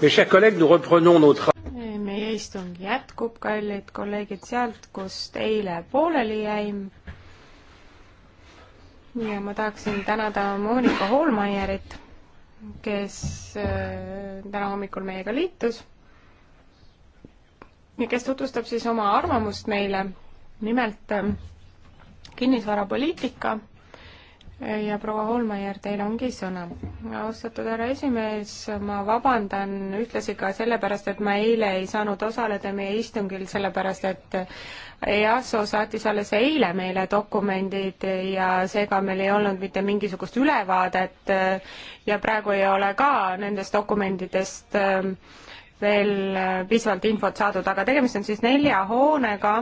meie istung jätkub, kallid kolleegid, sealt, kust eile pooleli jäime. ja ma tahaksin tänada Monika Hoolmeierit, kes äh, täna hommikul meiega liitus ja kes tutvustab siis oma arvamust meile, nimelt äh, kinnisvarapoliitika ja proua Holmeier, teil ongi sõna. austatud härra esimees, ma vabandan ühtlasi ka sellepärast, et ma eile ei saanud osaleda meie istungil, sellepärast et EASO saatis alles eile meile dokumendid ja seega meil ei olnud mitte mingisugust ülevaadet ja praegu ei ole ka nendest dokumentidest veel piisavalt infot saadud, aga tegemist on siis nelja hoonega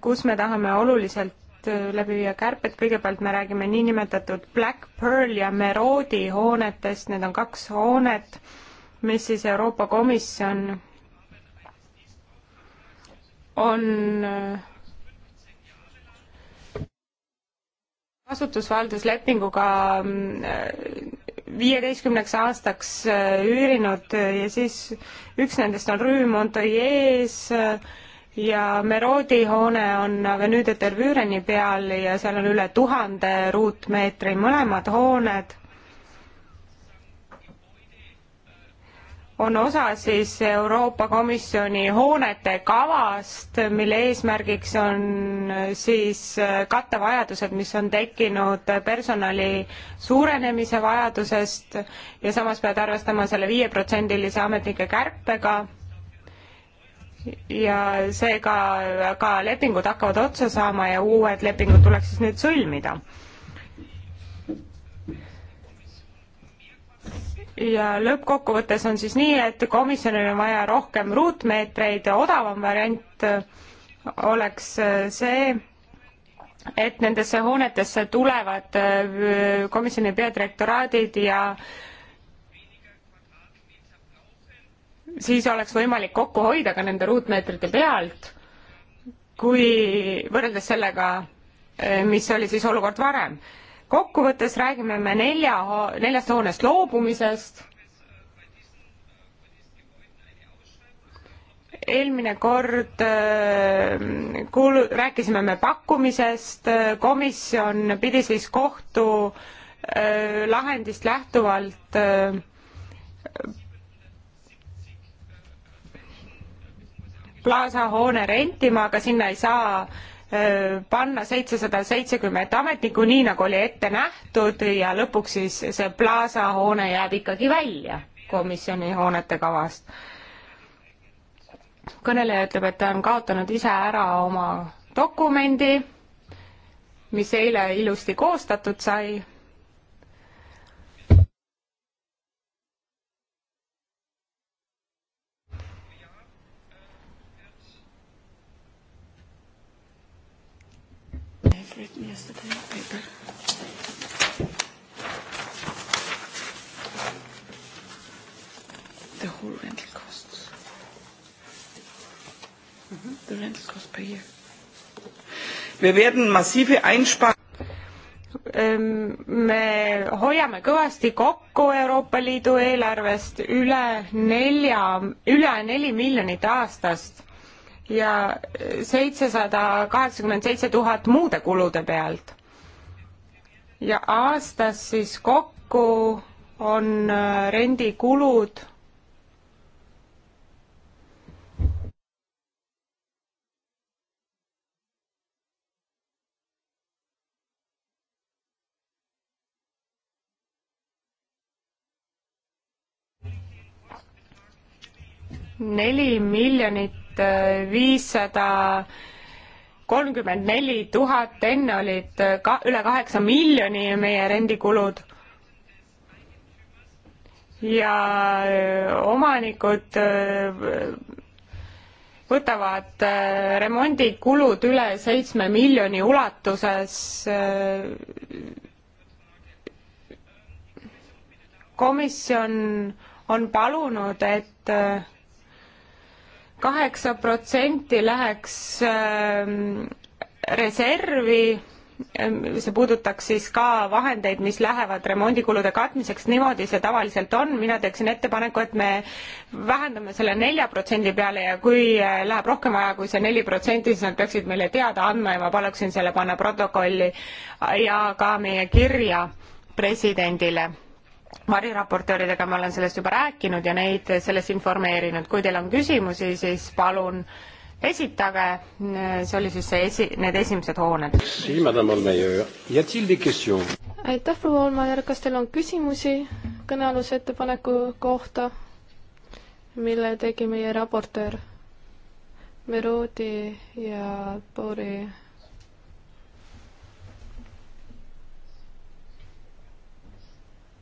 kus me tahame oluliselt Äh, läbi viia kärped, kõigepealt me räägime niinimetatud Black Pearl ja Merodi hoonetest, need on kaks hoonet, mis siis Euroopa Komisjon on äh, kasutusvalduslepinguga äh, viieteistkümneks aastaks üürinud ja siis üks nendest on Rue Montoyes, ja Merodi hoone on Avenue de Tervüreni peal ja seal on üle tuhande ruutmeetri, mõlemad hooned on osa siis Euroopa Komisjoni hoonete kavast, mille eesmärgiks on siis katta vajadused, mis on tekkinud personali suurenemise vajadusest ja samas pead arvestama selle viieprotsendilise ametnike kärpega ja seega ka, ka lepingud hakkavad otsa saama ja uued lepingud tuleks siis nüüd sõlmida. ja lõppkokkuvõttes on siis nii, et komisjonil on vaja rohkem ruutmeetreid, odavam variant oleks see, et nendesse hoonetesse tulevad komisjoni peadirektoraadid ja äh, siis oleks võimalik kokku hoida ka nende ruutmeetrite pealt, kui võrreldes sellega, eh, mis oli siis olukord varem. kokkuvõttes räägime me nelja, neljast hoonest loobumisest. eelmine kord eh, kuulu-, rääkisime me pakkumisest, komisjon pidi siis kohtu eh, lahendist lähtuvalt öö, Plaza hoone rentima, aga sinna ei saa panna seitsesada seitsekümmend ametnikku, nii nagu oli ette nähtud ja lõpuks siis see Plaza hoone jääb ikkagi välja komisjoni hoonete kavast. kõneleja ütleb, et ta on kaotanud ise ära oma dokumendi, mis eile ilusti koostatud sai written yesterday on paper. The whole rental costs. Mm-hmm. The rental cost per year. Wir werden massive Einsparungen ähm, me hoiame kõvasti kokku Euroopa Liidu eelarvest üle nelja, üle neli miljonit aastast ja seitsesada kaheksakümmend seitse tuhat muude kulude pealt. ja aastas siis kokku on äh, rendikulud neli miljonit tuhat äh, viissada kolmkümmend neli tuhat, enne olid ka üle kaheksa miljoni meie rendikulud. ja äh, omanikud äh, võtavad remondikulud üle seitsme miljoni ulatuses komisjon on palunud, et kaheksa protsenti läheks ähm, reservi, ähm, see puudutaks siis ka vahendeid, mis lähevad remondikulude katmiseks, niimoodi see tavaliselt on, mina teeksin ettepaneku, et me vähendame selle nelja protsendi peale ja kui äh, läheb rohkem aja kui see neli protsenti, siis nad peaksid meile teada andma ja ma paluksin selle panna protokolli ja ka meie kirja presidendile variraportööridega ma olen sellest juba rääkinud ja neid sellest informeerinud. kui teil on küsimusi, siis palun esitage, see oli siis see esi, need esimesed hooned. aitäh, proua Olmajärv, kas teil on küsimusi kõnealuse ettepaneku kohta, mille tegi meie raportöör Merodi ja Bori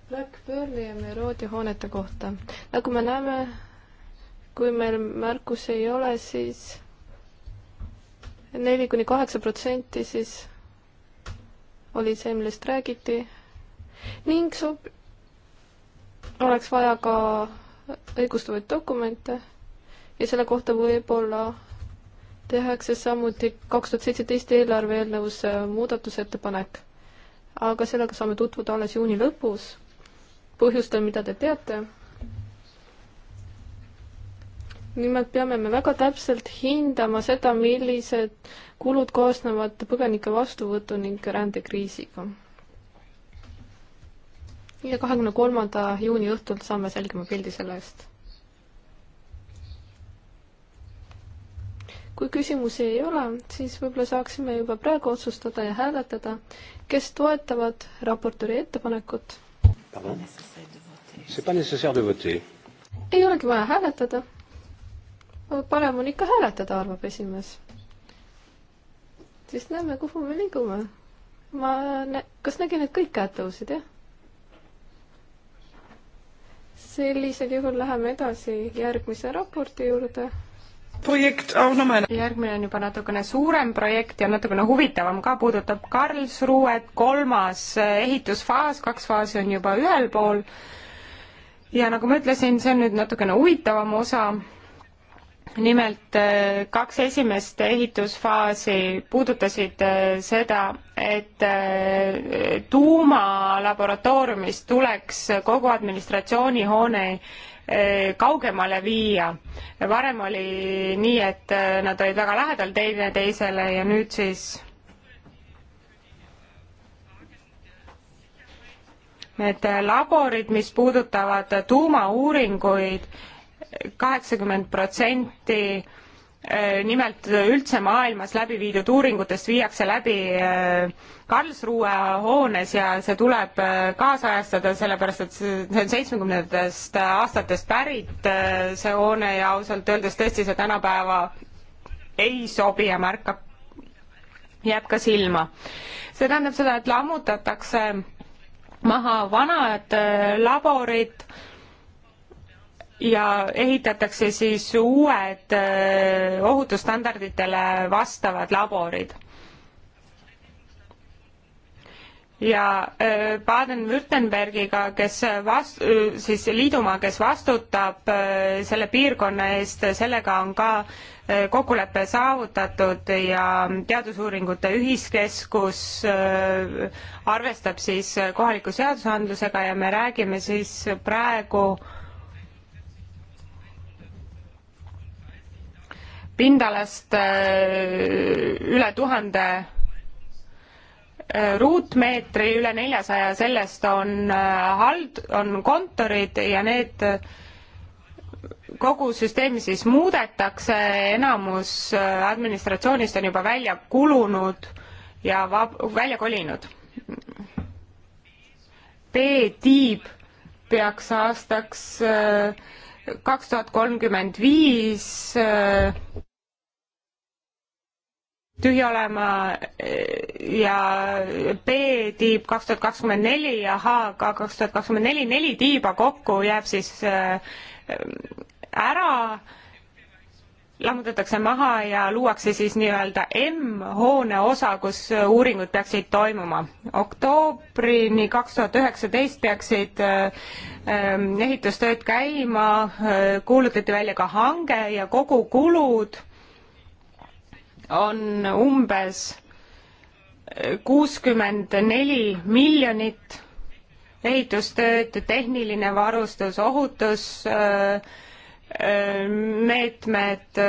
Blackburni ja Meroodi hoonete kohta. nagu me näeme, kui meil märkusi ei ole, siis neli kuni kaheksa protsenti siis oli see, millest räägiti ning sob-, oleks vaja ka õigustavaid dokumente ja selle kohta võib-olla tehakse samuti kaks tuhat seitseteist eelarve eelnõus äh, muudatusettepanek. aga sellega saame tutvuda alles juuni lõpus põhjustel, mida te teate. nimelt peame me väga täpselt hindama seda, millised kulud kaasnevad põgenike vastuvõtu ning rändekriisiga. ja kahekümne kolmanda juuni õhtul saame selgema pildi sellest. kui küsimusi ei ole, siis võib-olla saaksime juba praegu otsustada ja hääletada, kes toetavad raportööri ettepanekut. Pardon ei olegi vaja hääletada. parem on ikka hääletada, arvab esimees. siis näeme, kuhu me liigume. ma nä-, kas nägin, et kõik käed tõusid, jah? sellisel juhul läheme edasi järgmise raporti juurde projekt Aunomäe. järgmine on juba natukene suurem projekt ja natukene huvitavam ka, puudutab Karlsruhet, kolmas ehitusfaas, kaks faasi on juba ühel pool ja nagu ma ütlesin, see on nüüd natukene huvitavam osa, nimelt äh, kaks esimest ehitusfaasi puudutasid äh, seda, et äh, tuumalaboratooriumis tuleks kogu administratsioonihoone kaugemale viia. varem oli nii, et nad olid väga lähedal teineteisele ja nüüd siis need laborid, mis puudutavad tuumauuringuid, kaheksakümmend protsenti äh, nimelt üldse maailmas läbi viidud uuringutest viiakse läbi äh, Karlsruhe hoones ja see tuleb äh, kaasajastada, sellepärast et see on seitsmekümnendatest aastatest pärit, see hoone ja ausalt öeldes tõesti see tänapäeva ei sobi ja märkab, jääb ka silma. see tähendab seda, et lammutatakse maha vanad äh, laborid ja ehitatakse siis uued äh, ohutusstandarditele vastavad laborid ja äh, Baden-Württembergiga, kes vast-, siis liidumaa, kes vastutab selle piirkonna eest, sellega on ka kokkulepe saavutatud ja Teadusuuringute Ühiskeskus äh, arvestab siis kohaliku seadusandlusega ja me räägime siis praegu pindalast äh, üle tuhande äh, ruutmeetri, üle neljasaja sellest on hald-, on kontorid ja need kogu süsteemi siis muudetakse, enamus äh, administratsioonist on juba välja kulunud ja vab-, välja kolinud. B-tiib peaks aastaks äh, kaks tuhat kolmkümmend viis äh, tühi olema ja B-tiib kaks tuhat kakskümmend neli ja H ka kaks tuhat kakskümmend neli, neli tiiba kokku jääb siis ära, lammutatakse maha ja luuakse siis nii-öelda M-hoone osa, kus uuringud peaksid toimuma. oktoobrini kaks tuhat üheksateist peaksid ähm, ehitustööd käima, äh, kuulutati välja ka hange ja kogukulud on umbes äh, kuuskümmend neli miljonit ehitustööd, tehniline varustus, ohutus äh,, meetmed,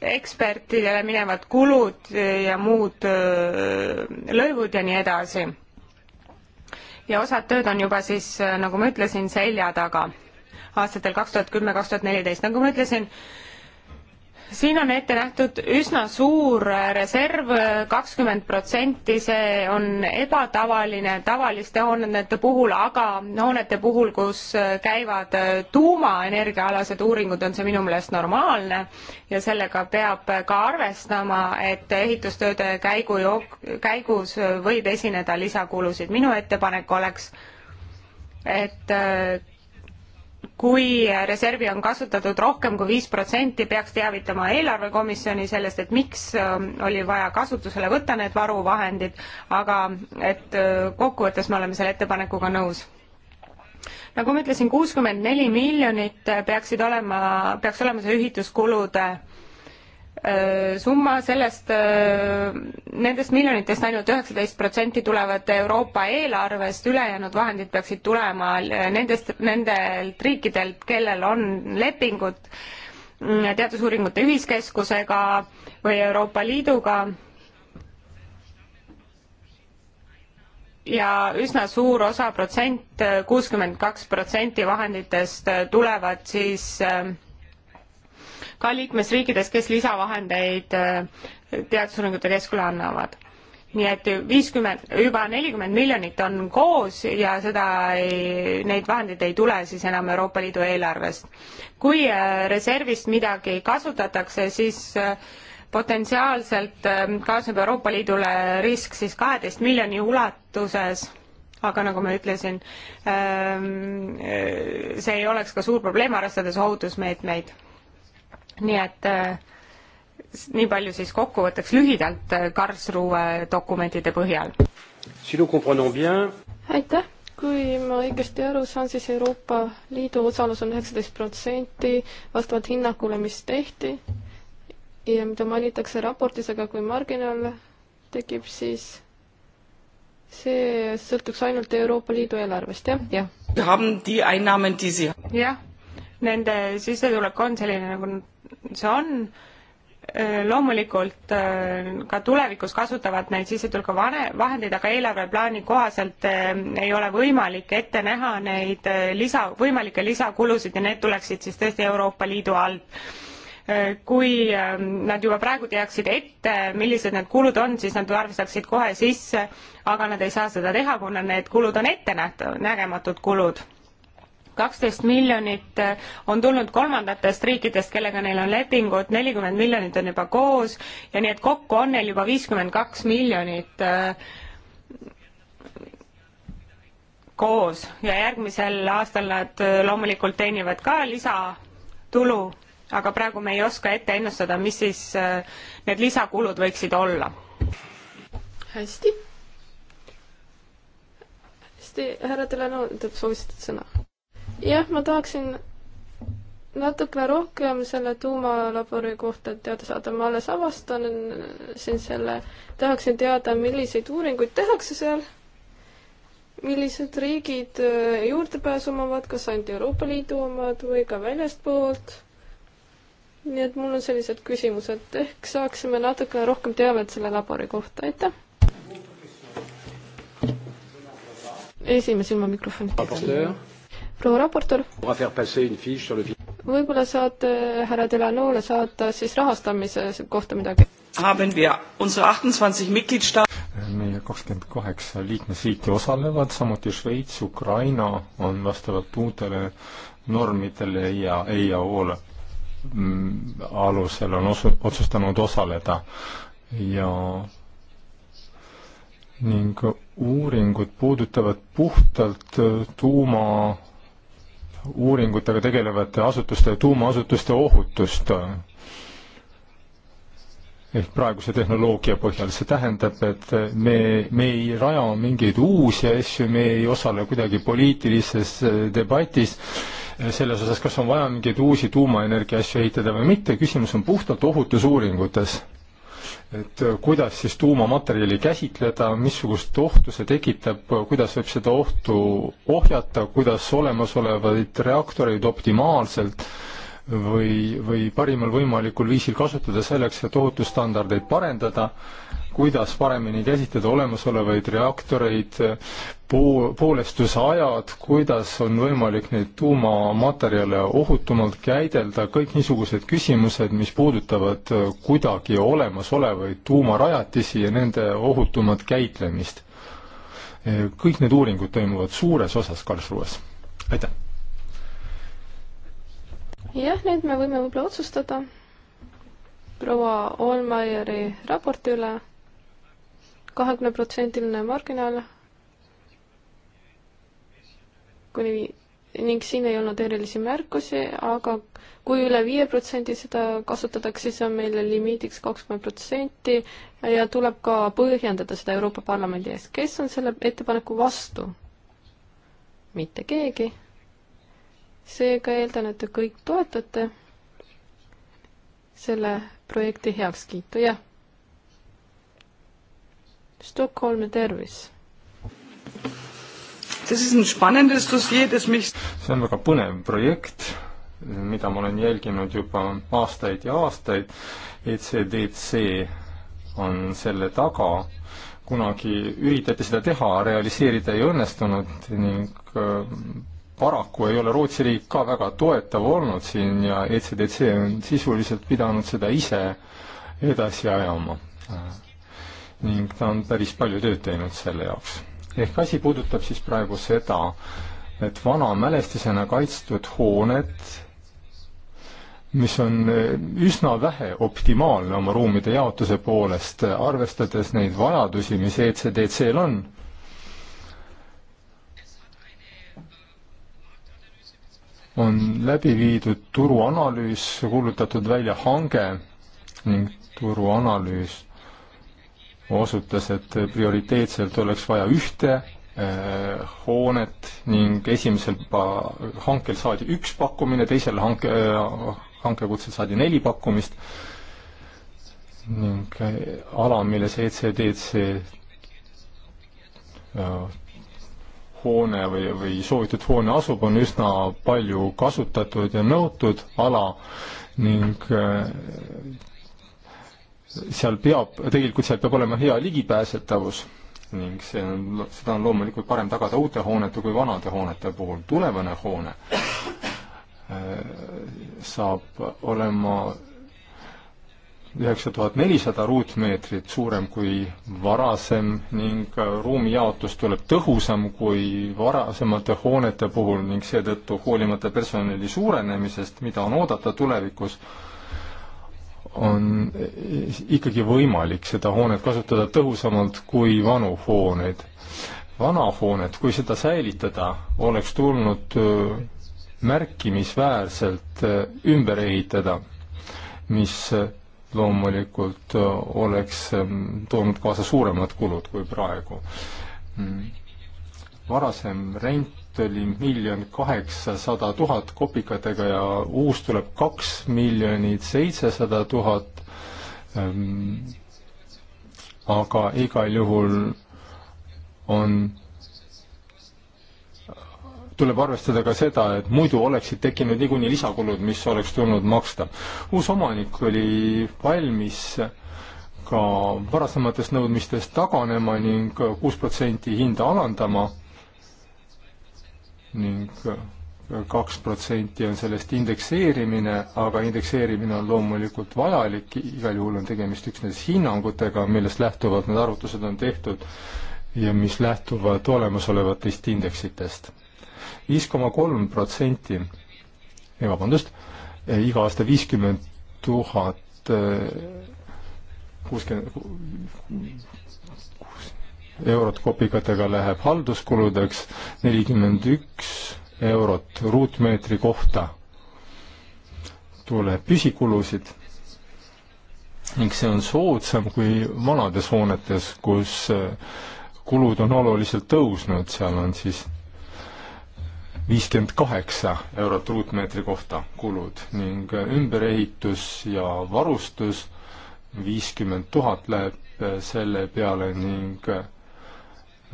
ekspertidele minevad kulud ja muud äh, lõivud ja nii edasi. ja osad tööd on juba siis, äh, nagu ma ütlesin, selja taga aastatel kaks tuhat kümme, kaks tuhat neliteist, nagu ma ütlesin, siin on ette nähtud üsna suur reserv, kakskümmend protsenti, see on ebatavaline tavaliste hoonete puhul, aga hoonete puhul, kus käivad tuumaenergiaalased uuringud, on see minu meelest normaalne ja sellega peab ka arvestama, et ehitustööde käigu, käigus võib esineda lisakulusid. minu ettepanek oleks, et kui reservi on kasutatud rohkem kui viis protsenti, peaks teavitama eelarvekomisjoni sellest, et miks ähm, oli vaja kasutusele võtta need varuvahendid, aga et äh, kokkuvõttes me oleme selle ettepanekuga nõus nagu ma ütlesin, kuuskümmend neli miljonit peaksid olema, peaks olema see ühituskulude äh, Äh, summa, sellest, äh, nendest miljonitest ainult üheksateist protsenti tulevad Euroopa eelarvest, ülejäänud vahendid peaksid tulema nendest, nendelt riikidelt, kellel on lepingud mm, teadusuuringute ühiskeskusega või Euroopa Liiduga ja üsna suur osa protsent, kuuskümmend kaks protsenti vahenditest tulevad siis äh, ka liikmesriikides, kes lisavahendeid äh, teadusuuringute keskule annavad. nii et viiskümmend, juba nelikümmend miljonit on koos ja seda ei, neid vahendeid ei tule siis enam Euroopa Liidu eelarvest. kui äh, reservist midagi kasutatakse, siis äh, potentsiaalselt kaasneb Euroopa Liidule risk siis kaheteist miljoni ulatuses aga nagu ma ütlesin, ähm, see ei oleks ka suur probleem, arvestades ohutusmeetmeid nii et äh, nii palju siis kokkuvõtteks lühidalt äh, Karlsruhe dokumentide põhjal. aitäh, kui ma õigesti aru saan, siis Euroopa Liidu osalus on üheksateist protsenti vastavalt hinnangule, mis tehti ja mida mainitakse raportis, aga kui marginaal tekib, siis see sõltuks ainult Euroopa Liidu eelarvest, jah? jah. jah, nende sissetulek on selline, nagu nad see on. Äh, loomulikult äh, ka tulevikus kasutavad neid sissetuleku vahendeid, aga eelarveplaani kohaselt äh, ei ole võimalik ette näha neid lisa, võimalikke lisakulusid ja need tuleksid siis tõesti Euroopa Liidu alt kui nad juba praegu teaksid ette, millised need kulud on, siis nad arvestaksid kohe sisse, aga nad ei saa seda teha, kuna need kulud on ettenäht-, nägematud kulud kaksteist miljonit eh, on tulnud kolmandatest riikidest, kellega neil on lepingud, nelikümmend miljonit on juba koos ja nii et kokku on neil juba viiskümmend kaks miljonit eh, koos ja järgmisel aastal nad eh, loomulikult teenivad ka lisatulu, aga praegu me ei oska ette ennustada, mis siis need lisakulud võiksid olla. hästi hästi, härra Delano, te soovisite sõna? jah, ma tahaksin natukene rohkem selle tuumalabori kohta teada saada, ma alles avastan siin selle, tahaksin teada, milliseid uuringuid tehakse seal, millised riigid äh, juurdepääsu omavad, kas ainult Euroopa Liidu omad või ka väljastpoolt. nii et mul on sellised küsimused, ehk saaksime natukene rohkem teavet selle labori kohta, aitäh. esimees ilma mikrofonita proua raportöör. võib-olla saate äh, härra Delanole saata siis rahastamise kohta midagi? meie kakskümmend kaheksa liikmesriiki osalevad, samuti Šveits, Ukraina on vastavalt uutele normidele ja EIA-ole mm, alusel on osu-, otsustanud osaleda ja ning uuringud puudutavad puhtalt äh, tuuma uuringutega tegelevate asutuste, tuumaasutuste ohutust ehk praeguse tehnoloogia põhjal, see tähendab, et me, me ei raja mingeid uusi asju, me ei osale kuidagi poliitilises debatis selles osas, kas on vaja mingeid uusi tuumaenergia asju ehitada või mitte, küsimus on puhtalt ohutusuuringutes et äh, kuidas siis tuumamaterjali käsitleda, missugust ohtu see tekitab, kuidas võib seda ohtu ohjata, kuidas olemasolevaid reaktoreid optimaalselt või, või parimal võimalikul viisil kasutada selleks, et ohutusstandardeid parendada kuidas paremini käsitleda olemasolevaid reaktoreid, pool, poolestusajad, kuidas on võimalik neid tuumamaterjale ohutumalt käidelda, kõik niisugused küsimused, mis puudutavad äh, kuidagi olemasolevaid tuumarajatisi ja nende ohutumat käitlemist. Äh, kõik need uuringud toimuvad suures osas Karlsruhes. aitäh! jah, nüüd me võime võib-olla otsustada proua Olmeieri raporti üle kahekümneprotsendiline marginaal kuni ning siin ei olnud erilisi märkusi, aga kui üle viie protsendi seda kasutatakse, siis on meil limiidiks kakskümmend protsenti ja tuleb ka põhjendada seda Euroopa Parlamendi ees. kes on selle ettepaneku vastu? mitte keegi. seega eeldan, et te kõik toetate selle projekti heakskiitu, jah Stockholmi tervis. see on väga põnev projekt, mida ma olen jälginud juba aastaid ja aastaid. ECDC on selle taga kunagi üritati seda teha, realiseerida ei õnnestunud ning äh, paraku ei ole Rootsi riik ka väga toetav olnud siin ja ECDC on sisuliselt pidanud seda ise edasi ajama ning ta on päris palju tööd teinud selle jaoks. ehk asi puudutab siis praegu seda, et vana mälestisena kaitstud hooned, mis on eh, üsna vähe optimaalne oma ruumide jaotuse poolest, arvestades neid vajadusi, mis ECDC-l on on läbi viidud turuanalüüs, kuulutatud välja hange ning turuanalüüs osutas, et prioriteetselt oleks vaja ühte äh, hoonet ning esimesel pa-, hankel saadi üks pakkumine, teisel hanke, äh, hankekutsel saadi neli pakkumist ning äh, ala, milles ECDC hoone või, või soovitud hoone asub, on üsna palju kasutatud ja nõutud ala ning seal peab, tegelikult seal peab olema hea ligipääsetavus ning see on, seda on loomulikult parem tagada uute hoonete kui vanade hoonete puhul. tulevane hoone äh, saab olema üheksa tuhat nelisada ruutmeetrit suurem kui varasem ning ruumijaotus tuleb tõhusam kui varasemate hoonete puhul ning seetõttu hoolimata personali suurenemisest, mida on oodata tulevikus, on ikkagi võimalik seda hoonet kasutada tõhusamalt kui vanu hooneid. vana hoonet, kui seda säilitada, oleks tulnud märkimisväärselt ümber ehitada, mis loomulikult oleks toonud kaasa suuremad kulud kui praegu. Mm. varasem rent oli miljon kaheksasada tuhat kopikatega ja uus tuleb kaks miljonit seitsesada tuhat. Ehm, aga igal juhul on, tuleb arvestada ka seda, et muidu oleksid tekkinud niikuinii lisakulud, mis oleks tulnud maksta. uus omanik oli valmis ka varasematest nõudmistest taganema ning kuus protsenti hinda alandama ning kaks protsenti on sellest indekseerimine, aga indekseerimine on loomulikult vajalik, igal juhul on tegemist üksnes hinnangutega, millest lähtuvalt need arvutused on tehtud ja mis lähtuvad olemasolevatest indeksitest. viis koma kolm protsenti, ei eh, vabandust, eh, iga aasta viiskümmend tuhat eh, kuuskümmend, eurot kopikatega läheb halduskuludeks, nelikümmend üks eurot ruutmeetri kohta tuleb püsikulusid ning see on soodsam kui vanades hoonetes, kus äh, kulud on oluliselt tõusnud, seal on siis viiskümmend kaheksa eurot ruutmeetri kohta kulud ning äh, ümberehitus ja varustus viiskümmend tuhat läheb äh, selle peale ning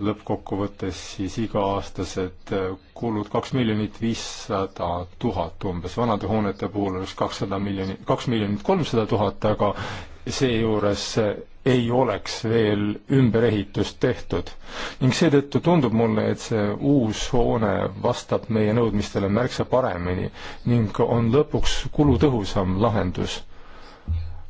lõppkokkuvõttes siis iga-aastased kulud kaks miljonit viissada tuhat umbes, vanade hoonete puhul oleks kakssada miljonit, kaks miljonit kolmsada tuhat, aga seejuures ei oleks veel ümberehitust tehtud. ning seetõttu tundub mulle, et see uus hoone vastab meie nõudmistele märksa paremini ning on lõpuks kulutõhusam lahendus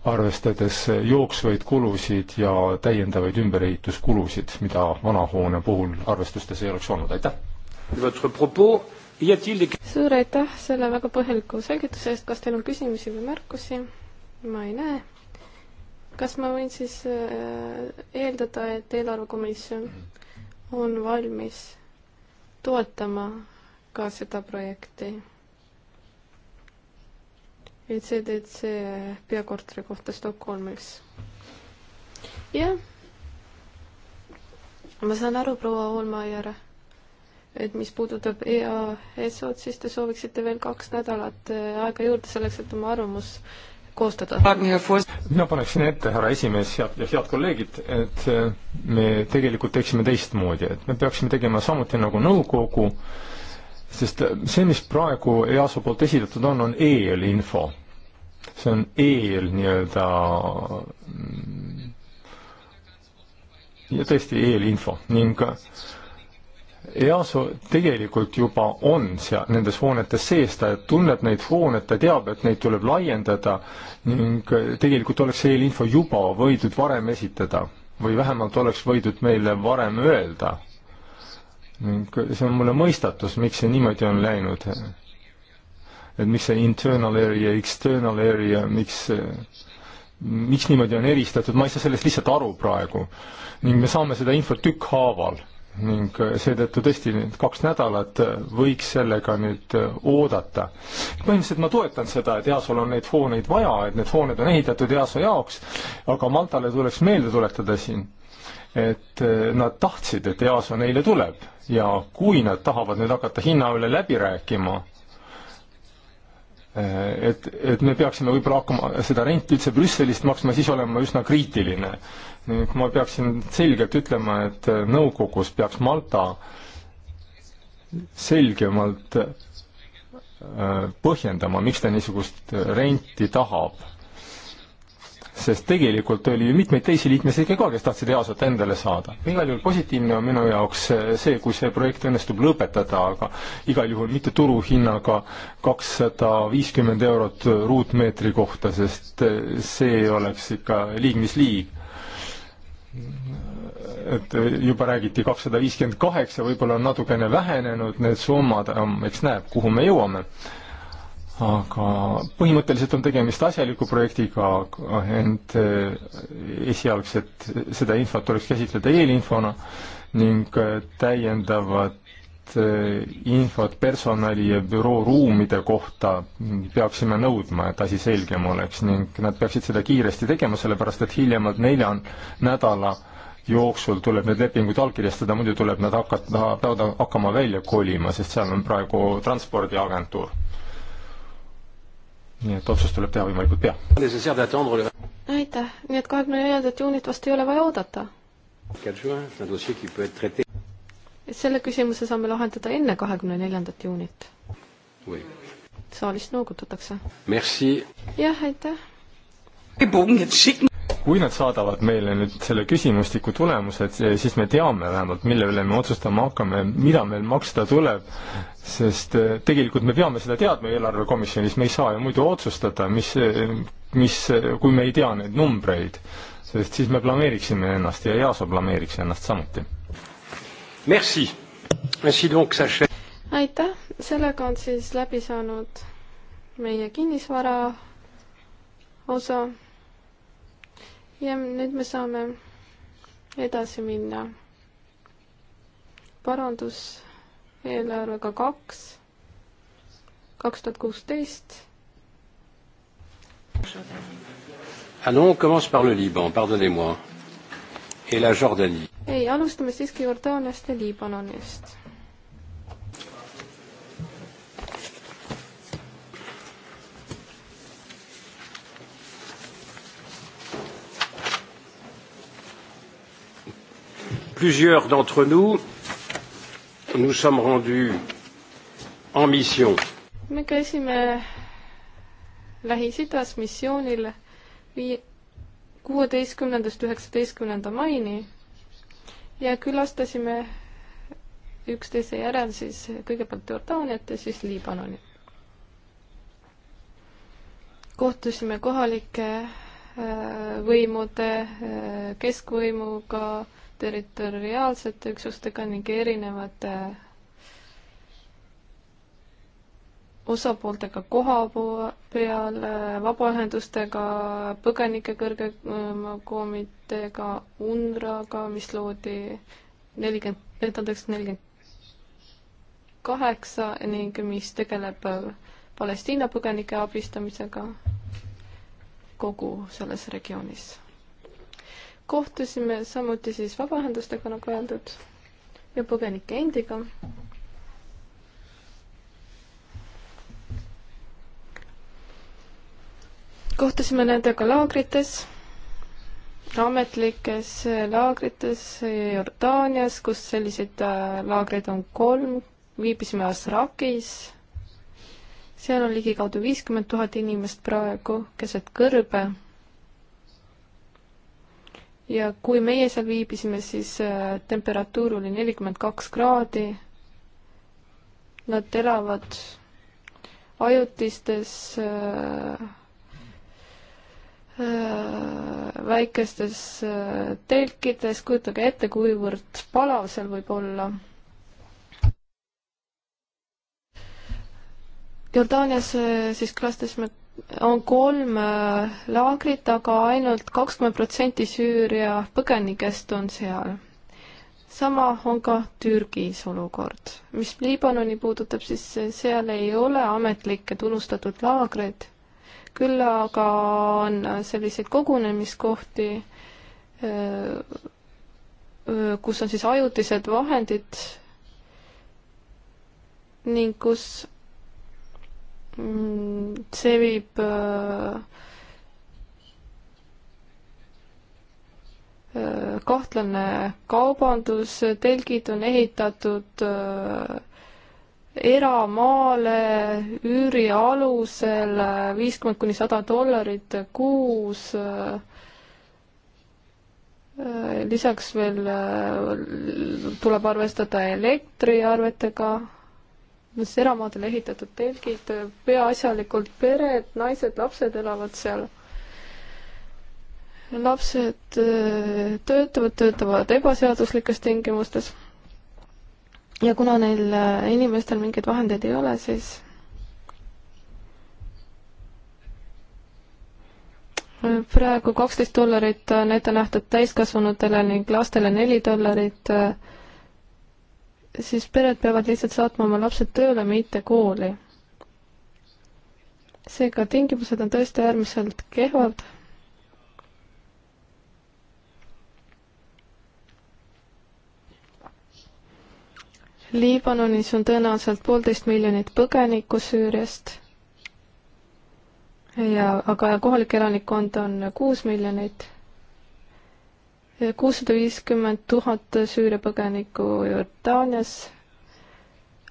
arvestades jooksvaid kulusid ja täiendavaid ümberehituskulusid, mida vana hoone puhul arvestustes ei oleks olnud, aitäh! suur aitäh selle väga põhjaliku selgituse eest, kas teil on küsimusi või märkusi? ma ei näe. kas ma võin siis äh, eeldada, et eelarvekomisjon on valmis toetama ka seda projekti? ECDC peakorteri kohta Stockholmis. jah, ma saan aru, proua Olmajärv, et mis puudutab EASO-d, siis te sooviksite veel kaks nädalat eh, aega juurde selleks, et oma arvamus koostada. mina paneksin ette, härra esimees, head, head kolleegid, et eh, me tegelikult teeksime teistmoodi, et me peaksime tegema samuti nagu nõukogu, sest eh, see, mis praegu EASO poolt esitatud on, on eelinfo see on eel nii-öelda mm, ja tõesti eelinfo ning EASO tegelikult juba on seal nendes hoonetes sees, ta tunneb neid hooneid, ta teab, et neid tuleb laiendada ning tegelikult oleks see eelinfo juba võidud varem esitada või vähemalt oleks võidud meile varem öelda. ning see on mulle mõistatus, miks see niimoodi on läinud et miks see internal area, external area, miks, miks niimoodi on eristatud, ma ei saa sellest lihtsalt aru praegu. ning me saame seda infot tükkhaaval ning seetõttu tõesti need kaks nädalat võiks sellega nüüd oodata. põhimõtteliselt ma toetan seda, et EASO-l on neid hooneid vaja, et need hooned on ehitatud EASO jaoks, aga Maltale tuleks meelde tuletada siin, et nad tahtsid, et EASO neile tuleb ja kui nad tahavad nüüd hakata hinna üle läbi rääkima, Eh, et, et me peaksime võib-olla hakkama seda renti üldse Brüsselist maksma, siis olen ma üsna kriitiline. ning ma peaksin selgelt ütlema, et eh, nõukogus peaks Malta selgemalt eh, põhjendama, miks ta niisugust renti tahab sest tegelikult oli ju mitmeid teisi liikmesriike ka, kes tahtsid EASO-t endale saada. igal juhul positiivne on minu jaoks see, kui see projekt õnnestub lõpetada, aga igal juhul mitte turuhinnaga kakssada viiskümmend eurot ruutmeetri kohta, sest see oleks ikka liig mis liig et juba räägiti kakssada viiskümmend kaheksa, võib-olla on natukene vähenenud need summad, eks näeb, kuhu me jõuame aga põhimõtteliselt on tegemist asjaliku projektiga, ent äh, esialgset, seda infot tuleks käsitleda eelinfona ning äh, täiendavat äh, infot personali ja büroo ruumide kohta peaksime nõudma, et asi selgem oleks ning nad peaksid seda kiiresti tegema, sellepärast et hiljemalt nelja nädala jooksul tuleb need lepingud allkirjastada, muidu tuleb nad hakata, peavad hakkama välja kolima, sest seal on praegu transpordiagentuur nii et otsus tuleb teha võimalikult pea. aitäh, nii et kahekümne neljandat juunit vast ei ole vaja oodata? selle küsimuse saame lahendada enne kahekümne neljandat juunit. saalist noogutatakse. jah, aitäh kui nad saadavad meile nüüd selle küsimustiku tulemused, eh, siis me teame vähemalt, mille üle me otsustama hakkame, mida meil maksta tuleb, sest eh, tegelikult me peame seda teadma eelarvekomisjonis, me ei saa ju muidu otsustada, mis, eh, mis, kui me ei tea neid numbreid, sest siis me planeeriksime ennast ja EASA planeeriks ennast samuti. Merci, merci donc, Sacha. aitäh, sellega on siis läbi saanud meie kinnisvara osa ja nüüd me saame edasi minna paranduseelarvega kaks, kaks tuhat kuusteist. Allons, on commence par le Liban, pardonnez-moi, et la Jordanie. ei, alustame siiski Jordaaniast ja Liibanonist plusieurs d'entre nous nous sommes rendus en mission. me käisime Lähis-Idas missioonil vii-, kuueteistkümnendast üheksateistkümnenda maini ja külastasime üksteise järel siis kõigepealt Jordaaniat ja siis Liibanoni. kohtusime kohalike äh, võimude, äh, keskvõimuga, territoriaalsete üksustega ning erinevate osapooltega koha peal, vabaühendustega, põgenike kõrgema ähm, komiteega, UNRWA-ga, mis loodi nelikümmend, eh, tuhat üheksasada nelikümmend kaheksa ning mis tegeleb äh, Palestiina põgenike abistamisega kogu selles regioonis kohtusime samuti siis vabaühendustega, nagu öeldud, ja põgenike endiga. kohtusime nendega laagrites, ametlikes laagrites Jordaanias, kus selliseid äh, laagreid on kolm, viibisime Asrakis, seal on ligikaudu viiskümmend tuhat inimest praegu keset kõrbe ja kui meie seal viibisime, siis äh, temperatuur oli nelikümmend kaks kraadi. Nad elavad ajutistes äh, äh, väikestes äh, telkides, kujutage ette, kuivõrd palav seal võib olla. Jordaanias äh, siis külastasime on kolm äh, laagrit, aga ainult kakskümmend protsenti Süüria põgenikest on seal. sama on ka Türgis olukord. mis Liibanoni puudutab, siis seal ei ole ametlikke tunnustatud laagreid, küll aga on äh, selliseid kogunemiskohti, äh, kus on siis ajutised vahendid ning kus see viib äh, kahtlane kaubandus, telgid on ehitatud äh, eramaale üüri alusel äh, viiskümmend kuni sada dollarit kuus lisaks veel tuleb arvestada elektriarvetega seramaadele ehitatud telgid, peaasjalikult pered, naised, lapsed elavad seal. lapsed äh, töötavad, töötavad ebaseaduslikes tingimustes. ja kuna neil äh, inimestel mingeid vahendeid ei ole, siis praegu kaksteist dollarit äh, on ette nähtud täiskasvanutele ning lastele neli dollarit äh, siis pered peavad lihtsalt saatma oma lapsed tööle, mitte kooli. seega tingimused on tõesti äärmiselt kehvad. Liibanonis on tõenäoliselt poolteist miljonit põgenikku Süüriast ja, aga kohalik elanikkond on kuus miljonit kuussada viiskümmend tuhat Süüria põgenikku Jordaanias,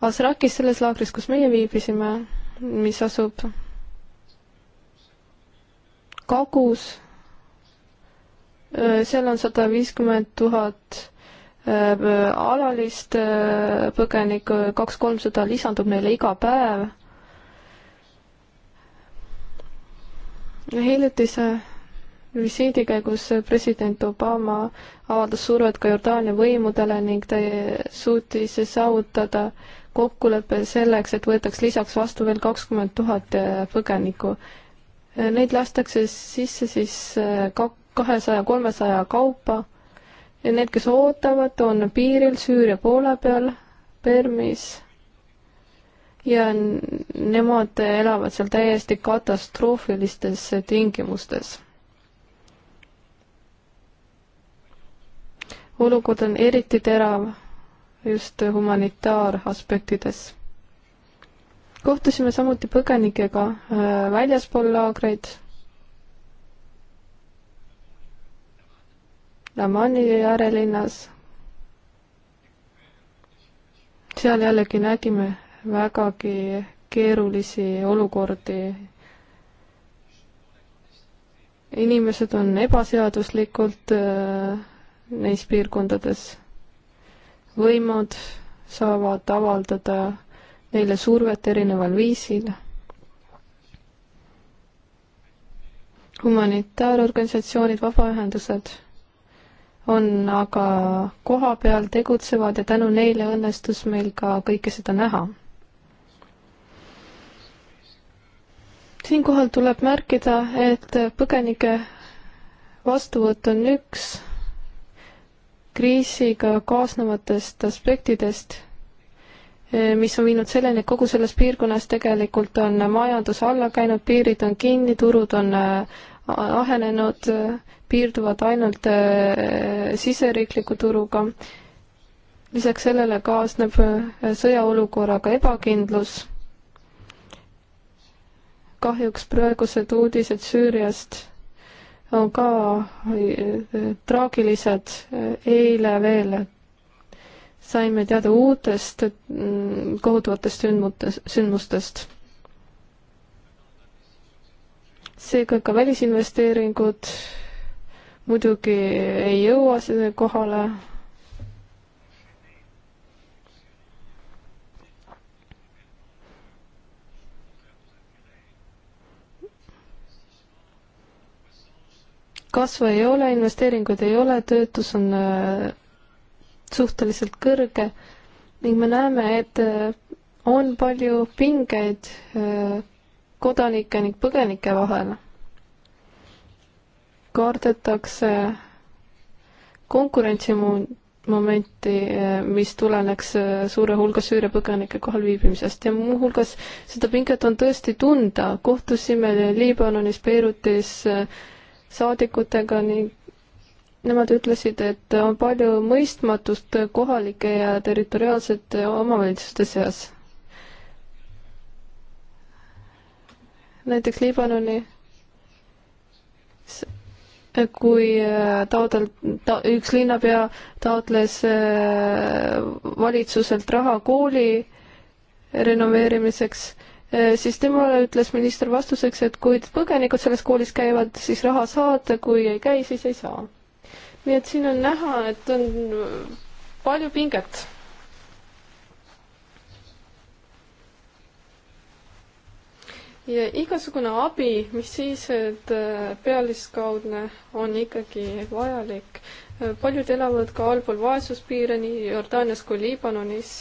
Asrakis, selles laagris, kus meie viibisime, mis asub Kagus, seal on sada viiskümmend tuhat alalist põgenikku, kaks-kolmsada lisandub neile iga päev. hiljutise visiidi käigus president Obama avaldas survet ka Jordaania võimudele ning ta suutis saavutada kokkuleppe selleks, et võetaks lisaks vastu veel kakskümmend tuhat äh, põgenikku. Äh, neid lastakse sisse siis äh, kahesaja, kolmesaja kaupa ja need, kes ootavad, on piiril Süüria poole peal, Permis ja nemad elavad seal täiesti katastroofilistes tingimustes olukord on eriti terav just humanitaaraspektides. kohtusime samuti põgenikega äh, väljaspool laagreid. Lamani äärelinnas. seal jällegi nägime vägagi keerulisi olukordi. inimesed on ebaseaduslikult äh, neis piirkondades. võimud saavad avaldada neile survet erineval viisil. humanitaarorganisatsioonid, vabaühendused on aga koha peal tegutsevad ja tänu neile õnnestus meil ka kõike seda näha. siinkohal tuleb märkida, et põgenike vastuvõtt on üks kriisiga kaasnevatest aspektidest, eh, mis on viinud selleni, et kogu selles piirkonnas tegelikult on majandus alla käinud, piirid on kinni, turud on eh, ahenenud, piirduvad ainult eh, siseriikliku turuga. lisaks sellele kaasneb sõjaolukorraga ebakindlus. kahjuks praegused uudised Süüriast on ka äh, äh, traagilised. eile veel saime teada uutest mm, kohutavatest sündmustest. seega ka välisinvesteeringud muidugi ei jõua kohale kasvu ei ole, investeeringuid ei ole, töötus on äh, suhteliselt kõrge ning me näeme, et äh, on palju pingeid äh, kodanike ning põgenike vahel. kardetakse konkurentsimomenti, mis tuleneks suure hulga Süüria põgenike kohalviibimisest ja muuhulgas seda pinget on tõesti tunda, kohtusime Liibanonis, Beirutis äh, saadikutega ning nemad ütlesid, et on palju mõistmatust kohalike ja territoriaalsete omavalitsuste seas. näiteks Liibanoni kui äh, taotel- ta,, üks linnapea taotles äh, valitsuselt raha kooli renoveerimiseks Äh, siis temale ütles minister vastuseks, et kui põgenikud selles koolis käivad, siis raha saate, kui ei käi, siis ei saa. nii et siin on näha, et on äh, palju pinget. ja igasugune abi, mis siis, et äh, pealiskaudne on ikkagi vajalik. paljud elavad ka allpool vaesuspiireni Jordaanias kui Liibanonis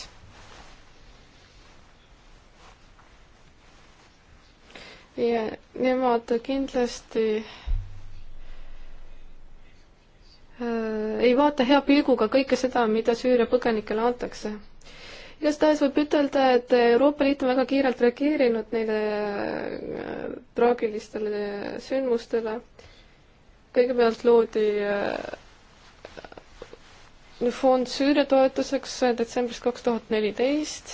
ja nemad kindlasti äh, ei vaata hea pilguga kõike seda, mida Süüria põgenikele antakse. igastahes võib ütelda, et Euroopa Liit on väga kiirelt reageerinud neile äh, traagilistele sündmustele. kõigepealt loodi äh, fond Süüria toetuseks detsembris kaks tuhat neliteist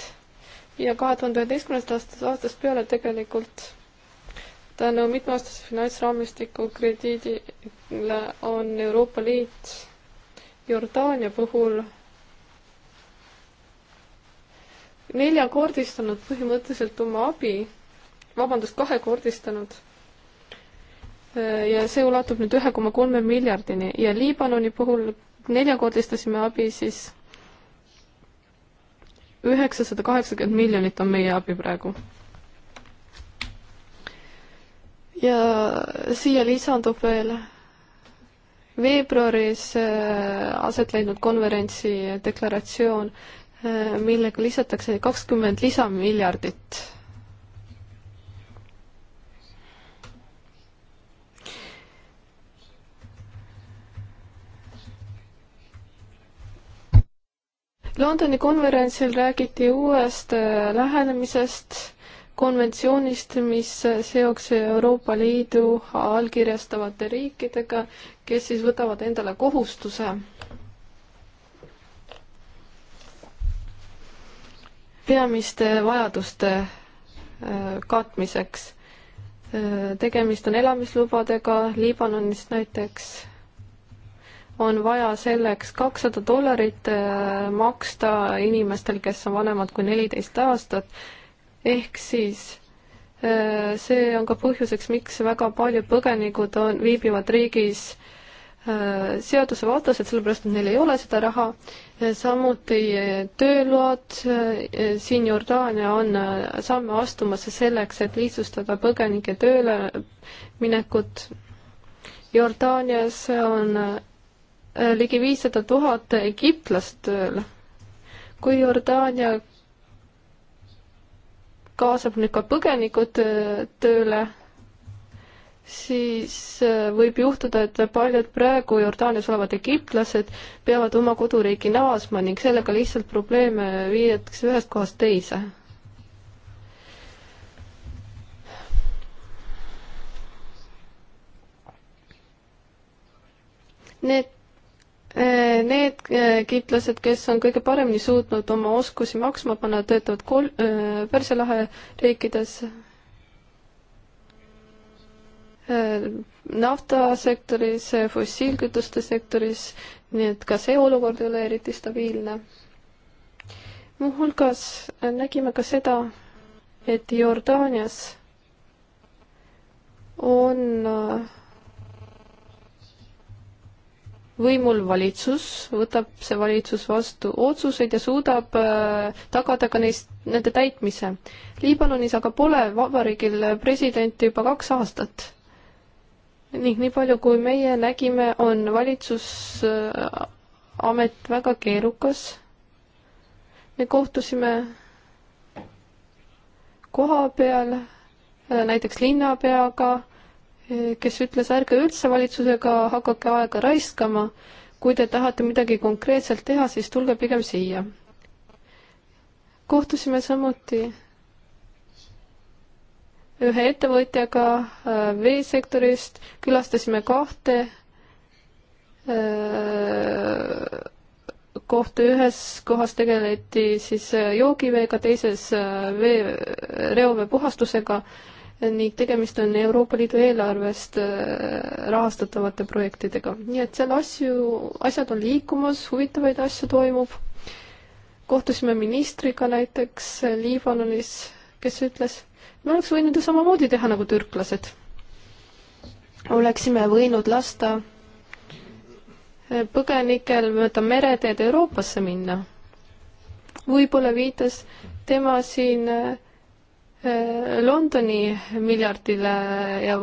ja kahe tuhande üheteistkümnendast aastast, aastast peale tegelikult tänu mitmeaastase finantsraamistiku krediidile on Euroopa Liit Jordaania puhul neljakordistanud põhimõtteliselt oma abi, vabandust, kahekordistanud. ja see ulatub nüüd ühe koma kolme miljardini ja Liibanoni puhul neljakordistasime abi siis üheksasada kaheksakümmend miljonit on meie abi praegu ja siia lisandub veel veebruaris äh, aset leidnud konverentsi deklaratsioon, äh, millega lisatakse kakskümmend lisamiljardit Londoni konverentsil räägiti uuest äh, lähenemisest konventsioonist, mis seoks Euroopa Liidu allkirjastavate riikidega, kes siis võtavad endale kohustuse peamiste vajaduste äh, katmiseks. Äh, tegemist on elamislubadega, Liibanonis näiteks on vaja selleks kakssada dollarit äh, maksta inimestel, kes on vanemad kui neliteist aastat ehk siis äh, see on ka põhjuseks, miks väga paljud põgenikud on, viibivad riigis äh, seadusevastased, sellepärast et neil ei ole seda raha, äh, samuti tööload, siin Jordaania on samme astumas selleks, et lihtsustada põgenike tööle minekut. Jordaanias on ligi viissada tuhat egiptlast tööl. kui Jordaania kaasab nüüd ka põgenikud äh, tööle, siis äh, võib juhtuda, et paljud praegu Jordaanias olevad egiptlased peavad oma koduriiki naasma ning sellega lihtsalt probleeme viidatakse ühest kohast teise. Need Äh, need äh, kitlased, kes on kõige paremini suutnud oma oskusi maksma panna, töötavad kol-, äh, Pärsia lahe riikides, naftasektoris, fossiilkütuste sektoris, nii et ka see olukord ei ole eriti stabiilne. muuhulgas nägime ka seda, et Jordaanias on võimul valitsus, võtab see valitsus vastu otsuseid ja suudab äh, tagada ka neist, nende täitmise. Liibanonis aga pole vabariigil presidenti juba kaks aastat. ning nii palju, kui meie nägime, on valitsusamet äh, väga keerukas. me kohtusime koha peal äh, näiteks linnapeaga kes ütles, ärge üldse valitsusega hakake aega raiskama, kui te tahate midagi konkreetselt teha, siis tulge pigem siia. kohtusime samuti ühe ettevõtjaga äh, veesektorist, külastasime kahte äh, kohta, ühes kohas tegeleti siis äh, joogiveega, teises vee, reovee puhastusega ning tegemist on Euroopa Liidu eelarvest äh, rahastatavate projektidega. nii et seal asju, asjad on liikumas, huvitavaid asju toimub. kohtusime ministriga näiteks äh, Liibanonis, kes ütles, me oleks võinud ju samamoodi teha nagu türklased. oleksime võinud lasta äh, põgenikel mööda mereteed Euroopasse minna. võib-olla viitas tema siin äh, Londoni miljardile ja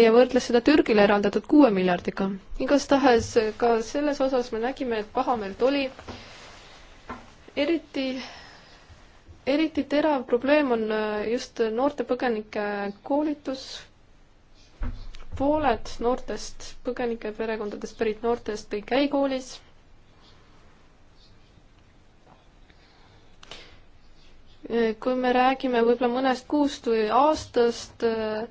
ja võrdles seda Türgile eraldatud kuue miljardiga. igastahes ka selles osas me nägime, et pahameelt oli. eriti, eriti terav probleem on just noorte põgenike koolitus. pooled noortest põgenike perekondadest pärit noortest ei käi koolis kui me räägime võib-olla mõnest kuust või aastast äh,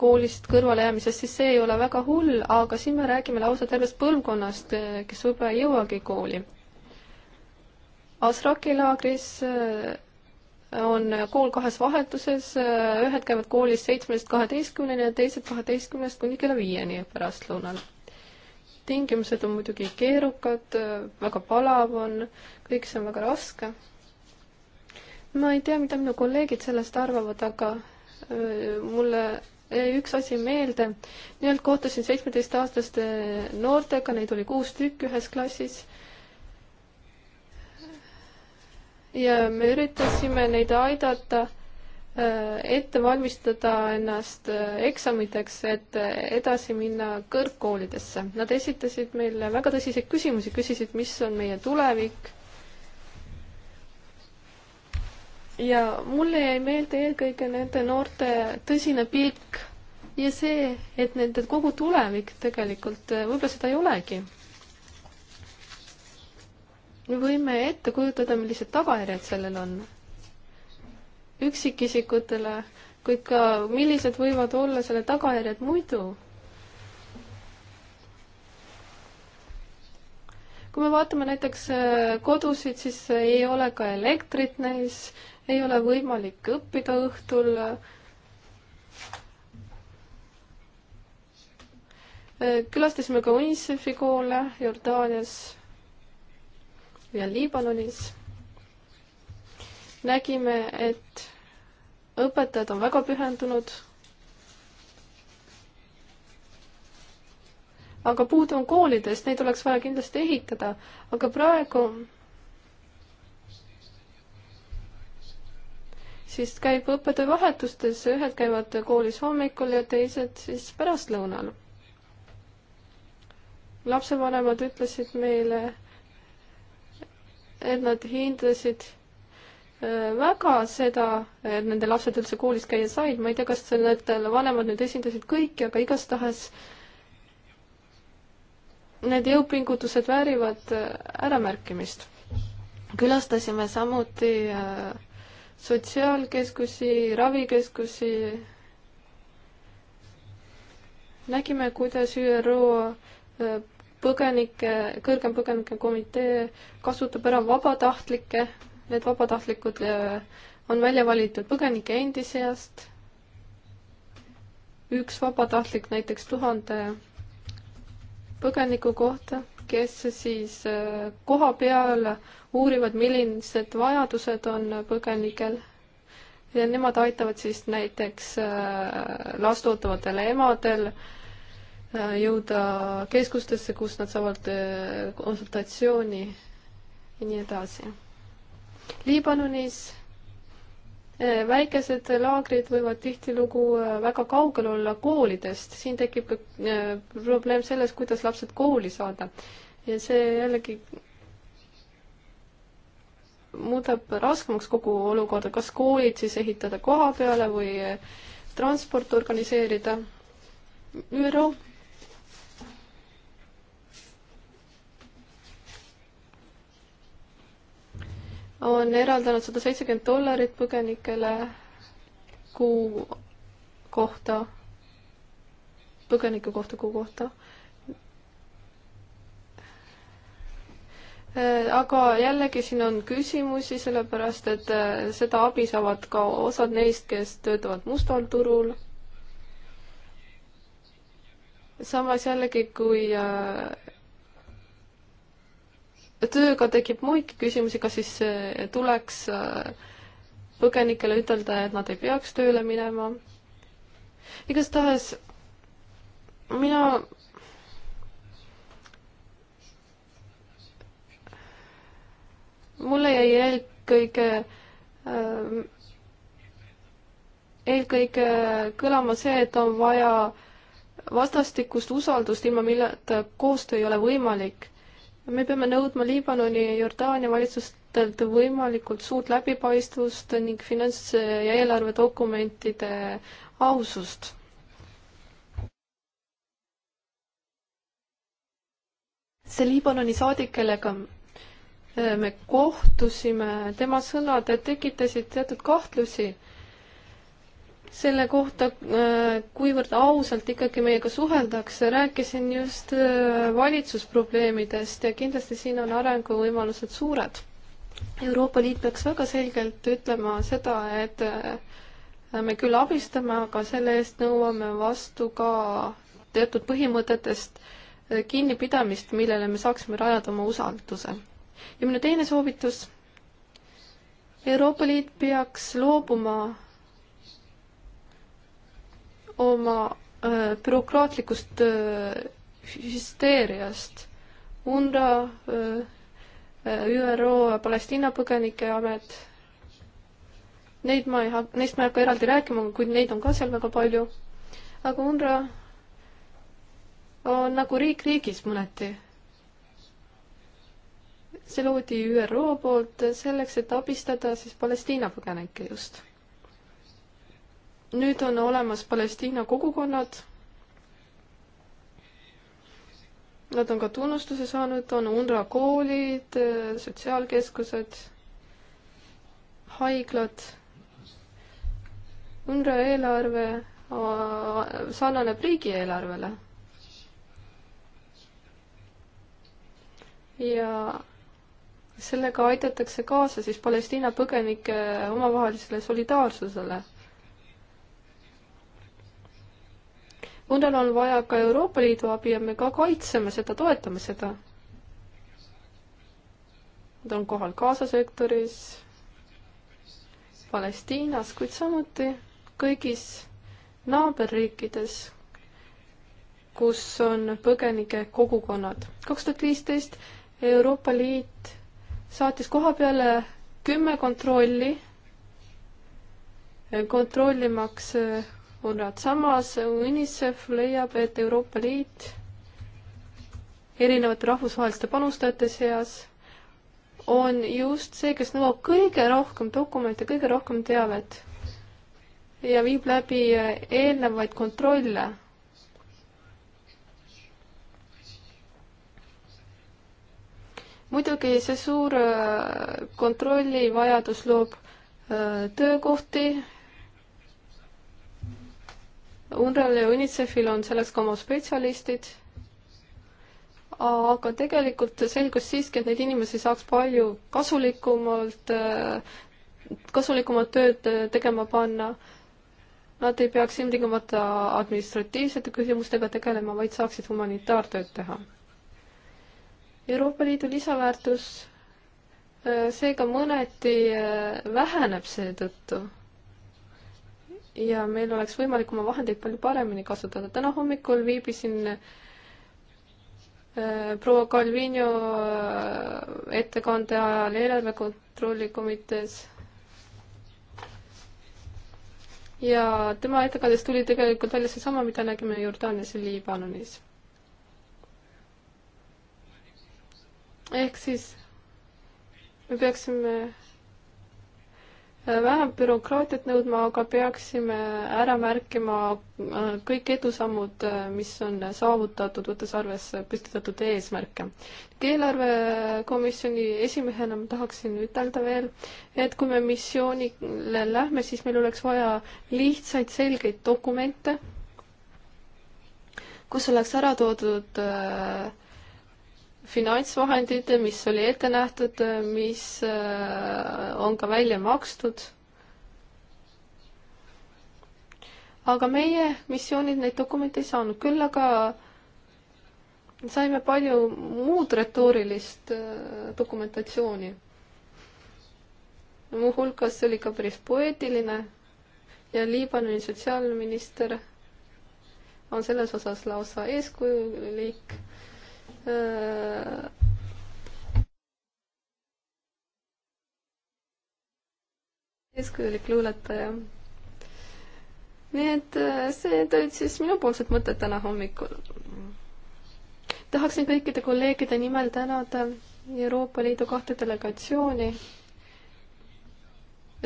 koolist kõrvalejäämisest, siis see ei ole väga hull, aga siin me räägime lausa tervest põlvkonnast, äh, kes võib-olla ei jõuagi kooli. Asraki laagris äh, on kool kahes vahetuses, ühed käivad koolis seitsmest kaheteistkümneni ja teised kaheteistkümnest kuni kella viieni pärastlõunal. tingimused on muidugi keerukad, väga palav on, kõik see on väga raske ma ei tea, mida minu kolleegid sellest arvavad, aga mulle jäi üks asi meelde. nimelt kohtusin seitsmeteistaastaste noortega, neid oli kuus tükki ühes klassis. ja me üritasime neid aidata ette valmistada ennast eksamiteks, et edasi minna kõrgkoolidesse. Nad esitasid meile väga tõsiseid küsimusi, küsisid, mis on meie tulevik ja mulle jäi meelde eelkõige nende noorte tõsine pilk ja see, et nende kogu tulevik tegelikult, eh, võib-olla seda ei olegi. me võime ette kujutada, millised tagajärjed sellel on üksikisikutele, kuid ka millised võivad olla selle tagajärjed muidu kui me vaatame näiteks eh, kodusid, siis eh, ei ole ka elektrit neis, ei ole võimalik õppida õhtul. külastasime ka UNICEF-i koole Jordaanias ja Liibanonis. nägime, et õpetajad on väga pühendunud. aga puudu on koolidest, neid oleks vaja kindlasti ehitada, aga praegu siis käib õppetöö vahetustes, ühed käivad koolis hommikul ja teised siis pärastlõunal. lapsevanemad ütlesid meile, et nad hindasid äh, väga seda, et nende lapsed üldse koolis käia said, ma ei tea, kas need vanemad nüüd esindasid kõiki, aga igastahes need jõupingutused väärivad äh, äramärkimist. külastasime samuti äh, sotsiaalkeskusi, ravikeskusi. nägime, kuidas ÜRO äh, põgenike, kõrgem põgenike komitee kasutab ära vabatahtlikke, need vabatahtlikud äh, on välja valitud põgenike endi seast. üks vabatahtlik näiteks tuhande põgeniku kohta kes siis äh, koha peal uurivad, millised vajadused on põgenikel. ja nemad aitavad siis näiteks äh, last ootavatel emadel äh, jõuda keskustesse, kus nad saavad konsultatsiooni ja nii edasi. Liibanonis Äh, väikesed laagrid võivad tihtilugu äh, väga kaugel olla koolidest, siin tekib ka äh, probleem selles, kuidas lapsed kooli saada. ja see jällegi muudab raskemaks kogu olukorda, kas koolid siis ehitada koha peale või transporti organiseerida. ÜRO on eraldanud sada seitsekümmend dollarit põgenikele kuu kohta, põgeniku kohta kuu kohta. Äh, aga jällegi siin on küsimusi, sellepärast et äh, seda abi saavad ka osad neist, kes töötavad mustal turul. samas jällegi, kui äh, tööga tekib muidki küsimusi, kas siis eh, tuleks eh, põgenikele ütelda, et nad ei peaks tööle minema. igastahes mina mulle jäi eelkõige eh, eelkõige kõlama see, et on vaja vastastikust usaldust, ilma milleta koostöö ei ole võimalik me peame nõudma Liibanoni ja Jordaania valitsustelt võimalikult suurt läbipaistvust ning finants- ja eelarvedokumentide ausust. see Liibanoni saadik, kellega äh, me kohtusime, tema sõnad tekitasid teatud kahtlusi selle kohta, äh, kuivõrd ausalt ikkagi meiega suheldakse, rääkisin just äh, valitsusprobleemidest ja kindlasti siin on arenguvõimalused suured. Euroopa Liit peaks väga selgelt ütlema seda, et äh, me küll abistame, aga selle eest nõuame vastu ka teatud põhimõtetest kinnipidamist, millele me saaksime rajada oma usalduse. ja minu teine soovitus, Euroopa Liit peaks loobuma oma öö, bürokraatlikust öö, hüsteeriast. UNRWA, ÜRO Palestiina põgenike amet, neid ma ei hakka, neist ma ei hakka eraldi rääkima, kuid neid on ka seal väga palju. aga UNRWA on nagu riik riigis mõneti. see loodi ÜRO poolt selleks, et abistada siis Palestiina põgenikke just nüüd on olemas Palestiina kogukonnad. Nad on ka tunnustuse saanud, on UNRWA koolid, sotsiaalkeskused, haiglad. UNRWA eelarve sarnaneb riigieelarvele. ja sellega aidatakse kaasa siis Palestiina põgenike omavahelisele solidaarsusele mõnel on vaja ka Euroopa Liidu abi ja me ka kaitseme seda, toetame seda. Nad on kohal Gaza sektoris, Palestiinas, kuid samuti kõigis naaberriikides, kus on põgenike kogukonnad. kaks tuhat viisteist Euroopa Liit saatis koha peale kümme kontrolli, kontrollimaks on nad samas, UNICEF leiab, et Euroopa Liit erinevate rahvusvaheliste panustajate seas on just see, kes nõuab kõige rohkem dokumente, kõige rohkem teavet ja viib läbi eelnevaid kontrolle. muidugi see suur äh, kontrollivajadus loob äh, töökohti, UNRWA-l ja UNICEF-il on selleks ka oma spetsialistid, aga tegelikult selgus siiski, et neid inimesi saaks palju kasulikumalt, äh, kasulikumat tööd äh, tegema panna. Nad ei peaks ilmtingimata administratiivsete küsimustega tegelema, vaid saaksid humanitaartööd teha. Euroopa Liidu lisaväärtus äh, seega mõneti väheneb seetõttu ja meil oleks võimalik oma vahendeid palju paremini kasutada. täna hommikul viibisin äh, proua Calvino äh, ettekande ajal eelarvekontrolli komitees ja tema ettekandes tuli tegelikult välja seesama, mida nägime Jordaanias ja Liibanonis. ehk siis me peaksime vähem bürokraatiat nõudma, aga peaksime ära märkima äh, kõik edusammud, äh, mis on saavutatud, võttes arvesse püstitatud eesmärke. eelarvekomisjoni esimehena ma tahaksin ütelda veel, et kui me missioonile lähme, siis meil oleks vaja lihtsaid, selgeid dokumente, kus oleks ära toodud äh, finantsvahendid, mis oli ette nähtud, mis äh, on ka välja makstud. aga meie missioonid neid dokumente ei saanud, küll aga saime palju muud retoorilist äh, dokumentatsiooni. muuhulgas oli ka päris poeetiline ja Liibanoni sotsiaalminister on selles osas lausa eeskujulik Äh, eeskujulik luuletaja. nii et äh, see olid siis minupoolsed mõtted täna hommikul. tahaksin kõikide kolleegide nimel tänada Euroopa Liidu kahte delegatsiooni.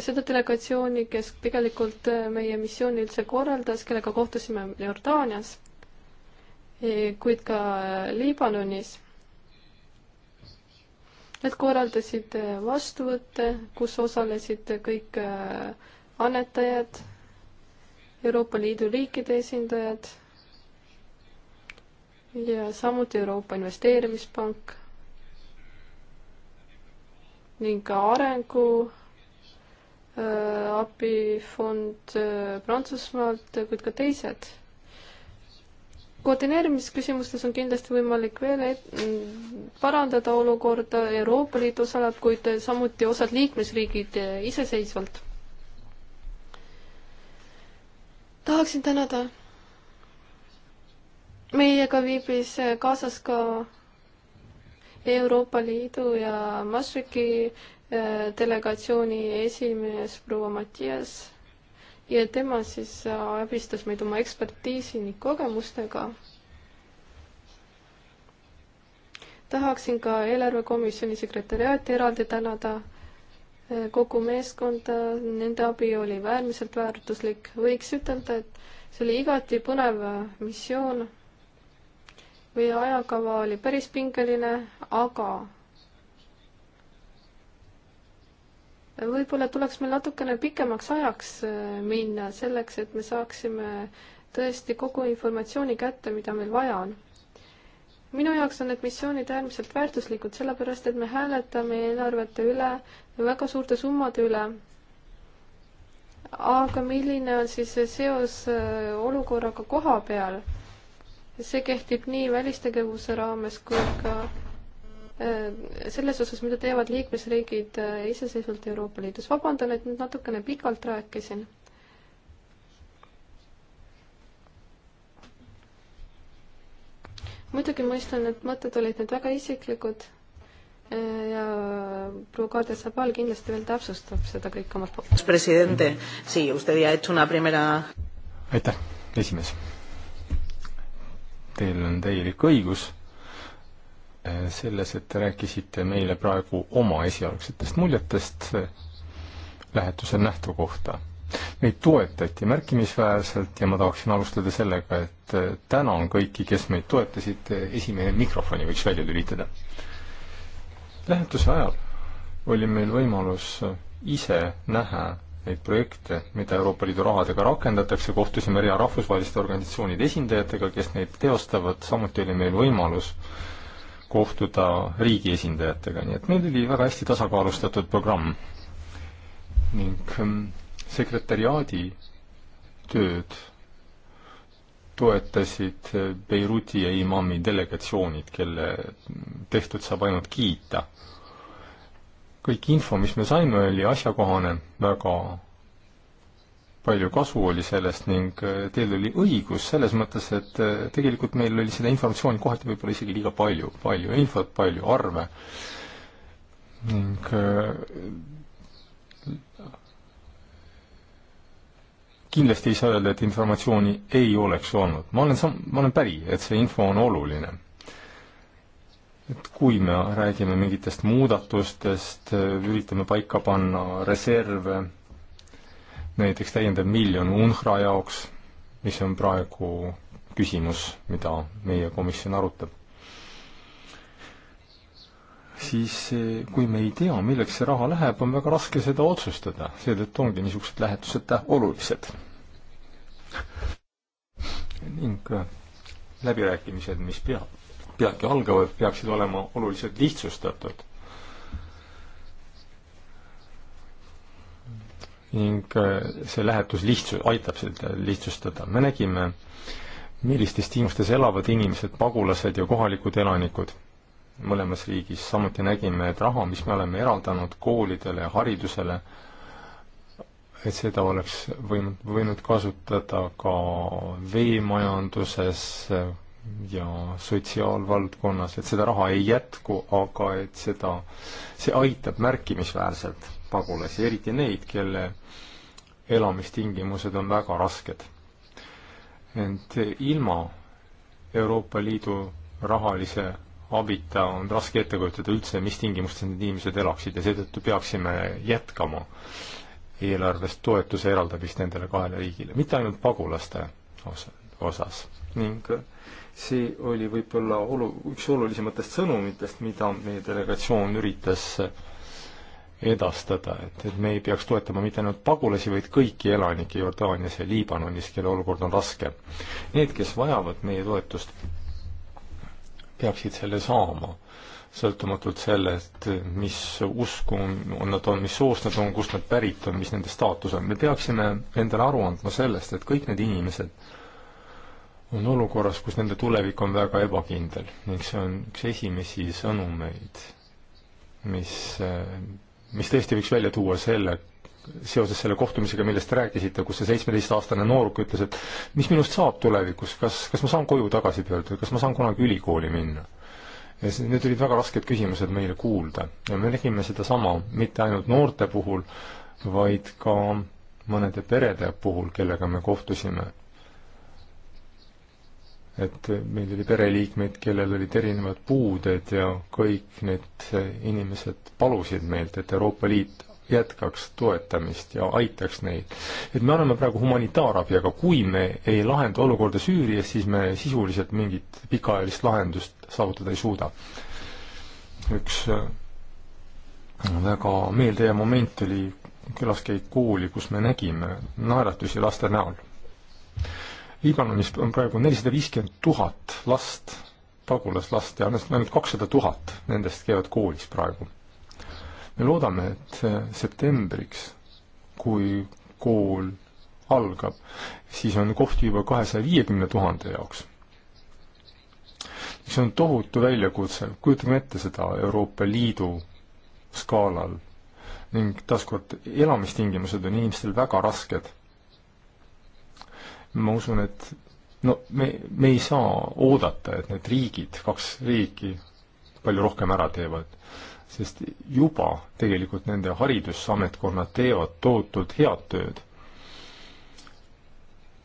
seda delegatsiooni, kes tegelikult äh, meie missiooni üldse korraldas, kellega kohtusime Jordaanias Eh, kuid ka Liibanonis. Nad korraldasid eh, vastuvõtte, kus osalesid kõik eh, annetajad, Euroopa Liidu riikide esindajad ja samuti Euroopa Investeerimispank ning ka arengu abifond Prantsusmaalt, kuid ka teised koordineerimisküsimustes on kindlasti võimalik veel parandada olukorda Euroopa Liidu osaleb, kuid samuti osad liikmesriigid iseseisvalt. tahaksin tänada. meiega viibis kaasas ka Euroopa Liidu ja Maastrichti eh, delegatsiooni esimees proua Mattias ja tema siis äh, abistas meid oma ekspertiisi ning kogemustega. tahaksin ka eelarvekomisjoni sekretäriaati eraldi tänada, äh, kogu meeskonda, äh, nende abi oli äärmiselt väärtuslik, võiks ütelda, et see oli igati põnev missioon meie ajakava oli päris pingeline, aga võib-olla tuleks meil natukene pikemaks ajaks äh, minna, selleks et me saaksime tõesti kogu informatsiooni kätte, mida meil vaja on. minu jaoks on need missioonid äärmiselt väärtuslikud, sellepärast et me hääletame eelarvete üle, väga suurte summade üle. aga milline on siis see seos äh, olukorraga koha peal? see kehtib nii välistegevuse raames kui ka Äh, selles osas, mida teevad liikmesriigid äh, iseseisvalt Euroopa Liidus. vabandan, et nüüd natukene pikalt rääkisin. muidugi mõistan, et mõtted olid need väga isiklikud äh, ja proua Kadri Sabal kindlasti veel täpsustab seda kõike omalt poolt. aitäh, esimees. Teil on täielik õigus Äh, selles, et te rääkisite meile praegu oma esialgsetest muljetest äh, lähetuse nähtu kohta. Neid toetati märkimisväärselt ja ma tahaksin alustada sellega, et äh, tänan kõiki, kes meid toetasid, esimene mikrofoni võiks välja lülitada. lähetuse ajal oli meil võimalus ise näha neid projekte, mida Euroopa Liidu rahadega rakendatakse, kohtusime rea rahvusvaheliste organisatsioonide esindajatega, kes neid teostavad, samuti oli meil võimalus äh, kohtuda riigi esindajatega, nii et meil oli väga hästi tasakaalustatud programm. ning ähm, sekretäriaadi tööd toetasid äh, Beiruti ja imami delegatsioonid, kelle tehtud saab ainult kiita. kõik info, mis me saime, oli asjakohane, väga palju kasu oli sellest ning äh, teil oli õigus selles mõttes, et äh, tegelikult meil oli seda informatsiooni kohati võib-olla isegi liiga palju, palju infot, palju arve ning äh, kindlasti ei saa öelda, et informatsiooni ei oleks olnud. ma olen sam-, ma olen päri, et see info on oluline et kui me räägime mingitest muudatustest, üritame paika panna reserve näiteks täiendav miljon UNHRA jaoks, mis on praegu küsimus, mida meie komisjon arutab. siis eh, kui me ei tea, milleks see raha läheb, on väga raske seda otsustada, seetõttu ongi niisugused lähetused olulised. ning eh, läbirääkimised, mis pea, peagi algavad, peaksid olema oluliselt lihtsustatud ning äh, see lähetus lihtsu-, aitab seda lihtsustada. me nägime, millistes tingimustes elavad inimesed, pagulased ja kohalikud elanikud mõlemas riigis, samuti nägime, et raha, mis me oleme eraldanud koolidele ja haridusele, et seda oleks võinud, võinud kasutada ka veemajanduses ja sotsiaalvaldkonnas, et seda raha ei jätku, aga et seda, see aitab märkimisväärselt pagulasi, eriti neid, kelle elamistingimused on väga rasked. ent ilma Euroopa Liidu rahalise abita on raske ette kujutada üldse, mis tingimustes need inimesed elaksid ja seetõttu peaksime jätkama eelarvest toetuse eraldamist nendele kahele riigile, mitte ainult pagulaste osas ning see oli võib-olla olu-, üks olulisematest sõnumitest, mida meie delegatsioon üritas äh, edastada, et, et me ei peaks toetama mitte ainult pagulasi, vaid kõiki elanikke Jordaanias ja Liibanonis, kelle olukord on raske. Need, kes vajavad meie toetust, peaksid selle saama, sõltumatult sellest, mis usku on nad on, mis soost nad on, kust nad pärit on, mis nende staatus on. me peaksime endale aru andma sellest, et kõik need inimesed on olukorras, kus nende tulevik on väga ebakindel ning see on üks esimesi sõnumeid, mis mis tõesti võiks välja tuua selle, seoses selle kohtumisega, millest te rääkisite, kus see seitsmeteistaastane nooruk ütles, et mis minust saab tulevikus, kas, kas ma saan koju tagasi pöörduda, kas ma saan kunagi ülikooli minna? ja siis need olid väga rasked küsimused meile kuulda ja me nägime sedasama mitte ainult noorte puhul, vaid ka mõnede perede puhul, kellega me kohtusime et meil oli pereliikmeid, kellel olid erinevad puuded ja kõik need inimesed palusid meilt, et Euroopa Liit jätkaks toetamist ja aitaks neid. et me anname praegu humanitaarabi, aga kui me ei lahenda olukorda Süürias, siis me sisuliselt mingit pikaajalist lahendust saavutada ei suuda. üks äh, väga meeldejääv moment oli külaskäik kooli, kus me nägime naeratusi laste näol Liibanonis on praegu nelisada viiskümmend tuhat last, pagulaslast ja ainult kakssada tuhat nendest käivad koolis praegu. me loodame, et äh, septembriks, kui kool algab, siis on kohti juba kahesaja viiekümne tuhande jaoks. see on tohutu väljakutse, kujutame ette seda Euroopa Liidu skaalal ning taaskord elamistingimused on inimestel väga rasked ma usun, et no me, me ei saa oodata, et need riigid, kaks riiki palju rohkem ära teevad sest juba tegelikult nende haridusametkonnad teevad tohutult head tööd.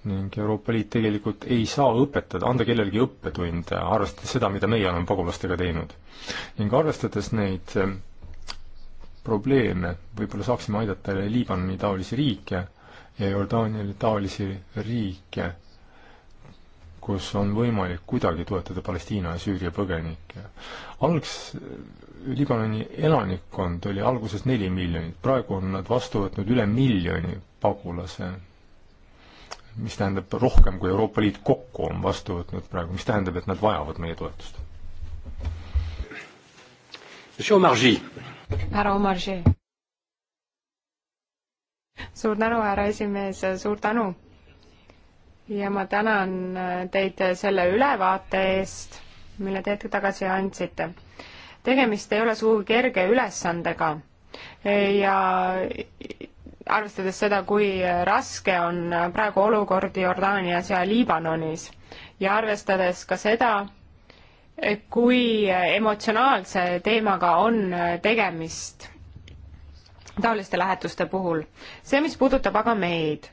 ning Euroopa Liit tegelikult ei saa õpetada, anda kellelegi õppetunde, arvestades seda, mida meie oleme pagulastega teinud. ning arvestades neid eh, probleeme, võib-olla saaksime aidata Liibanoni taolisi riike ja Jordaaniale taolisi riike, kus on võimalik kuidagi toetada Palestiina ja Süüria põgenikke. algs Liibanoni elanikkond oli alguses neli miljonit, praegu on nad vastu võtnud üle miljoni pagulase, mis tähendab rohkem, kui Euroopa Liit kokku on vastu võtnud praegu, mis tähendab, et nad vajavad meie toetust. härra Omarjee suur tänu, härra esimees, suur tänu! ja ma tänan teid selle ülevaate eest, mille te hetk tagasi andsite. tegemist ei ole sugugi kerge ülesandega ja arvestades seda, kui raske on praegu olukord Jordaanias ja Liibanonis ja arvestades ka seda, kui emotsionaalse teemaga on tegemist taoliste lähetuste puhul. see, mis puudutab aga meid,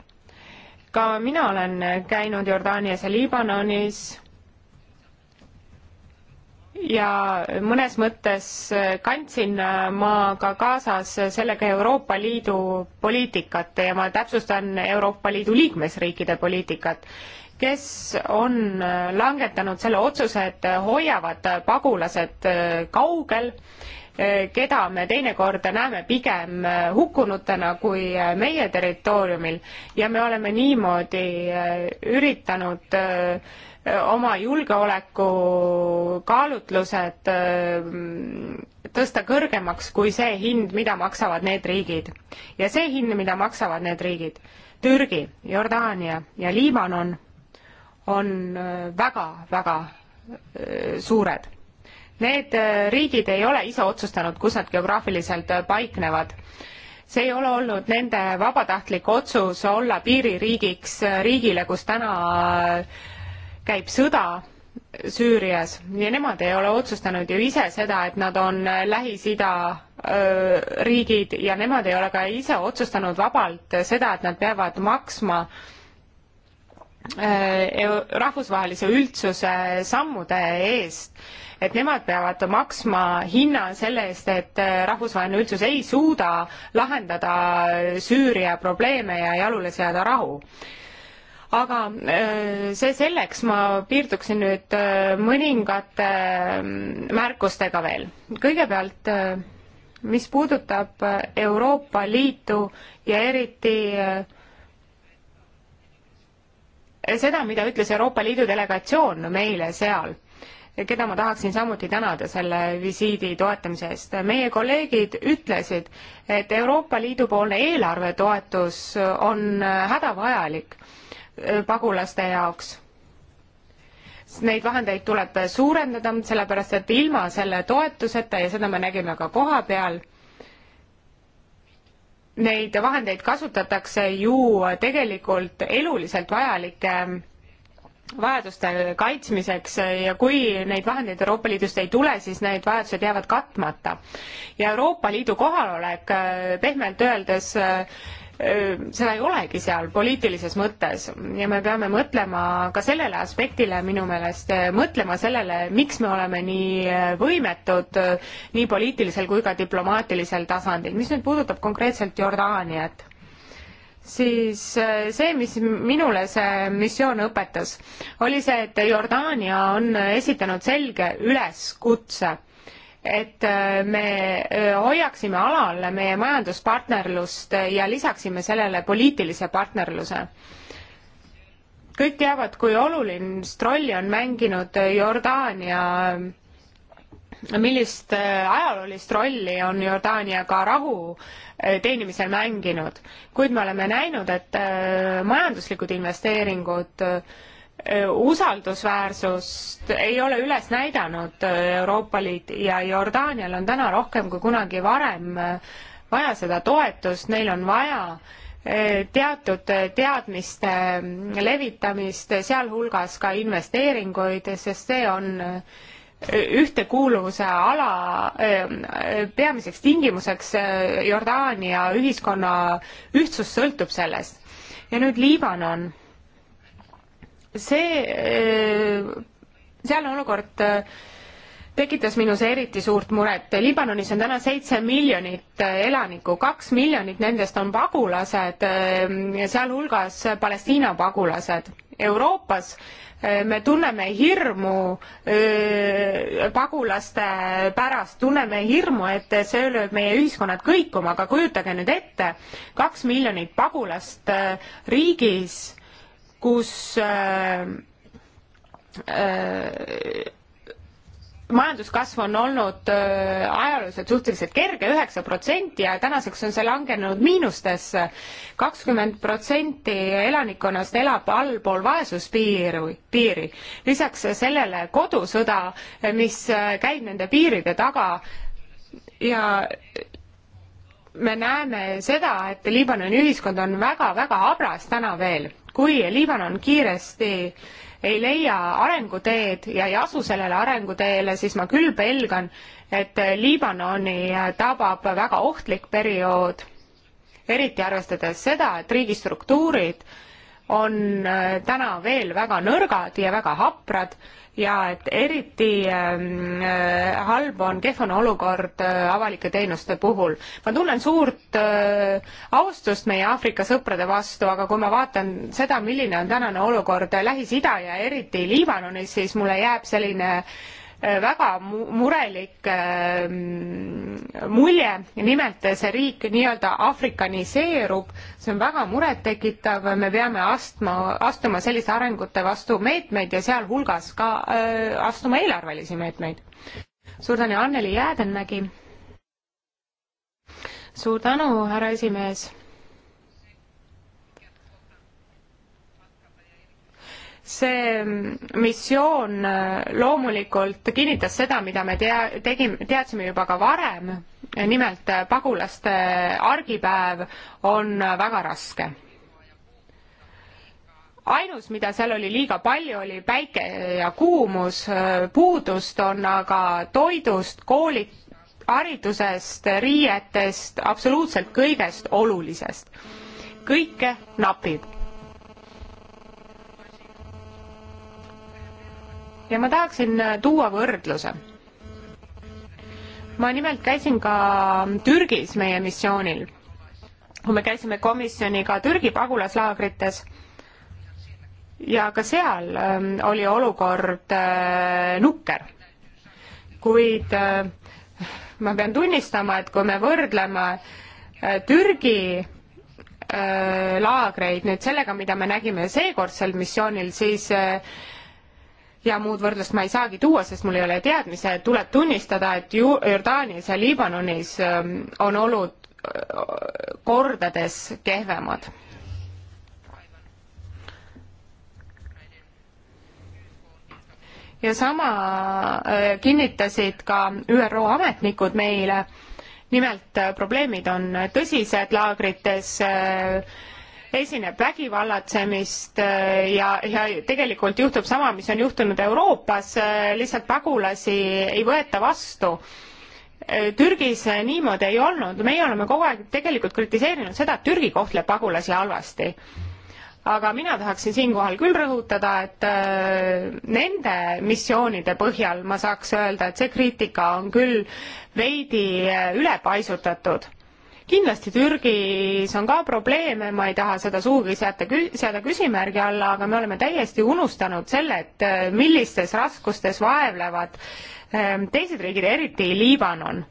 ka mina olen käinud Jordaanias ja Liibanonis ja mõnes mõttes kandsin ma ka kaasas sellega Euroopa Liidu poliitikat ja ma täpsustan Euroopa Liidu liikmesriikide poliitikat, kes on langetanud selle otsuse, et hoiavad pagulased kaugel keda me teinekord näeme pigem hukkunutena kui meie territooriumil ja me oleme niimoodi äh, üritanud äh, oma julgeoleku kaalutlused äh, tõsta kõrgemaks kui see hind, mida maksavad need riigid. ja see hind, mida maksavad need riigid, Türgi, Jordaania ja Liibanon, on väga-väga suured Need äh, riigid ei ole ise otsustanud, kus nad geograafiliselt äh, paiknevad. see ei ole olnud nende vabatahtlik otsus olla piiririigiks äh, riigile, kus täna käib sõda Süürias ja nemad ei ole otsustanud ju ise seda, et nad on Lähis-Ida riigid ja nemad ei ole ka ise otsustanud vabalt seda, et nad peavad maksma e-, rahvusvahelise üldsuse sammude eest et nemad peavad maksma hinna selle eest, et äh, rahvusvaheline üldsus ei suuda lahendada Süüria probleeme ja jalule seada rahu aga äh, see selleks, ma piirduksin nüüd äh, mõningate märkustega veel. kõigepealt, mis puudutab Euroopa Liitu ja eriti seda, mida ütles Euroopa Liidu delegatsioon meile seal keda ma tahaksin samuti tänada selle visiidi toetamise eest. meie kolleegid ütlesid, et Euroopa Liidu poolne eelarvetoetus on hädavajalik äh, pagulaste jaoks. Neid vahendeid tuleb suurendada, sellepärast et ilma selle toetuseta ja seda me nägime ka koha peal, neid vahendeid kasutatakse ju tegelikult eluliselt vajalike vajaduste kaitsmiseks ja kui neid vahendeid Euroopa Liidust ei tule, siis need vajadused jäävad katmata. ja Euroopa Liidu kohalolek äh, pehmelt öeldes äh, äh, seda ei olegi seal poliitilises mõttes ja me peame mõtlema ka sellele aspektile minu meelest, mõtlema sellele, miks me oleme nii võimetud nii poliitilisel kui ka diplomaatilisel tasandil. mis nüüd puudutab konkreetselt Jordaaniat siis äh, see, mis minule see missioon õpetas, oli see, et Jordaania on esitanud selge üleskutse, et äh, me äh, hoiaksime alal meie majanduspartnerlust ja lisaksime sellele poliitilise partnerluse kõik teavad, kui olulist rolli on mänginud Jordaania millist äh, ajaloolist rolli on Jordaania ka rahu äh, teenimisel mänginud, kuid me oleme näinud, et äh, majanduslikud investeeringud usaldusväärsust ei ole üles näidanud Euroopa Liit ja Jordaanial on täna rohkem kui kunagi varem vaja seda toetust, neil on vaja teatud teadmiste levitamist, sealhulgas ka investeeringuid, sest see on ühtekuuluvuse ala ähm, peamiseks tingimuseks äh, Jordaania ühiskonna ühtsus sõltub sellest. ja nüüd Liibanon. see, äh, seal on olukord äh, tekitas minus eriti suurt muret. Liibanonis on täna seitse miljonit äh, elanikku, kaks miljonit nendest on pagulased, äh, sealhulgas Palestiina pagulased. Euroopas äh, me tunneme hirmu öö, pagulaste pärast, tunneme hirmu, et see lööb meie ühiskonnad kõikuma, aga kujutage nüüd ette, kaks miljonit pagulast öö, riigis, kus öö, öö, majanduskasv on olnud äh, ajalooliselt suhteliselt kerge, üheksa protsenti ja tänaseks on see langenud miinustesse. kakskümmend protsenti elanikkonnast elab allpool vaesuspiiri, piiri. lisaks sellele kodusõda, mis äh, käib nende piiride taga ja me näeme seda, et Liibanoni ühiskond on väga-väga habras täna veel. kui Liibanon kiiresti äh, ei leia arenguteed ja ei asu sellele arenguteele, siis ma küll pelgan, et Liibanoni tabab väga ohtlik periood, eriti arvestades seda, et riigi struktuurid äh, on äh, täna veel väga nõrgad ja väga haprad ja et eriti ähm, äh, halb on, kehv on olukord äh, avalike teenuste puhul. ma tunnen suurt äh, austust meie Aafrika sõprade vastu, aga kui ma vaatan seda, milline on tänane olukord Lähis-Ida ja eriti Liibanonis, siis mulle jääb selline äh, väga murelik ähm, mulje, nimelt see riik nii-öelda afrikaniseerub, see on väga murettekitav, me peame astma, astuma selliste arengute vastu meetmeid ja sealhulgas ka äh, astuma eelarvelisi meetmeid. suur tänu, Anneli Jäädenmägi. suur tänu, härra esimees see missioon äh, loomulikult kinnitas seda, mida me tea-, tegime, teadsime juba ka varem, nimelt äh, pagulaste argipäev on äh, väga raske. ainus, mida seal oli liiga palju, oli päike ja kuumus, puudust on aga toidust, koolid, haridusest, riietest, absoluutselt kõigest olulisest. kõike napib ja ma tahaksin äh, tuua võrdluse. ma nimelt käisin ka Türgis meie missioonil, kui me käisime komisjoniga Türgi pagulaslaagrites ja ka seal ähm, oli olukord äh, nukker, kuid äh, ma pean tunnistama, et kui me võrdleme Türgi laagreid nüüd sellega, mida me nägime seekordsel missioonil, siis äh, ja muud võrdlust ma ei saagi tuua, sest mul ei ole teadmisi, tuleb tunnistada, et ju-, Jordaanias ja Liibanonis ähm, on olud äh, kordades kehvemad ja sama äh, kinnitasid ka ÜRO ametnikud meile. nimelt äh, probleemid on tõsised laagrites, esineb vägivallatsemist äh, ja, ja tegelikult juhtub sama, mis on juhtunud Euroopas, äh, lihtsalt pagulasi ei võeta vastu. Äh, Türgis niimoodi ei olnud, meie oleme kogu aeg tegelikult kritiseerinud seda, et Türgi kohtleb pagulasi halvasti aga mina tahaksin siinkohal küll rõhutada, et nende missioonide põhjal ma saaks öelda, et see kriitika on küll veidi ülepaisutatud kindlasti Türgis on ka probleeme, ma ei taha seda sugugi seata, seada küsimärgi alla, aga me oleme täiesti unustanud selle, et äh, millistes raskustes vaevlevad ähm, teised riigid, eriti Liibanon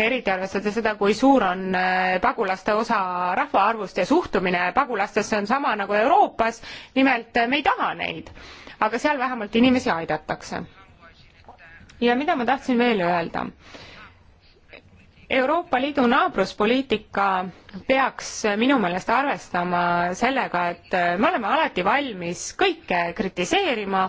eriti arvestades seda, kui suur on äh, pagulaste osa rahvaarvust ja suhtumine pagulastesse on sama nagu Euroopas, nimelt äh, me ei taha neid, aga seal vähemalt inimesi aidatakse. ja mida ma tahtsin veel öelda? Euroopa Liidu naabruspoliitika peaks minu meelest arvestama sellega, et me oleme alati valmis kõike kritiseerima,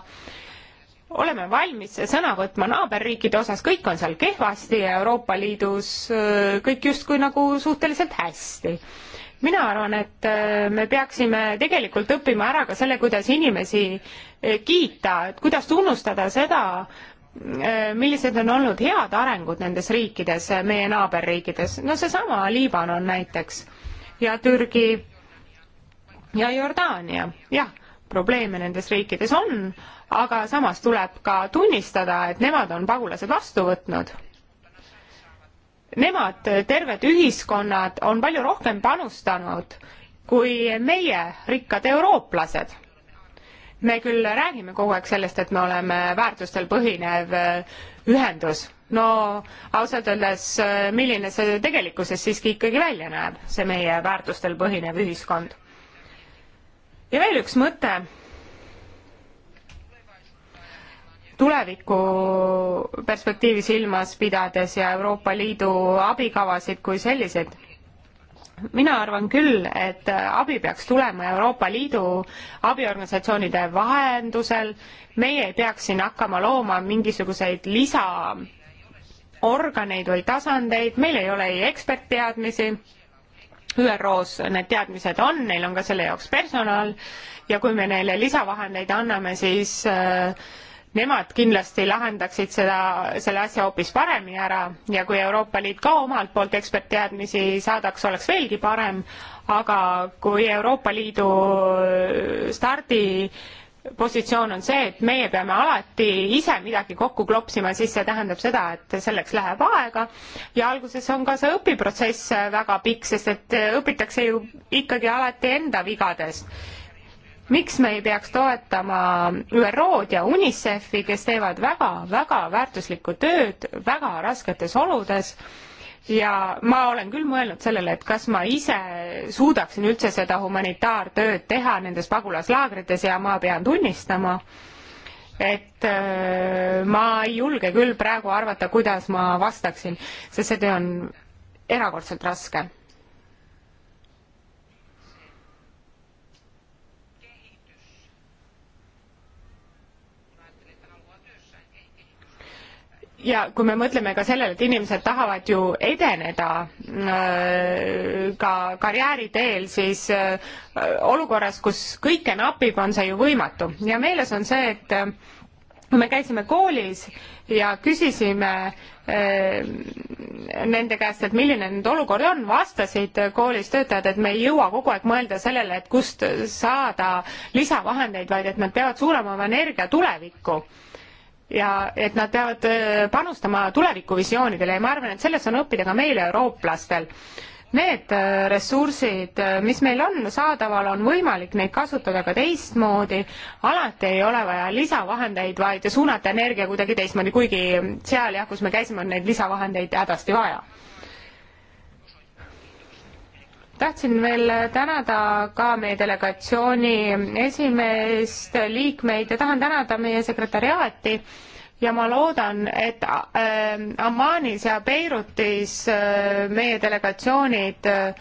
oleme valmis sõna võtma naaberriikide osas, kõik on seal kehvasti ja Euroopa Liidus äh, kõik justkui nagu suhteliselt hästi. mina arvan, et äh, me peaksime tegelikult õppima ära ka selle, kuidas inimesi äh, kiita, et kuidas tunnustada seda, Äh, millised on olnud head arengud nendes riikides, äh, meie naaberriikides, no seesama Liibanon näiteks ja Türgi ja Jordaania, jah, probleeme nendes riikides on, aga samas tuleb ka tunnistada, et nemad on pagulased vastu võtnud. Nemad, äh, terved ühiskonnad, on palju rohkem panustanud kui meie, rikkad eurooplased me küll räägime kogu aeg sellest, et me oleme väärtustel põhinev äh, ühendus, no ausalt öeldes, äh, milline see tegelikkuses siiski ikkagi välja näeb, see meie väärtustel põhinev ühiskond. ja veel üks mõte. tuleviku perspektiivi silmas pidades ja Euroopa Liidu abikavasid kui selliseid mina arvan küll, et abi peaks tulema Euroopa Liidu abiorganisatsioonide vahendusel, meie ei peaks siin hakkama looma mingisuguseid lisaorganeid või tasandeid, meil ei ole ei ekspertteadmisi, ÜRO-s need teadmised on, neil on ka selle jaoks personal ja kui me neile lisavahendeid anname, siis äh, nemad kindlasti lahendaksid seda, selle asja hoopis paremini ära ja kui Euroopa Liit ka omalt poolt ekspertteadmisi saadaks, oleks veelgi parem, aga kui Euroopa Liidu äh, stardi positsioon on see, et meie peame alati ise midagi kokku klopsima, siis see tähendab seda, et selleks läheb aega ja alguses on ka see õpiprotsess väga pikk, sest et äh, õpitakse ju ikkagi alati enda vigadest miks me ei peaks toetama ÜRO-d ja UNICEF-i, kes teevad väga-väga väärtuslikku tööd väga rasketes oludes ja ma olen küll mõelnud sellele, et kas ma ise suudaksin üldse seda humanitaartööd teha nendes pagulaslaagrites ja ma pean tunnistama, et äh, ma ei julge küll praegu arvata, kuidas ma vastaksin, sest see töö on erakordselt raske ja kui me mõtleme ka sellele, et inimesed tahavad ju edeneda äh, ka karjääri teel, siis äh, olukorras, kus kõike napib, on see ju võimatu ja meeles on see, et äh, kui me käisime koolis ja küsisime äh, nende käest, et milline nüüd olukord on, vastasid koolis töötajad, et me ei jõua kogu aeg mõelda sellele, et kust saada lisavahendeid, vaid et nad peavad suunama oma energia tulevikku ja et nad peavad äh, panustama tulevikuvisioonidele ja ma arvan, et selles on õppida ka meil, eurooplastel. Need äh, ressursid, äh, mis meil on saadaval, on võimalik neid kasutada ka teistmoodi, alati ei ole vaja lisavahendeid, vaid suunata energia kuidagi teistmoodi, kuigi seal jah, kus me käisime, on neid lisavahendeid hädasti vaja tahtsin veel tänada ka meie delegatsiooni esimeest, liikmeid ja tahan tänada meie sekretäriaati ja ma loodan, et äh, Ammanis ja Beirutis äh, meie delegatsioonid äh,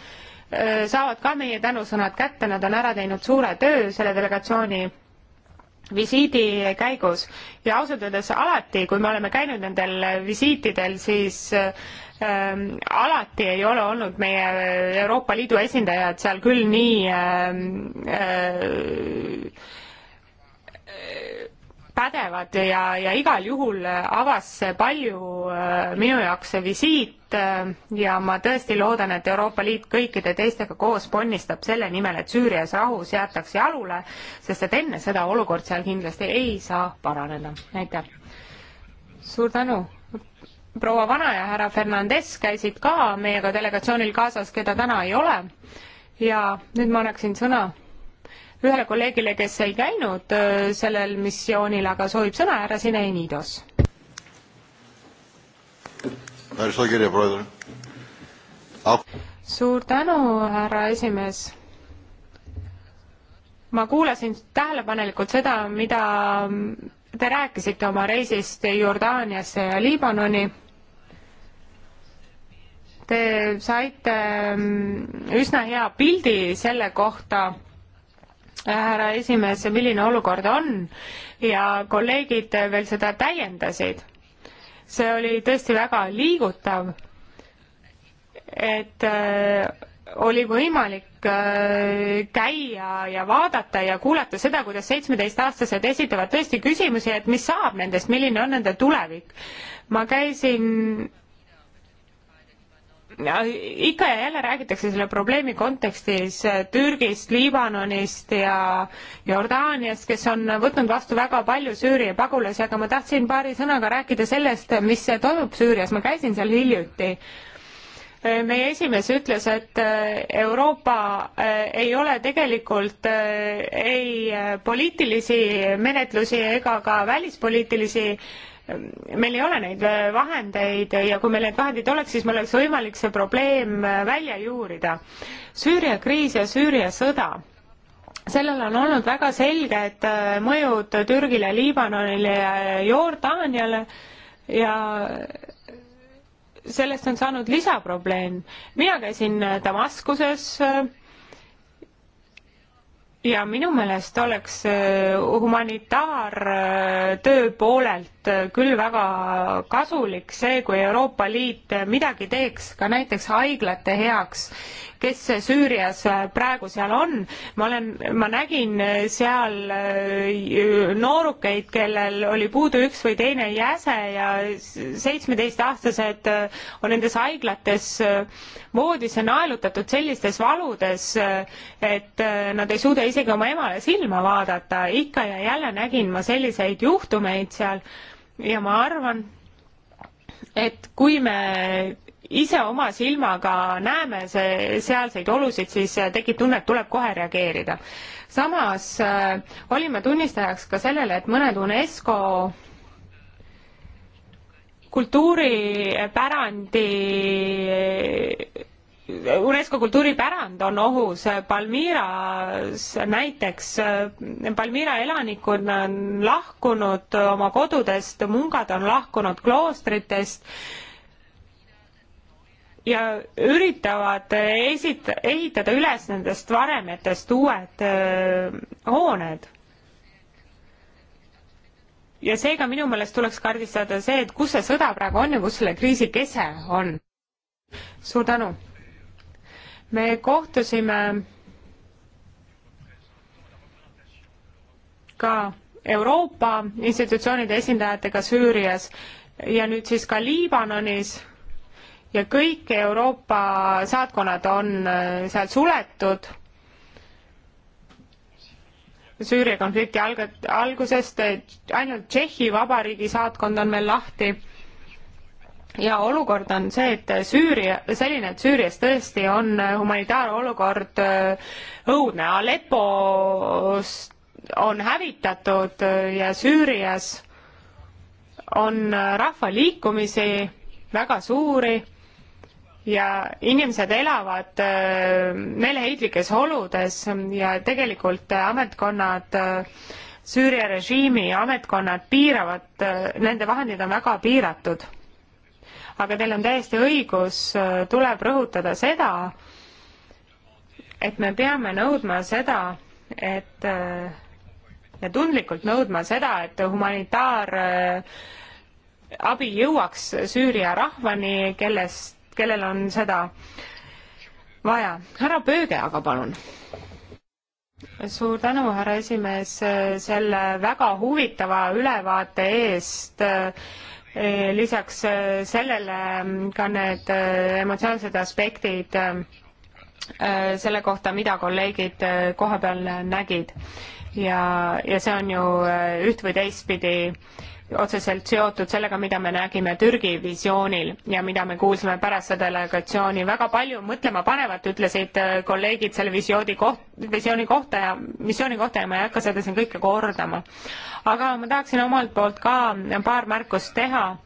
saavad ka meie tänusõnad kätte, nad on ära teinud suure töö selle delegatsiooni visiidi käigus ja ausalt öeldes alati, kui me oleme käinud nendel visiitidel, siis ähm, alati ei ole olnud meie Euroopa Liidu esindajad seal küll nii ähm, äh, pädevad ja, ja igal juhul avas see palju äh, minu jaoks see visiit äh, ja ma tõesti loodan, et Euroopa Liit kõikide teistega koos ponnistab selle nimel, et Süürias rahu seatakse jalule, sest et enne seda olukord seal kindlasti ei saa paraneda. aitäh! suur tänu! proua Vana ja härra Fernandes käisid ka meiega delegatsioonil kaasas, keda täna ei ole. ja nüüd ma annaksin sõna ühele kolleegile, kes ei käinud äh, sellel missioonil, aga soovib sõna, härra Sine Enidos. suur tänu, härra esimees. ma kuulasin tähelepanelikult seda, mida Te rääkisite oma reisist Jordaaniasse ja Liibanoni. Te saite mm, üsna hea pildi selle kohta, härra esimees, milline olukord on ja kolleegid veel seda täiendasid. see oli tõesti väga liigutav, et äh, oli võimalik äh, käia ja vaadata ja kuulata seda, kuidas seitsmeteistaastased esitavad tõesti küsimusi, et mis saab nendest, milline on nende tulevik. ma käisin ja ikka ja jälle räägitakse selle probleemi kontekstis Türgist, Liibanonist ja Jordaaniast, kes on võtnud vastu väga palju Süüria pagulasi, aga ma tahtsin paari sõnaga rääkida sellest, mis toimub Süürias, ma käisin seal hiljuti meie esimees ütles, et äh, Euroopa äh, ei ole tegelikult äh, ei poliitilisi menetlusi ega ka välispoliitilisi ähm, meil ei ole neid vahendeid ja kui meil need vahendid oleks, siis meil oleks võimalik see probleem välja juurida. Süüria kriis ja Süüria sõda sellel on olnud väga selged mõjud Türgile, Liibanonile ja Jordaaniale ja sellest on saanud lisaprobleem. mina käisin Damaskuses äh, ja minu meelest oleks äh, humanitaartöö äh, poolelt küll väga kasulik see, kui Euroopa Liit midagi teeks ka näiteks haiglate heaks kes Süürias praegu seal on. ma olen, ma nägin seal äh, noorukeid, kellel oli puudu üks või teine jäse ja seitsmeteistaastased äh, on nendes haiglates äh, voodisse naelutatud sellistes valudes, et nad ei suuda isegi oma emale silma vaadata. ikka ja jälle nägin ma selliseid juhtumeid seal ja ma arvan, et kui me ise oma silmaga näeme see, sealseid olusid, siis äh, tekib tunne, et tuleb kohe reageerida. samas äh, olime tunnistajaks ka sellele, et mõned UNESCO kultuuripärandi UNESCO kultuuripärand on ohus, Palmiras näiteks, äh, Palmira elanikud on lahkunud oma kodudest, mungad on lahkunud kloostritest ja üritavad esita-, ehitada üles nendest varemetest uued öö, äh, hooned. ja seega minu meelest tuleks kaardistada see, et kus see sõda praegu on ja kus selle kriisi kese on. suur tänu! me kohtusime ka Euroopa institutsioonide esindajatega Süürias ja nüüd siis ka Liibanonis ja kõik Euroopa saatkonnad on äh, seal suletud. Süüria konflikti alg-, algusest ainult Tšehhi Vabariigi saatkond on veel lahti ja olukord on see, et Süüria, selline, et Süürias tõesti on äh, humanitaarolukord äh, õudne. Aleppos on hävitatud ja Süürias on rahvaliikumisi väga suuri ja inimesed elavad äh, meeleheitlikes oludes ja tegelikult ametkonnad, äh, Süüria režiimi ametkonnad piiravad, äh, nende vahendid on väga piiratud. aga teil on täiesti õigus, tuleb rõhutada seda, et me peame nõudma seda, et ja tundlikult nõudma seda, et humanitaar abi jõuaks Süüria rahvani, kellest kellel on seda vaja. härra Pööge aga palun. suur tänu, härra esimees, selle väga huvitava ülevaate eest lisaks sellele ka need emotsionaalsed aspektid selle kohta, mida kolleegid kohapeal nägid. ja, ja see on ju üht või teistpidi otseselt seotud sellega, mida me nägime Türgi visioonil ja mida me kuulsime pärast seda delegatsiooni. väga palju mõtlemapanevat ütlesid äh, kolleegid selle visiooni koht-, visiooni kohta ja missiooni kohta ja ma ei hakka seda siin kõike kordama. aga ma tahaksin omalt poolt ka paar märkust teha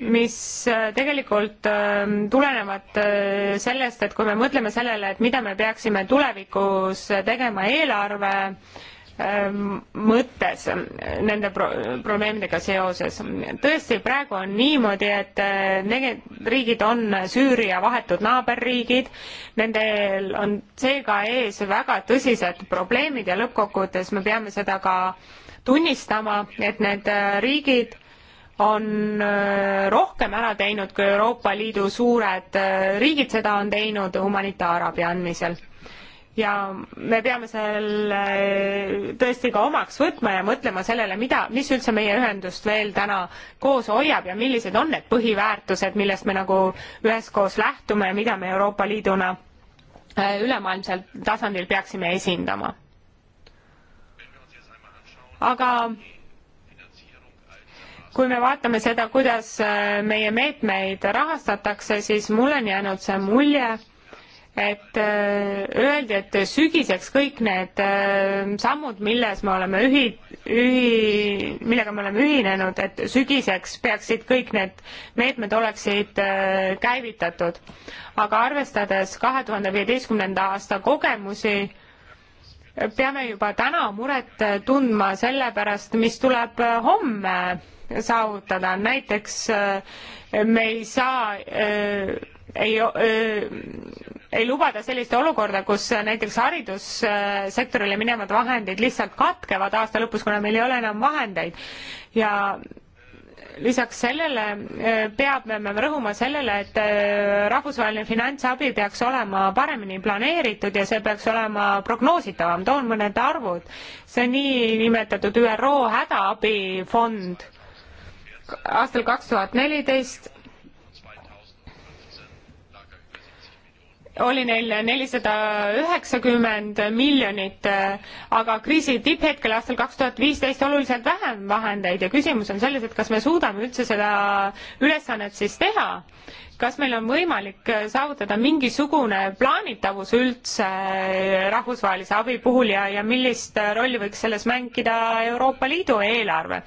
mis äh, tegelikult ähm, tulenevad äh, sellest, et kui me mõtleme sellele, et mida me peaksime tulevikus tegema eelarve Ehm, mõttes ehm, nende pro probleemidega seoses. tõesti, praegu on niimoodi, et ehm, need riigid on Süüria vahetud naaberriigid, nendel on seega ees väga tõsised probleemid ja lõppkokkuvõttes me peame seda ka tunnistama, et need riigid on rohkem ära teinud kui Euroopa Liidu suured riigid seda on teinud humanitaarabi andmisel ja me peame selle tõesti ka omaks võtma ja mõtlema sellele, mida, mis üldse meie ühendust veel täna koos hoiab ja millised on need põhiväärtused, millest me nagu üheskoos lähtume ja mida me Euroopa Liiduna äh, ülemaailmsel tasandil peaksime esindama. aga kui me vaatame seda, kuidas äh, meie meetmeid rahastatakse, siis mulle on jäänud see mulje, et äh, öeldi, et sügiseks kõik need äh, sammud, milles me oleme ühi-, ühi-, millega me oleme ühinenud, et sügiseks peaksid kõik need meetmed oleksid äh, käivitatud. aga arvestades kahe tuhande viieteistkümnenda aasta kogemusi, peame juba täna muret tundma selle pärast, mis tuleb homme saavutada, näiteks me ei saa ei, ei ei lubada sellist olukorda, kus näiteks haridussektorile minevad vahendid lihtsalt katkevad aasta lõpus, kuna meil ei ole enam vahendeid ja lisaks sellele eh, peab me rõhuma sellele, et eh, rahvusvaheline finantsabi peaks olema paremini planeeritud ja see peaks olema prognoositavam. toon mõned arvud. see niinimetatud ÜRO hädaabifond aastal kaks tuhat neliteist oli neil nelisada üheksakümmend miljonit, aga kriisi tipphetkel aastal kaks tuhat viisteist oluliselt vähem vahendeid ja küsimus on selles, et kas me suudame üldse seda ülesannet siis teha. kas meil on võimalik saavutada mingisugune plaanitavus üldse rahvusvahelise abi puhul ja, ja millist rolli võiks selles mängida Euroopa Liidu eelarve?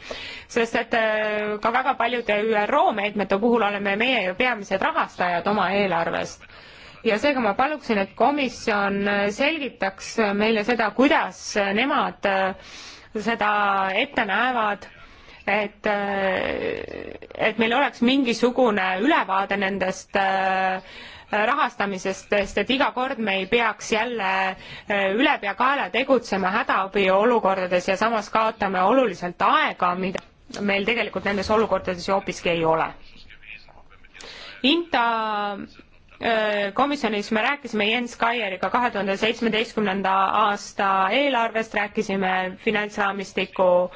sest et äh, ka väga paljude ÜRO meetmete puhul oleme meie ju peamised rahastajad oma eelarvest ja seega ma paluksin, et komisjon äh, selgitaks äh, meile seda, kuidas äh, nemad seda ette näevad, et, et meil oleks mingisugune ülevaade nendest rahastamisest, sest et iga kord me ei peaks jälle ülepeakaela tegutsema hädaabiolukordades ja samas kaotame oluliselt aega, mida meil tegelikult nendes olukordades ju hoopiski ei ole. Inta Äh, komisjonis me rääkisime Jens Kaieriga kahe tuhande seitsmeteistkümnenda aasta eelarvest, rääkisime finantsraamistiku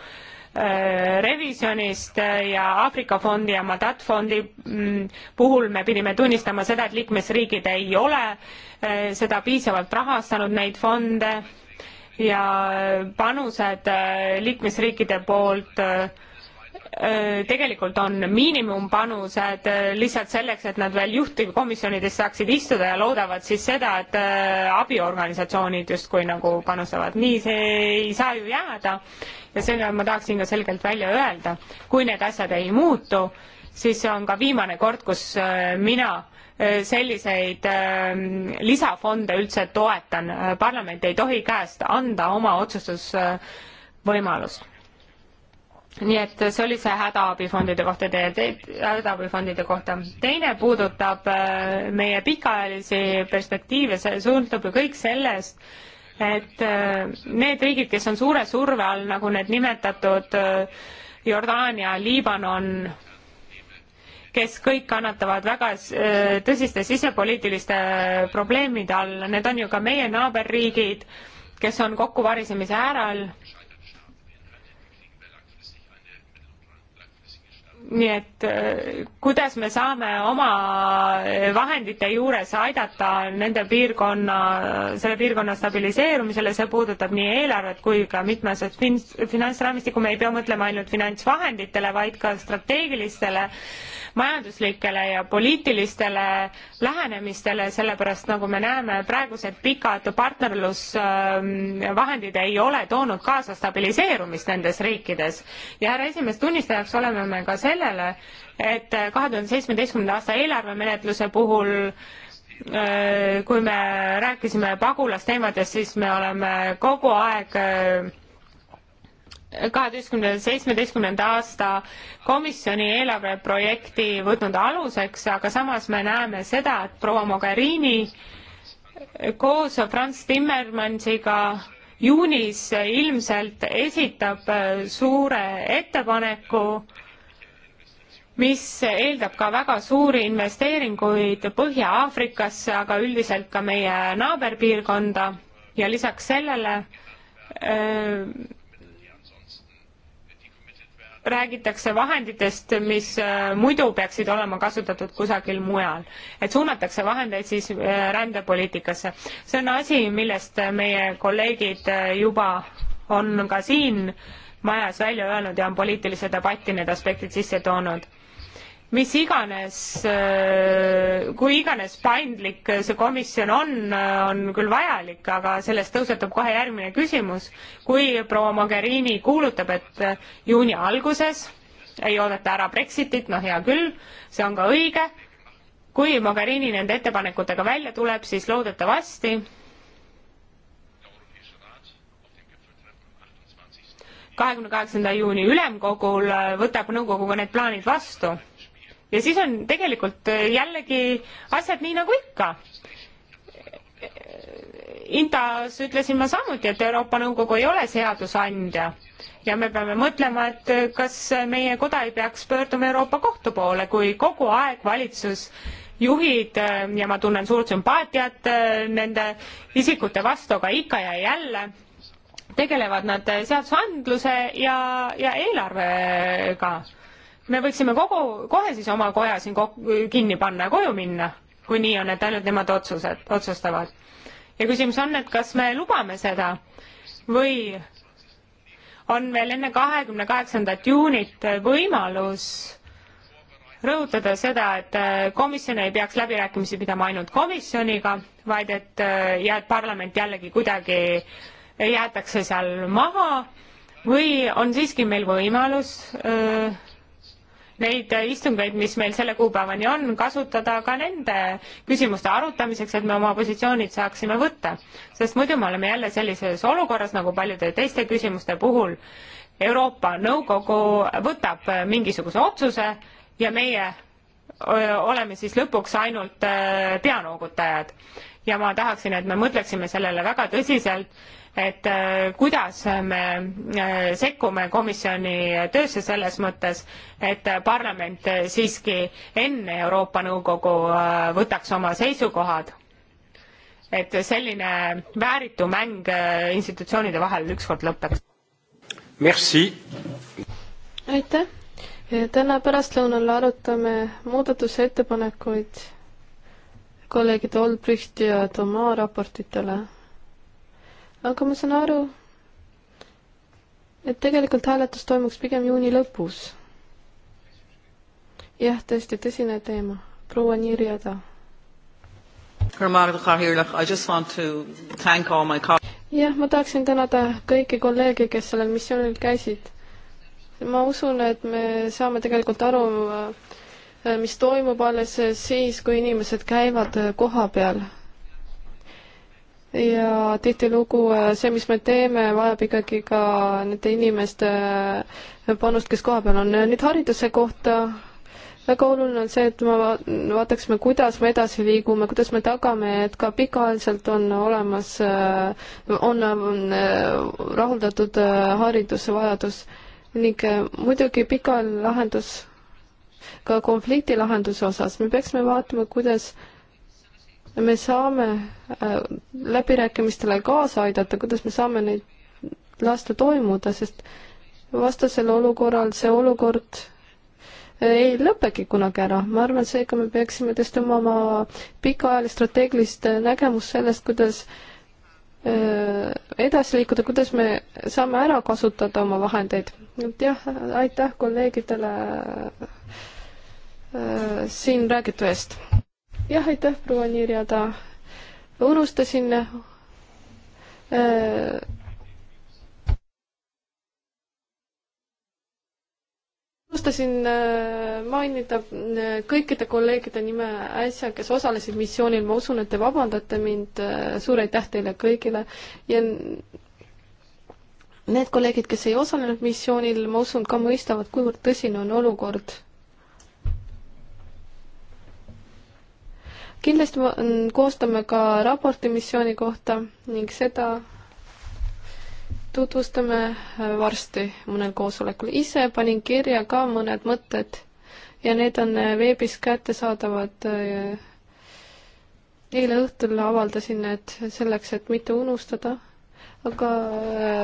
äh, revisjonist äh, ja Aafrika fondi ja Madat fondi mm, puhul me pidime tunnistama seda, et liikmesriigid ei ole seda piisavalt rahastanud, neid fonde ja panused liikmesriikide poolt äh, tegelikult on miinimumpanused lihtsalt selleks, et nad veel juhtivkomisjonides saaksid istuda ja loodavad siis seda, et abiorganisatsioonid justkui nagu panustavad. nii see ei saa ju jääda ja selle ma tahaksin ka selgelt välja öelda. kui need asjad ei muutu, siis see on ka viimane kord, kus mina selliseid lisafonde üldse toetan. parlament ei tohi käest anda oma otsustusvõimalust nii et see oli see hädaabifondide kohta teie te,, hädaabifondide kohta. teine puudutab äh, meie pikaajalisi perspektiive, see sõltub ju kõik sellest, et äh, need riigid, kes on suure surve all, nagu need nimetatud äh, Jordaania, Liibanon, kes kõik kannatavad väga tõsiste sisepoliitiliste probleemide all, need on ju ka meie naaberriigid, kes on kokkuvarisemise äärel nii et äh, kuidas me saame oma äh, vahendite juures aidata nende piirkonna, selle piirkonna stabiliseerumisele, see puudutab nii eelarvet kui ka mitmeaastast fin-, finantsraamistikku, me ei pea mõtlema ainult finantsvahenditele, vaid ka strateegilistele äh, majanduslikele ja poliitilistele lähenemistele, sellepärast nagu me näeme, praegused pikad partnerlusvahendid ei ole toonud kaasa stabiliseerumist nendes riikides. ja härra esimees, tunnistajaks oleme me ka sellele, et kahe tuhande seitsmeteistkümnenda aasta eelarvemenetluse puhul äh, kui me rääkisime pagulasteemadest, siis me oleme kogu aeg äh, kaheteistkümnenda, seitsmeteistkümnenda aasta komisjoni eelarveprojekti võtnud aluseks, aga samas me näeme seda, et proua Mogherini koos Franz Timmermansiga juunis ilmselt esitab äh, suure ettepaneku, mis eeldab ka väga suuri investeeringuid Põhja-Aafrikasse, aga üldiselt ka meie naaberpiirkonda ja lisaks sellele öö, äh, räägitakse vahenditest, mis äh, muidu peaksid olema kasutatud kusagil mujal. et suunatakse vahendeid siis äh, rändepoliitikasse. see on asi, millest meie kolleegid äh, juba on ka siin majas välja öelnud ja on poliitilise debatti need aspektid sisse toonud mis iganes, äh, kui iganes paindlik see komisjon on, on küll vajalik, aga sellest tõusetub kohe järgmine küsimus. kui proua Mogherini kuulutab, et äh, juuni alguses ei oodata ära Brexitit, no hea küll, see on ka õige, kui Mogherini nende ettepanekutega välja tuleb, siis loodetavasti kahekümne kaheksanda juuni ülemkogul äh, võtab nõukogu ka need plaanid vastu ja siis on tegelikult äh, jällegi asjad nii nagu ikka. Intas ütlesin ma samuti, et Euroopa Nõukogu ei ole seadusandja ja me peame mõtlema, et äh, kas meie koda ei peaks pöörduma Euroopa Kohtu poole, kui kogu aeg valitsus juhid äh, ja ma tunnen suurt sümpaatiat nende isikute vastu, aga ikka ja jälle tegelevad nad seadusandluse ja, ja eelarvega me võiksime kogu, kohe siis oma koja siin kinni panna ja koju minna, kui nii on, et ainult nemad otsused, otsustavad. ja küsimus on, et kas me lubame seda või on veel enne kahekümne kaheksandat juunit võimalus rõhutada seda, et äh, komisjon ei peaks läbirääkimisi pidama ainult komisjoniga, vaid et äh, ja et parlament jällegi kuidagi jäetakse seal maha või on siiski meil võimalus öö, äh, neid istungeid, mis meil selle kuupäevani on, kasutada ka nende küsimuste arutamiseks, et me oma positsioonid saaksime võtta. sest muidu me oleme jälle sellises olukorras, nagu paljude teiste küsimuste puhul, Euroopa Nõukogu võtab mingisuguse otsuse ja meie oleme siis lõpuks ainult peanoogutajad ja ma tahaksin, et me mõtleksime sellele väga tõsiselt et äh, kuidas me äh, sekkume komisjoni töösse selles mõttes, et parlament siiski enne Euroopa Nõukogu äh, võtaks oma seisukohad. et selline vääritu mäng institutsioonide vahel ükskord lõpeks. Merci. aitäh. täna pärastlõunal arutame muudatusettepanekuid kolleegide Olbricht ja Tomaa raportitele aga ma saan aru, et tegelikult hääletus toimuks pigem juuni lõpus. jah, tõesti tõsine teema. proua Niiri Ada. jah, ma tahaksin tänada kõiki kolleege, kes sellel missioonil käisid. ma usun, et me saame tegelikult aru, mis toimub alles siis, kui inimesed käivad koha peal ja tihtilugu äh, see, mis me teeme, vajab ikkagi ka nende inimeste äh, panust, kes kohapeal on. nüüd hariduse kohta väga oluline on see, et me vaataksime, kuidas me edasi liigume, kuidas me tagame, et ka pikaajaliselt on olemas, äh, on rahuldatud haridusvajadus ning muidugi pikaajaline lahendus ka konflikti lahenduse osas, me peaksime vaatama, kuidas äh, me saame äh, läbirääkimistele kaasa aidata, kuidas me saame neid lasta toimuda, sest vastasel olukorral see olukord äh, ei lõpegi kunagi ära. ma arvan, seega me peaksime tõesti omama pikaajalist strateegilist äh, nägemust sellest, kuidas edasi liikuda, kuidas me saame ära kasutada oma vahendeid. et jah, aitäh kolleegidele siin räägitu eest jah, aitäh, proua Nirjada. unustasin äh, unustasin äh, mainida äh, kõikide kolleegide nime äsja, kes osalesid missioonil, ma usun, et te vabandate mind, äh, suur aitäh teile kõigile ja need kolleegid, kes ei osalenud missioonil, ma usun, ka mõistavad, kuivõrd tõsine on olukord kindlasti mm, koostame ka raporti missiooni kohta ning seda tutvustame varsti mõnel koosolekul. ise panin kirja ka mõned mõtted ja need on veebis kättesaadavad. eile õhtul avaldasin need selleks, et mitte unustada aga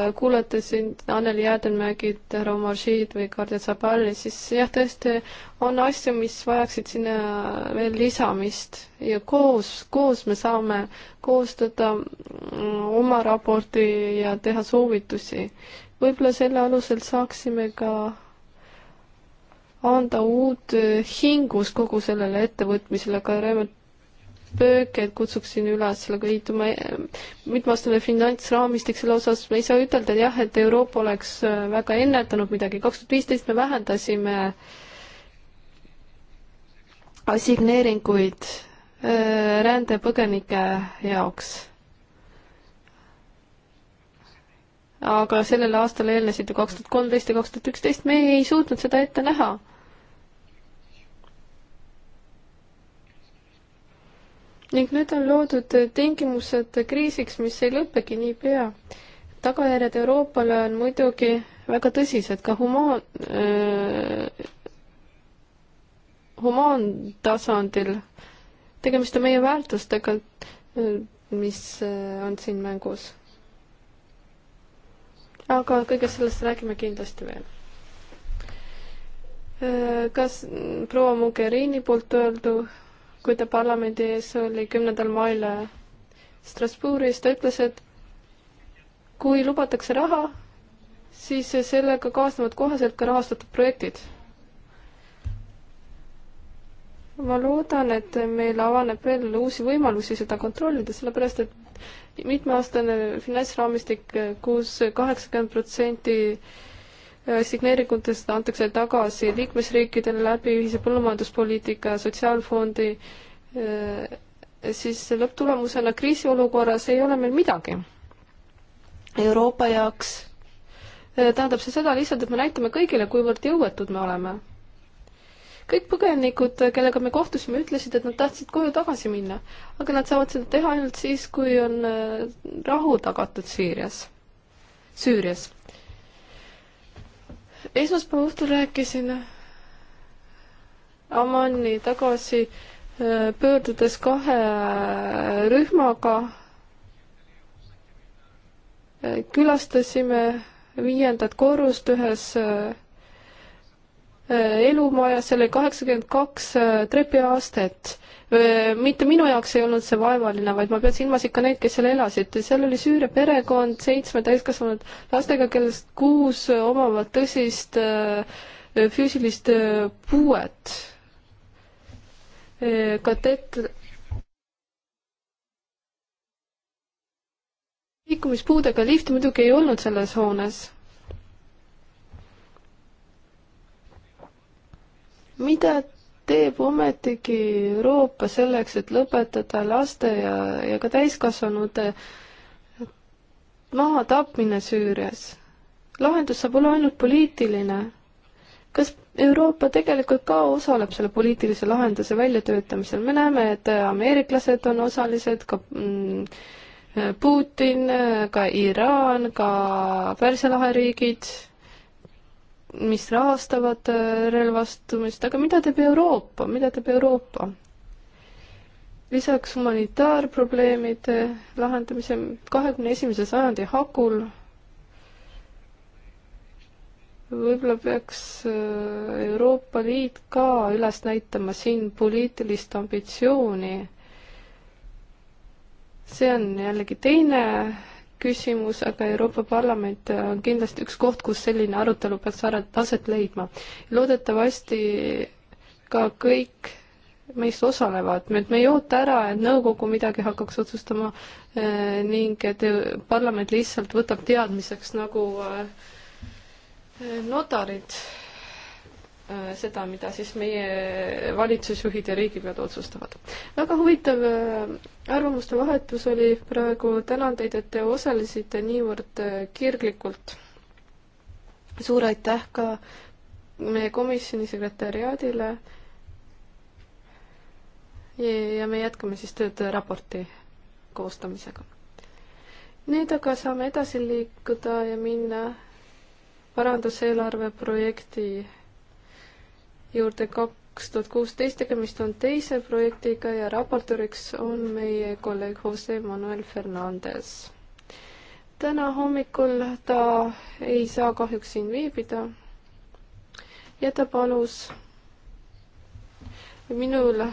äh, kuulates Anneli Jäädenmägid, härra Omar Šiid või Kardia Zabali, siis jah, tõesti on asju, mis vajaksid sinna veel lisamist ja koos, koos me saame koostada mm, oma raporti ja teha soovitusi. võib-olla selle alusel saaksime ka anda uut hingust kogu sellele ettevõtmisele, aga Reemelt pöökeid kutsuksin üles sellega liituma. mitmeaastane finantsraamistik selle osas, me ei saa ütelda jah, et Euroopa oleks äh, väga ennetanud midagi, kaks tuhat viisteist me vähendasime äh, assigneeringuid äh, rändepõgenike jaoks aga sellele aastale eelnesid ju kaks tuhat kolmteist ja kaks tuhat üksteist, me ei suutnud seda ette näha. ning nüüd on loodud tingimused kriisiks, mis ei lõpegi niipea. tagajärjed Euroopale on muidugi väga tõsised, ka humaan äh,, humaantasandil. tegemist on meie väärtustega, äh, mis äh, on siin mängus. aga kõigest sellest räägime kindlasti veel. Äh, kas proua Mogherini poolt öeldu kui ta parlamendi ees oli kümnendal mail äh, Strasbourgis, ta ütles, et kui lubatakse raha, siis sellega kaasnevad koheselt ka rahastatud projektid. ma loodan, et meil avaneb veel uusi võimalusi seda kontrollida, sellepärast et mitmeaastane finantsraamistik, kus kaheksakümmend protsenti Äh, signeeringutest antakse tagasi liikmesriikidele läbi ühise põllumajanduspoliitika ja sotsiaalfondi, äh, siis lõpptulemusena kriisiolukorras ei ole meil midagi. Euroopa jaoks äh, tähendab see seda lihtsalt, et me näitame kõigile, kuivõrd jõuetud me oleme. kõik põgenikud, kellega me kohtusime, ütlesid, et nad tahtsid koju tagasi minna, aga nad saavad seda teha ainult siis, kui on rahu tagatud Süürias, Süürias esmaspäeva õhtul rääkisin Amani tagasi äh, pöördudes kahe äh, rühmaga äh, külastasime viiendat korrust ühes Äh, elumajas, seal oli kaheksakümmend kaks äh, trepiastet. Äh, mitte minu jaoks ei olnud see vaevaline, vaid ma pean silmas ikka neid, kes seal elasid. seal oli Süüria perekond seitsme täiskasvanud lastega, kellest kuus omavad tõsist füüsilist puuet. katet-, liikumispuudega lifti muidugi ei olnud selles hoones mida teeb ometigi Euroopa selleks, et lõpetada laste ja, ja ka täiskasvanute maha tapmine Süürias? lahendus saab olla ainult poliitiline. kas Euroopa tegelikult ka osaleb selle poliitilise lahenduse väljatöötamisel, me näeme, et ameeriklased on osalised, ka mm, Putin, ka Iraan, ka Pärsia lahe riigid mis rahastavad äh, relvastumist, aga mida teeb Euroopa, mida teeb Euroopa? lisaks humanitaarprobleemide äh, lahendamise kahekümne esimese sajandi hakul võib-olla peaks äh, Euroopa Liit ka üles näitama siin poliitilist ambitsiooni. see on jällegi teine küsimus, aga Euroopa Parlament äh, on kindlasti üks koht, kus selline arutelu peaks aset leidma. loodetavasti ka kõik meist osalevad, et me ei oota ära, et nõukogu midagi hakkaks otsustama äh, ning et äh, parlament lihtsalt võtab teadmiseks nagu notarid Äh, seda, mida siis meie valitsusjuhid ja riigipead otsustavad. väga huvitav äh, arvamuste vahetus oli praegu, tänan teid, et te osalesite niivõrd äh, kirglikult. suur aitäh ka meie komisjoni sekretäriaadile. ja me jätkame siis tööd raporti koostamisega. nüüd aga saame edasi liikuda ja minna paranduseelarve projekti juurde kaks tuhat kuusteist, tegemist on teise projektiga ja raportööriks on meie kolleeg Jose Manuel Fernandez. täna hommikul ta ei saa kahjuks siin viibida ja ta palus minul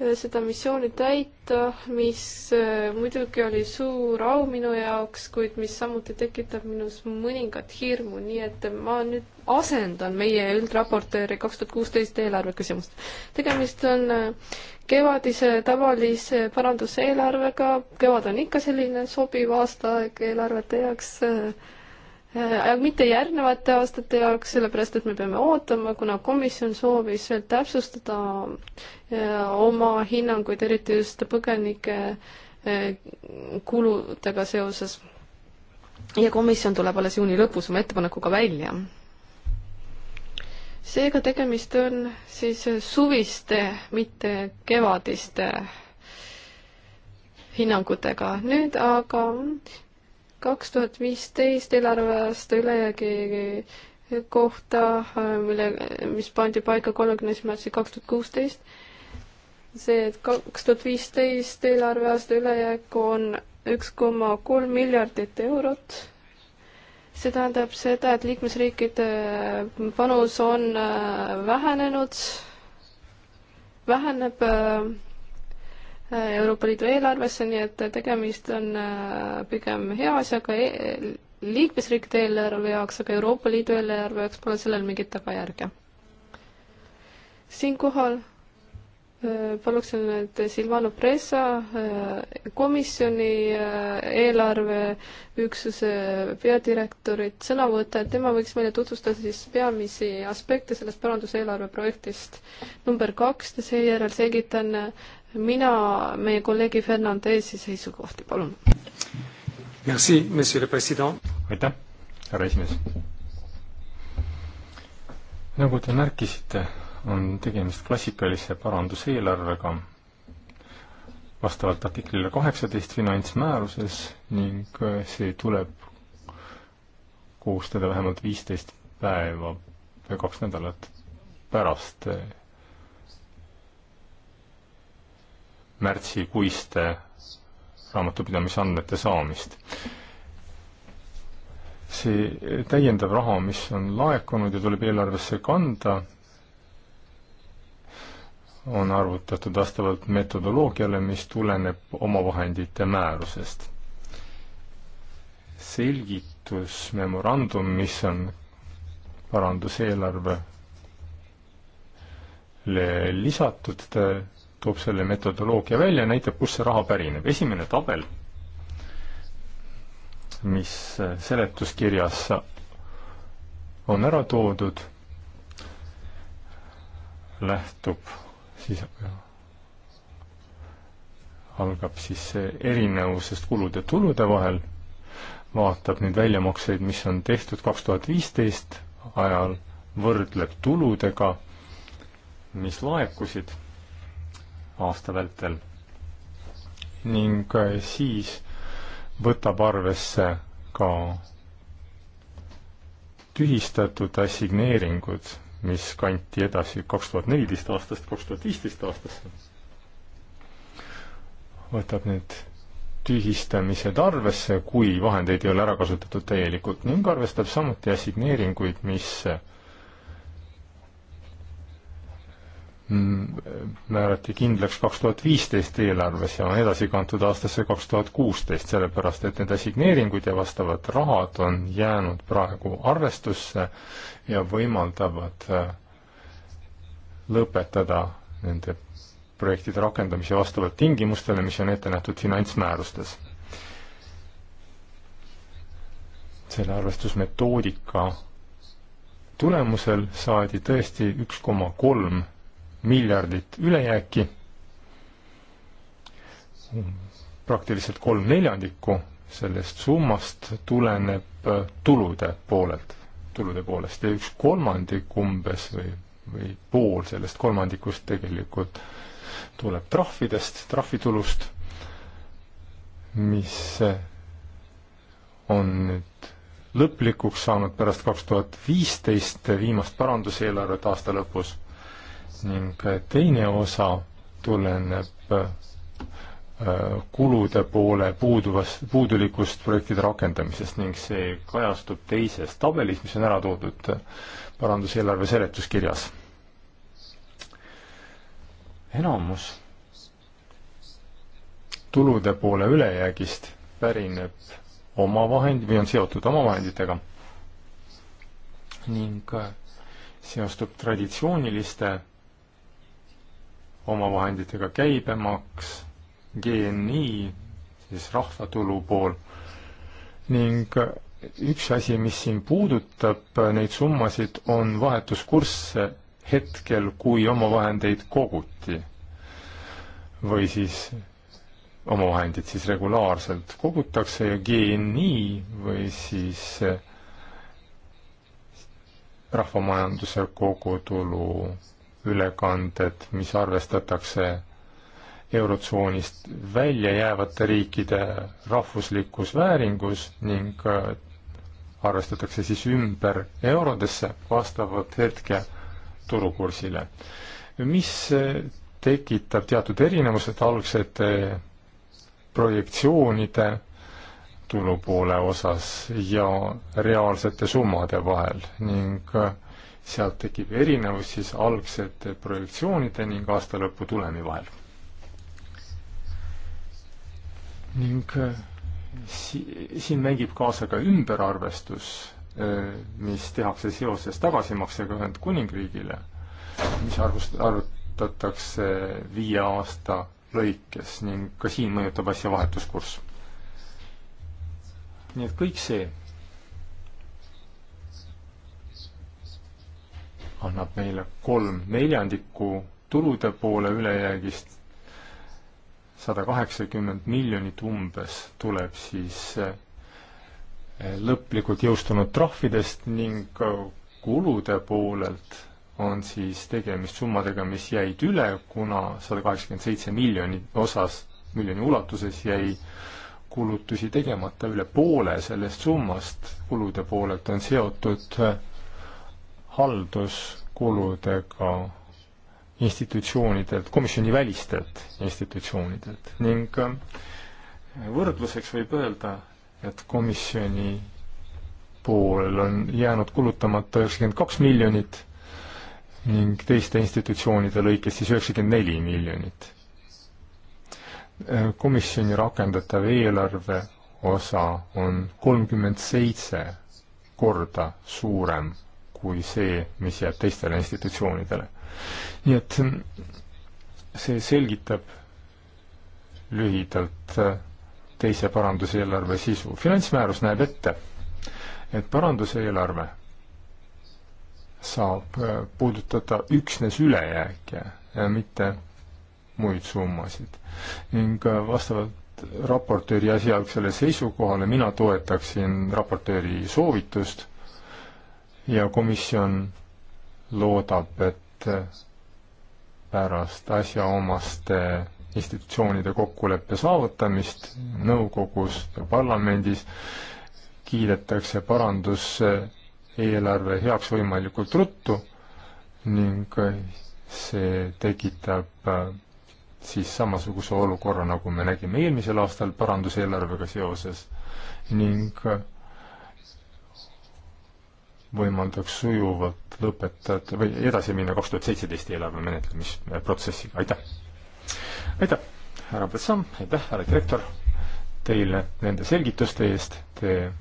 Äh, seda missiooni täita, mis äh, muidugi oli suur au minu jaoks, kuid mis samuti tekitab minus mõningat hirmu, nii et ma nüüd asendan meie üldraportööri kaks tuhat kuusteist eelarve küsimust. tegemist on äh, kevadise tavalise paranduseelarvega, kevad on ikka selline sobiv aastaaeg eelarvete jaoks äh, Äh, aga mitte järgnevate aastate jaoks, sellepärast et me peame ootama, kuna komisjon soovis veel täpsustada äh, oma hinnanguid, eriti just põgenike äh, kuludega seoses. ja komisjon tuleb alles juuni lõpus oma ettepanekuga välja. seega tegemist on siis suviste, mitte kevadiste hinnangutega. nüüd aga kaks tuhat viisteist eelarveaasta ülejäägi kohta, mille, mis pandi paika kolmekümne esimene märtsil kaks tuhat kuusteist, see, et kaks tuhat viisteist eelarveaasta ülejääk on üks koma kolm miljardit eurot see tähendab seda, et liikmesriikide panus on äh, vähenenud, väheneb äh, Euroopa Liidu eelarvesse, nii et tegemist on äh, pigem hea asjaga e liikmesriikide eelarve jaoks, aga Euroopa Liidu eelarve jaoks pole sellel mingit tagajärge. siinkohal äh, paluksin, et Silvano Presa äh, komisjoni eelarveüksuse peadirektorit sõna võtta, et tema võiks meile tutvustada siis peamisi aspekte sellest paranduseelarve projektist number kaks ja seejärel selgitan mina meie kolleegi Fernandesi seisukohti, palun. Merci, monsieur le president. aitäh, härra esimees. nagu te märkisite, on tegemist klassikalise paranduseelarvega vastavalt artiklile kaheksateist finantsmääruses ning see tuleb koostada vähemalt viisteist päeva või kaks nädalat pärast märtsikuiste raamatupidamisandmete saamist. see täiendav raha, mis on laekunud ja tuleb eelarvesse kanda, on arvutatud vastavalt metodoloogiale, mis tuleneb omavahendite määrusest. selgitusmemorandum, mis on paranduseelarve lisatud, toob selle metodoloogia välja, näitab, kust see raha pärineb. esimene tabel, mis seletuskirjas on ära toodud, lähtub siis, algab siis erinevusest kulude-tulude vahel, vaatab neid väljamakseid, mis on tehtud kaks tuhat viisteist ajal, võrdleb tuludega, mis laekusid aasta vältel. ning äh, siis võtab arvesse ka tühistatud assigneeringud, mis kanti edasi kaks tuhat neliteist aastast kaks tuhat viisteist aastasse. võtab need tühistamised arvesse, kui vahendeid ei ole ära kasutatud täielikult ning arvestab samuti assigneeringuid, mis Mm, määrati kindlaks kaks tuhat viisteist eelarves ja on edasi kantud aastasse kaks tuhat kuusteist, sellepärast et need assigneeringud ja vastavad rahad on jäänud praegu arvestusse ja võimaldavad äh, lõpetada nende projektide rakendamise vastavalt tingimustele, mis on ette nähtud finantsmäärustes. selle arvestusmetoodika tulemusel saadi tõesti üks koma kolm miljardit ülejääki, praktiliselt kolm neljandikku sellest summast tuleneb äh, tulude poolelt, tulude poolest ja üks kolmandik umbes või, või pool sellest kolmandikust tegelikult tuleb trahvidest, trahvitulust, mis äh, on nüüd lõplikuks saanud pärast kaks tuhat viisteist viimast paranduseelarvet aasta lõpus ning teine osa tuleneb äh, kulude poole puuduvast, puudulikust projektide rakendamisest ning see kajastub teises tabelis, mis on ära toodud äh, paranduseelarve seletuskirjas. enamus tulude poole ülejäägist pärineb omavahend- või on seotud omavahenditega ning äh, seostub traditsiooniliste omavahenditega käibemaks, GNI, siis rahvatulu pool ning üks asi, mis siin puudutab neid summasid, on vahetuskurss hetkel, kui omavahendeid koguti või siis omavahendid siis regulaarselt kogutakse ja GNI või siis rahvamajanduse kogutulu ülekanded, mis arvestatakse Eurotsoonist välja jäävate riikide rahvuslikus vääringus ning äh, arvestatakse siis ümber eurodesse vastavalt hetke turukursile, mis äh, tekitab teatud erinevused algsete projektsioonide tulupoole osas ja reaalsete summade vahel ning äh, sealt tekib erinevus siis algsete projektsioonide ning aastalõpu tulemi vahel. ning äh, si-, siin mängib kaasa ka ümberarvestus, äh, mis tehakse seoses tagasimaksega Ühendkuningriigile, mis arvust-, arvutatakse viie aasta lõikes ning ka siin mõjutab asja vahetuskurss. nii et kõik see annab meile kolm neljandikku tulude poole ülejäägist, sada kaheksakümmend miljonit umbes tuleb siis eh, lõplikult jõustunud trahvidest ning eh, kulude poolelt on siis tegemist summadega, mis jäid üle, kuna sada kaheksakümmend seitse miljoni osas, miljoni ulatuses jäi kulutusi tegemata, üle poole sellest summast kulude poolelt on seotud eh, halduskuludega institutsioonidelt, komisjoni välistelt institutsioonidelt ning äh, võrdluseks võib öelda, et komisjoni poolel on jäänud kulutamata üheksakümmend kaks miljonit ning teiste institutsioonide lõikes siis üheksakümmend neli miljonit. Äh, komisjoni rakendatav eelarve osa on kolmkümmend seitse korda suurem kui see, mis jääb teistele institutsioonidele. nii et mm, see selgitab lühidalt äh, teise paranduseelarve sisu. finantsmäärus näeb ette, et paranduseelarve saab äh, puudutada üksnes ülejääke, mitte muid summasid. ning äh, vastavalt raportööri esialgsele seisukohale mina toetaksin raportööri soovitust ja komisjon loodab, et pärast asjaomaste institutsioonide kokkuleppe saavutamist nõukogus ja parlamendis kiidetakse paranduseelarve heaks võimalikult ruttu ning see tekitab äh, siis samasuguse olukorra, nagu me nägime eelmisel aastal paranduseelarvega seoses ning äh, võimaldaks sujuvalt lõpetada või edasi minna kaks tuhat seitseteist eelarve menetlemisprotsessiga, aitäh! aitäh, härra Bessam, aitäh, härra direktor, teile nende selgituste eest, te äh,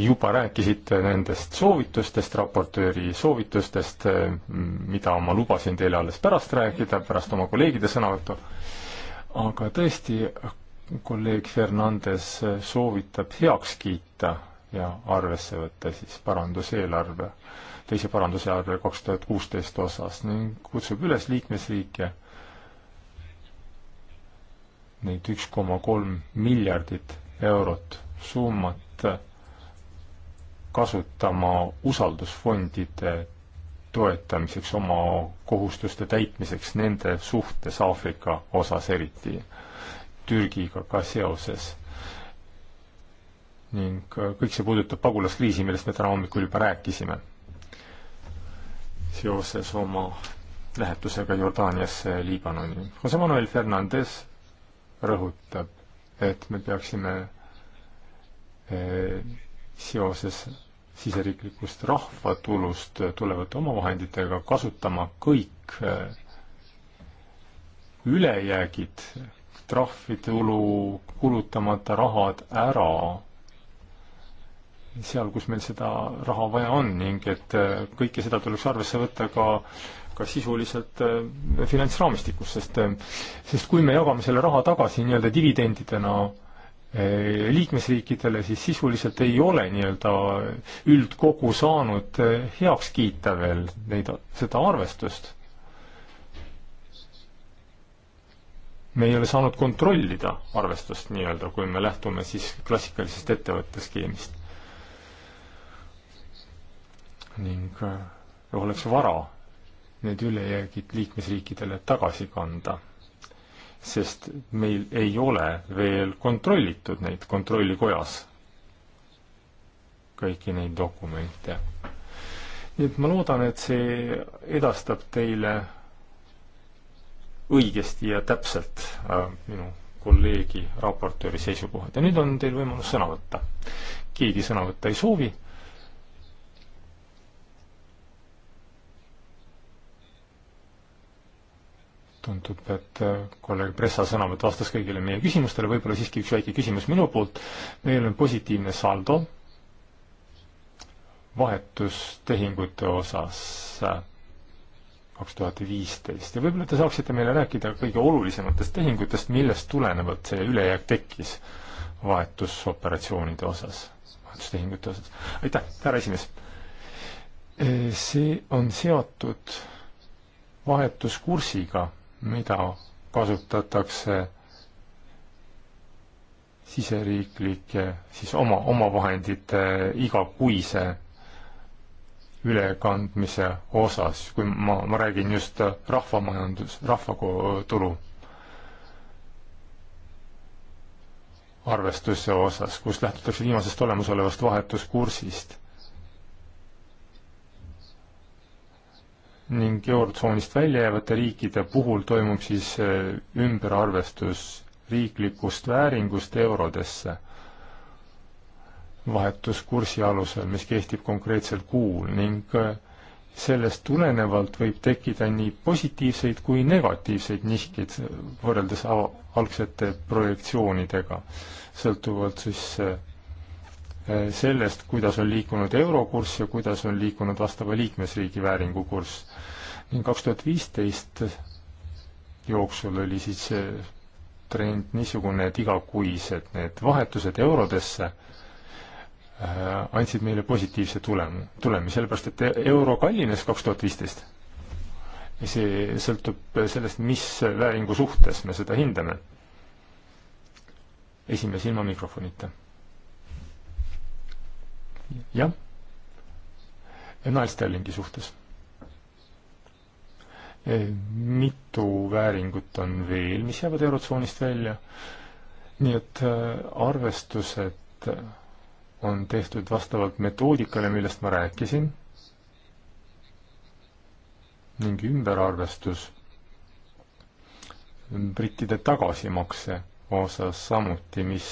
juba rääkisite nendest soovitustest, raportööri soovitustest, äh, mida ma lubasin teile alles pärast rääkida, pärast oma kolleegide sõnavõttu, aga tõesti, kolleeg Fernandes soovitab heaks kiita ja arvesse võtta siis paranduseelarve, teise paranduseelarve kaks tuhat kuusteist osas ning kutsub üles liikmesriike neid üks koma kolm miljardit eurot summat kasutama usaldusfondide toetamiseks, oma kohustuste täitmiseks nende suhtes Aafrika osas eriti, Türgiga ka seoses ning äh, kõik see puudutab pagulaskriisi, millest me täna hommikul juba rääkisime seoses oma lähetusega Jordaaniasse ja Liibanoni. Jose Manuel Fernandez rõhutab, et me peaksime äh, seoses siseriiklikust rahvatulust tulevate omavahenditega kasutama kõik äh, ülejäägid, trahvitulu, kulutamata rahad ära seal, kus meil seda raha vaja on ning et äh, kõike seda tuleks arvesse võtta ka ka sisuliselt äh, finantsraamistikus, sest äh, sest kui me jagame selle raha tagasi nii-öelda dividendidena liikmesriikidele, siis sisuliselt ei ole nii-öelda üldkogu saanud heaks kiita veel neid, seda arvestust. me ei ole saanud kontrollida arvestust nii-öelda, kui me lähtume siis klassikalisest ettevõtte skeemist ning äh, oleks vara need ülejäägid liikmesriikidele tagasi kanda. sest meil ei ole veel kontrollitud neid kontrollikojas, kõiki neid dokumente. nii et ma loodan, et see edastab teile õigesti ja täpselt äh, minu kolleegi raportööri seisukohad ja nüüd on teil võimalus sõna võtta. keegi sõna võtta ei soovi tundub, et äh, kolleeg Pressa sõnavõtt vastas kõigile meie küsimustele, võib-olla siiski üks väike küsimus minu poolt. meil on positiivne saldo vahetustehingute osas äh, kaks tuhat viisteist ja võib-olla te saaksite meile rääkida kõige olulisematest tehingutest, millest tulenevalt see ülejääk tekkis vahetusoperatsioonide osas, vahetustehingute osas. aitäh, härra esimees! Äh, see on seotud vahetuskursiga mida kasutatakse siseriiklike, siis oma, omavahendite igakuise ülekandmise osas, kui ma, ma räägin just rahvamajandus, rahvatulu arvestuse osas, kus lähtutakse viimasest olemasolevast vahetuskursist ning eurotsoonist välja jäävate riikide puhul toimub siis eh, ümberarvestus riiklikust vääringust eurodesse vahetuskursi alusel, mis kehtib konkreetsel kuul ning eh, sellest tulenevalt võib tekkida nii positiivseid kui negatiivseid nihkeid võrreldes algsete projektsioonidega, sõltuvalt siis eh, Äh, sellest, kuidas on liikunud eurokurss ja kuidas on liikunud vastava liikmesriigi vääringu kurss. ning kaks tuhat viisteist jooksul oli siis see trend niisugune, et igakuised need vahetused eurodesse äh, andsid meile positiivse tulemi, tulemi, sellepärast et euro kallines kaks tuhat viisteist. see sõltub sellest, mis vääringu suhtes me seda hindame. esimees ilma mikrofonita jah, naelsterlingi suhtes. E, mitu vääringut on veel, mis jäävad Eurotsoonist välja. nii et e, arvestused on tehtud vastavalt metoodikale, millest ma rääkisin ning ümberarvestus brittide tagasimakse osas samuti, mis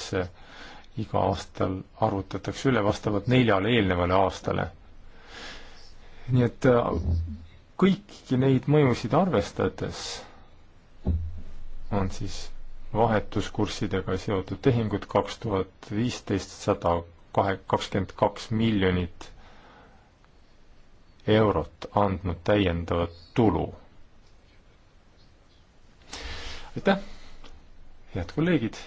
iga aastal arvutatakse üle vastavalt neljale eelnevale aastale. nii et äh, kõiki neid mõjusid arvestades on siis vahetuskurssidega seotud tehingud kaks tuhat viisteist sada kahe, kakskümmend kaks miljonit eurot andnud täiendavat tulu. aitäh, head kolleegid!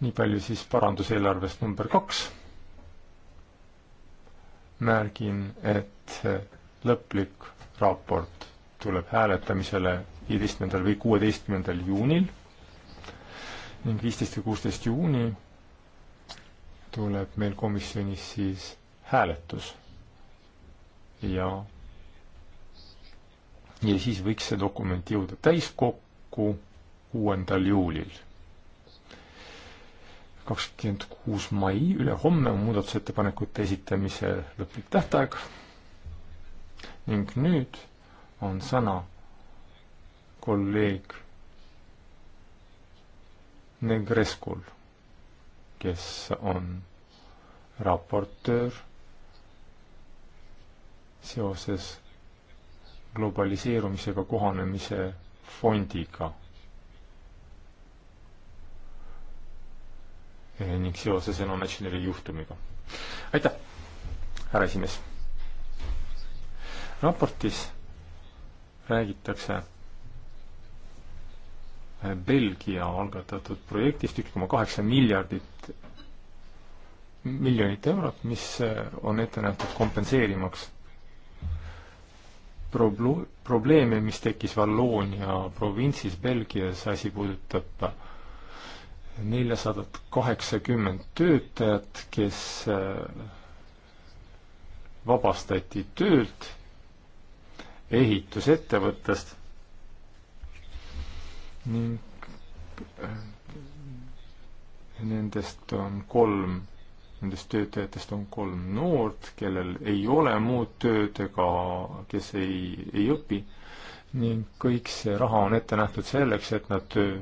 nii palju siis paranduseelarvest number kaks. märgin, et lõplik raport tuleb hääletamisele viieteistkümnendal või kuueteistkümnendal juunil ning viisteist ja kuusteist juuni tuleb meil komisjonis siis hääletus. ja, ja siis võiks see dokument jõuda täiskokku kuuendal juulil kakskümmend kuus mai, ülehomme on muudatusettepanekute esitamise lõplik tähtaeg ning nüüd on sõna kolleeg Negreskul, kes on raportöör seoses globaliseerumisega kohanemise fondiga ning seoses Enonationali juhtumiga. aitäh, härra esimees. raportis räägitakse äh, Belgia algatatud projektist üks koma kaheksa miljardit, miljonit eurot, mis äh, on ette nähtud kompenseerimaks problo-, probleeme, mis tekkis Valloonia provintsis Belgias, asi puudutab äh, neljasadat kaheksakümmend töötajat, kes äh, vabastati töölt ehitusettevõttest ning äh, nendest on kolm, nendest töötajatest on kolm noort, kellel ei ole muud tööd ega kes ei, ei õpi ning kõik see raha on ette nähtud selleks, et nad töö,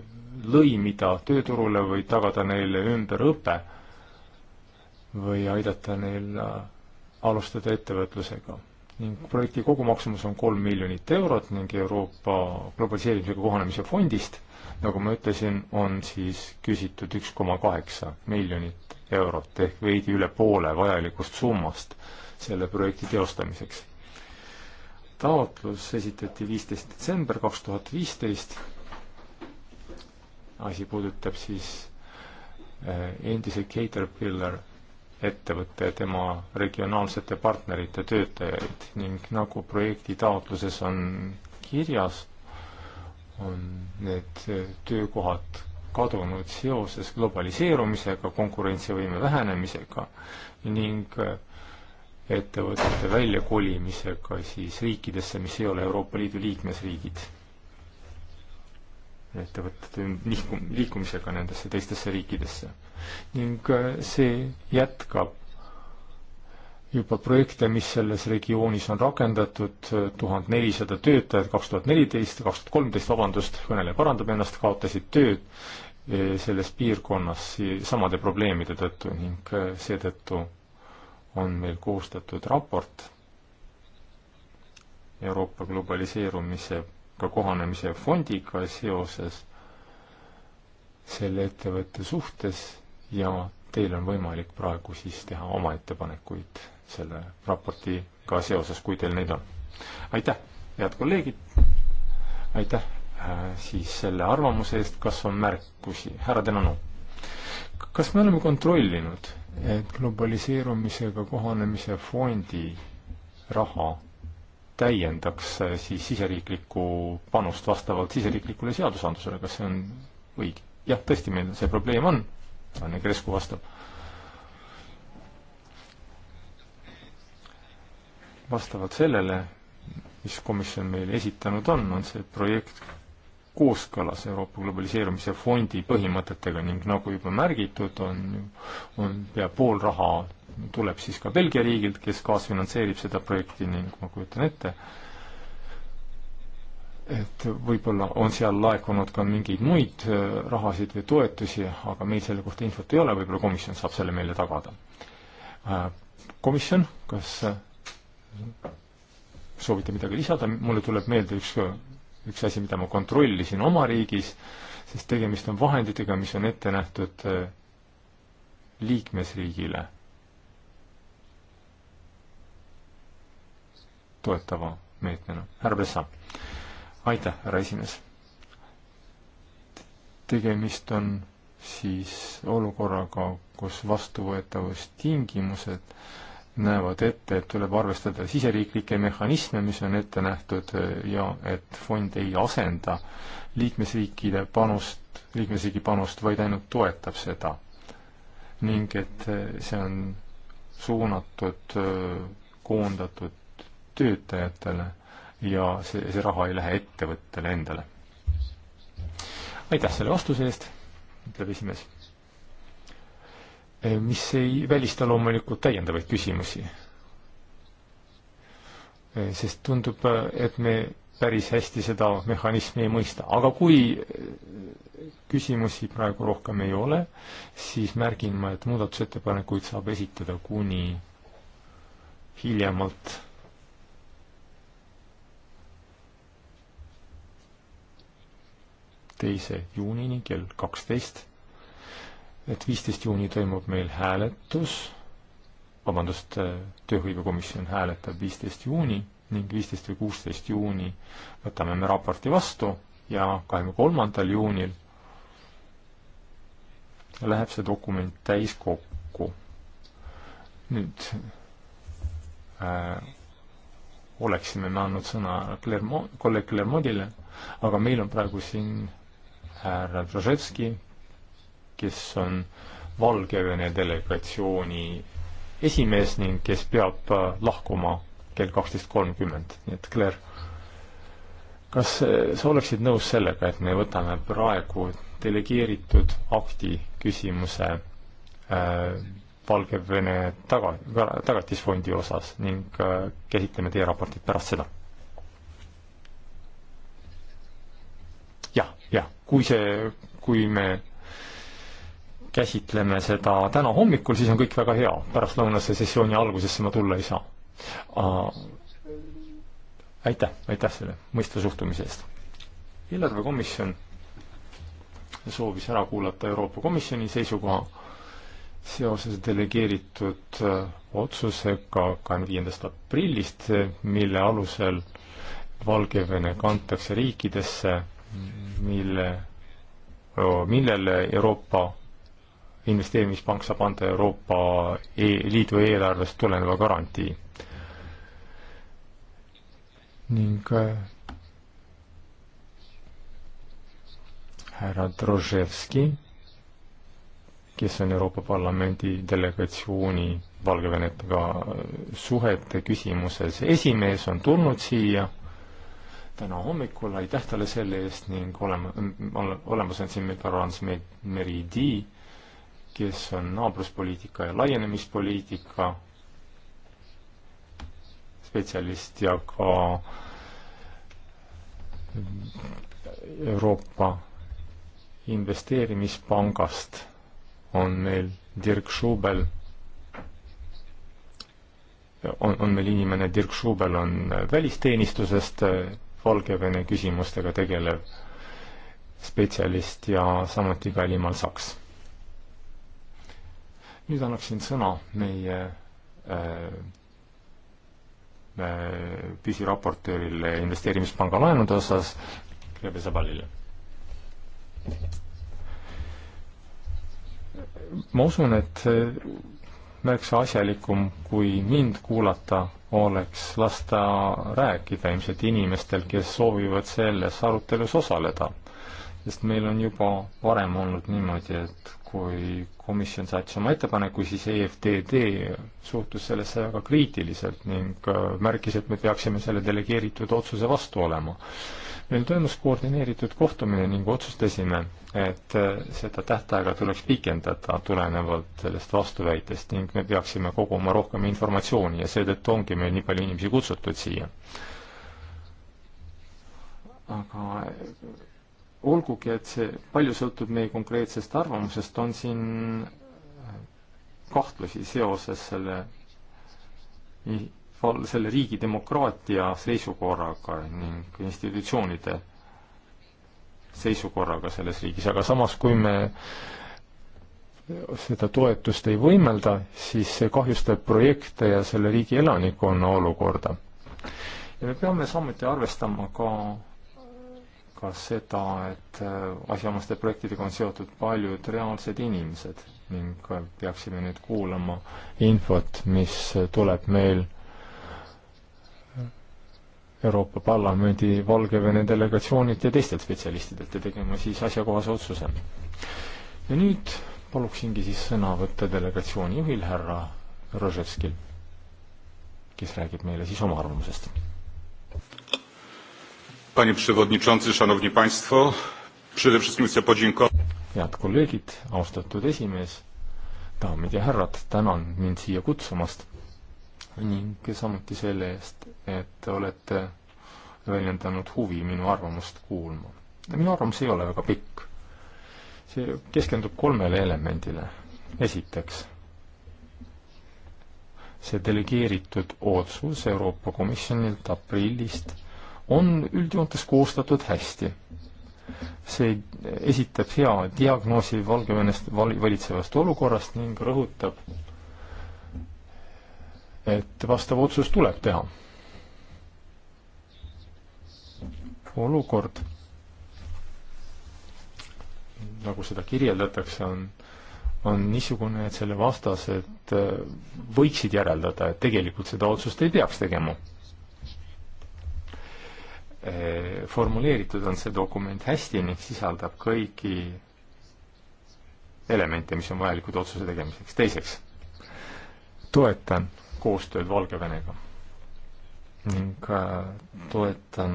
lõimida tööturule või tagada neile ümberõpe või aidata neil äh, alustada ettevõtlusega ning projekti kogumaksumus on kolm miljonit eurot ning Euroopa globaliseerimisega kohanemise fondist, nagu ma ütlesin, on siis küsitud üks koma kaheksa miljonit eurot ehk veidi üle poole vajalikust summast selle projekti teostamiseks. taotlus esitati viisteist detsember kaks tuhat viisteist asi puudutab siis eh, endise Caterpillar ettevõtte ja tema regionaalsete partnerite töötajaid ning nagu projekti taotluses on kirjas, on need eh, töökohad kadunud seoses globaliseerumisega, konkurentsivõime vähenemisega ning eh, ettevõtete väljakolimisega siis riikidesse, mis ei ole Euroopa Liidu liikmesriigid ettevõtete liikum-, liikumisega nendesse teistesse riikidesse. ning äh, see jätkab juba projekte, mis selles regioonis on rakendatud, äh, tuhat nelisada töötajat kaks tuhat neliteist, kaks tuhat kolmteist, vabandust, kõneleja parandab ennast, kaotasid tööd äh, selles piirkonnas samade probleemide tõttu ning seetõttu on meil koostatud raport Euroopa globaliseerumise kliimamuutustega kohanemise fondiga seoses selle ettevõtte suhtes ja teil on võimalik praegu siis teha oma ettepanekuid selle raportiga seoses, kui teil neid on. aitäh, head kolleegid, aitäh äh, siis selle arvamuse eest, kas on märkusi, härra Denanu. kas me oleme kontrollinud, et globaliseerumisega kohanemise fondi raha täiendaks äh, siis siseriiklikku panust vastavalt siseriiklikule seadusandlusele, kas see on õige? jah, tõesti, meil see probleem on, Anne Kresku vastab. vastavalt sellele, mis komisjon meile esitanud on, on see projekt kooskõlas Euroopa Globaliseerumise Fondi põhimõtetega ning nagu juba märgitud, on, on pea pool raha tuleb siis ka Belgia riigilt, kes kaasfinantseerib seda projekti ning ma kujutan ette, et võib-olla on seal laekunud ka mingeid muid äh, rahasid või toetusi, aga meil selle kohta infot ei ole, võib-olla komisjon saab selle meile tagada. Äh, komisjon, kas äh, soovite midagi lisada, mulle tuleb meelde üks, üks asi, mida ma kontrollisin oma riigis, sest tegemist on vahenditega, mis on ette nähtud liikmesriigile toetava meetmena. härra Plessa. aitäh, härra esimees. tegemist on siis olukorraga, kus vastuvõetavustingimused näevad ette, et tuleb arvestada siseriiklikke mehhanisme, mis on ette nähtud ja et fond ei asenda liikmesriikide panust, liikmesriigi panust, vaid ainult toetab seda. ning et see on suunatud koondatud töötajatele ja see, see raha ei lähe ettevõttele endale. aitäh selle vastuse eest, ütleb esimees. Eh, mis ei välista loomulikult täiendavaid küsimusi. Eh, sest tundub, eh, et me päris hästi seda mehhanismi ei mõista, aga kui küsimusi praegu rohkem ei ole, siis märgin ma, et muudatusettepanekuid saab esitada kuni hiljemalt teise juunini kell kaksteist. et viisteist juuni toimub meil hääletus, vabandust, äh, tööhõivekomisjon hääletab viisteist juuni ning viisteist või kuusteist juuni võtame me raporti vastu ja kahekümne kolmandal juunil läheb see dokument täiskokku. nüüd äh, oleksime me andnud sõna Clermont, kolleeg Clermondile, aga meil on praegu siin härra Droževski, kes on Valgevene delegatsiooni esimees ning kes peab äh, lahkuma kell kaksteist kolmkümmend, nii et Claire, kas äh, sa oleksid nõus sellega, et me võtame praegu delegeeritud akti küsimuse äh, Valgevene taga, tagatisfondi osas ning äh, käsitleme teie raportit pärast seda? kui see, kui me käsitleme seda täna hommikul, siis on kõik väga hea, pärastlõunase sessiooni algusesse ma tulla ei saa. aitäh, aitäh selle mõistva suhtumise eest. eelarvekomisjon soovis ära kuulata Euroopa Komisjoni seisukoha seoses delegeeritud äh, otsusega kahekümne viiendast aprillist, mille alusel Valgevene kantakse riikidesse mille, millele Euroopa investeerimispank saab anda Euroopa e Liidu eelarvest tuleneva garantii. ning härra Droževski, kes on Euroopa Parlamendi delegatsiooni Valgevenega suhete küsimuses esimees, on tulnud siia täna hommikul, aitäh talle selle eest ning olema, olemas on siin Karans Meridi, kes on naabruspoliitika ja laienemispoliitika spetsialist ja ka Euroopa investeerimispangast on meil Dirk Schubel, on, on meil inimene, Dirk Schubel on välisteenistusest Valgevene küsimustega tegelev spetsialist ja samuti Välimaal Saks. nüüd annaksin sõna meie äh, äh püsiraportöörile investeerimispanga laenude osas, Rebe Sabalile. ma usun, et märksa asjalikum, kui mind kuulata, oleks lasta rääkida ilmselt inimestel, kes soovivad selles arutelus osaleda. sest meil on juba varem olnud niimoodi, et kui komisjon saatis oma ettepaneku, siis EFTD suhtus sellesse väga kriitiliselt ning äh, märkis, et me peaksime selle delegeeritud otsuse vastu olema meil toimus koordineeritud kohtumine ning otsustasime, et äh, seda tähtaega tuleks pikendada tulenevalt sellest vastuväitest ning me peaksime koguma rohkem informatsiooni ja seetõttu ongi meil nii palju inimesi kutsutud siia. aga äh, olgugi, et see palju sõltub meie konkreetsest arvamusest, on siin äh, kahtlusi seoses selle selle riigi demokraatia seisukorraga ning institutsioonide seisukorraga selles riigis, aga samas, kui me seda toetust ei võimelda, siis see kahjustab projekte ja selle riigi elanikkonna olukorda. ja me peame samuti arvestama ka, ka seda, et äh, asjaomaste projektidega on seotud paljud reaalsed inimesed ning peaksime nüüd kuulama infot, mis tuleb meil Euroopa Parlamendi Valgevene delegatsioonilt ja teistelt spetsialistidelt ja tegema siis asjakohase otsuse. ja nüüd paluksingi siis sõna võtta delegatsiooni juhil, härra Roževskil, kes räägib meile siis oma arvamusest. Panie przewodniczący, szanowni państwo, przede wszystkim chcę podziękować. head kolleegid, austatud esimees, daamid ja härrad, tänan mind siia kutsumast ning samuti selle eest, et olete väljendanud huvi minu arvamust kuulma. minu arvamus ei ole väga pikk. see keskendub kolmele elemendile. esiteks, see delegeeritud otsus Euroopa Komisjonilt aprillist on üldjoontes koostatud hästi. see esitab hea diagnoosi Valgevenest valitsevast olukorrast ning rõhutab et vastav otsus tuleb teha. olukord, nagu seda kirjeldatakse, on, on niisugune, et selle vastased äh, võiksid järeldada, et tegelikult seda otsust ei peaks tegema äh, formuleeritud on see dokument hästi ning sisaldab kõiki elemente, mis on vajalikud otsuse tegemiseks. teiseks, toetan koostööd Valgevenega. ning äh, toetan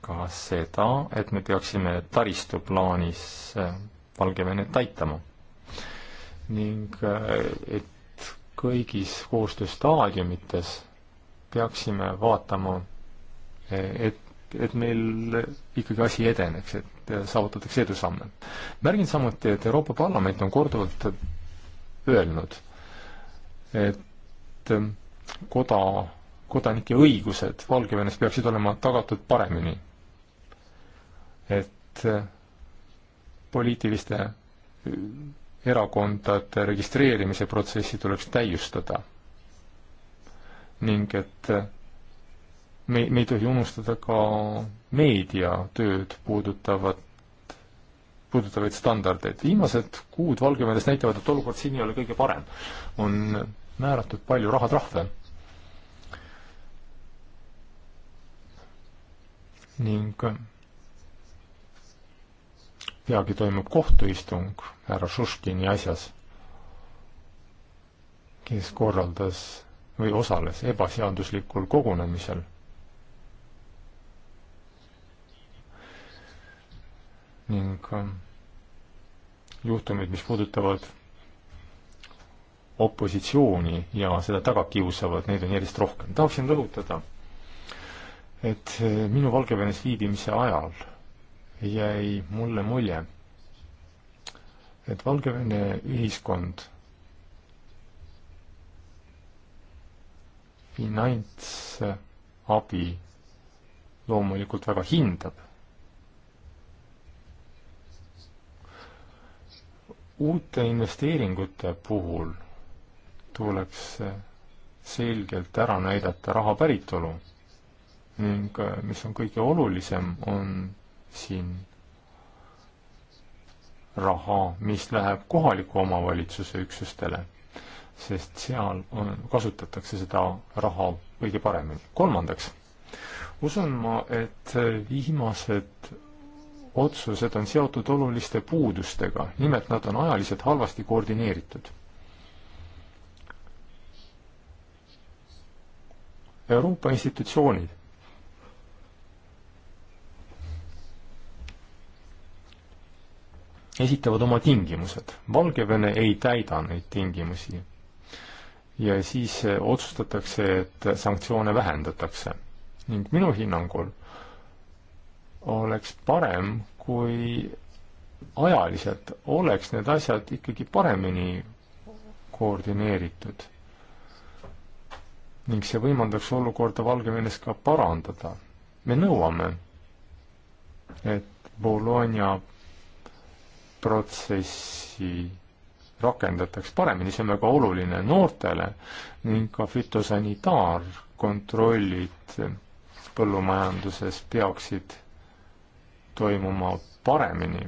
ka seda, et me peaksime taristu plaanis äh, Valgevenet aitama. ning äh, et kõigis koostööstaadiumites peaksime vaatama, et, et meil ikkagi asi edeneks, et saavutatakse edusamme. märgin samuti, et Euroopa Parlament on korduvalt öelnud, et koda, kodanike õigused Valgevenes peaksid olema tagatud paremini. et eh, poliitiliste eh, erakondade registreerimise protsessi tuleks täiustada ning et eh, me, me ei tohi unustada ka meediatööd puudutavat, puudutavaid standardeid. viimased kuud Valgevenes näitavad, et olukord siin ei ole kõige parem. on määratud palju rahatrahve. ning peagi toimub kohtuistung härra Šuškini asjas, kes korraldas või osales ebaseaduslikul kogunemisel. ning juhtumid, mis puudutavad opositsiooni ja seda taga kiusavad, neid on järjest rohkem. tahaksin rõhutada, et eh, minu Valgevenes viibimise ajal jäi mulle mulje, et Valgevene ühiskond finantsabi loomulikult väga hindab. uute investeeringute puhul tuleks selgelt ära näidata raha päritolu ning äh, mis on kõige olulisem, on siin raha, mis läheb kohaliku omavalitsuse üksustele, sest seal on, kasutatakse seda raha kõige paremini. kolmandaks, usun ma, et viimased otsused on seotud oluliste puudustega, nimelt nad on ajaliselt halvasti koordineeritud Euroopa institutsioonid esitavad oma tingimused. Valgevene ei täida neid tingimusi. ja siis eh, otsustatakse, et sanktsioone vähendatakse. ning minu hinnangul oleks parem, kui ajaliselt oleks need asjad ikkagi paremini koordineeritud ning see võimaldaks olukorda Valgevenes ka parandada. me nõuame, et Bologna protsessi rakendataks paremini, see on väga oluline noortele ning ka fütosanitaarkontrollid põllumajanduses peaksid toimuma paremini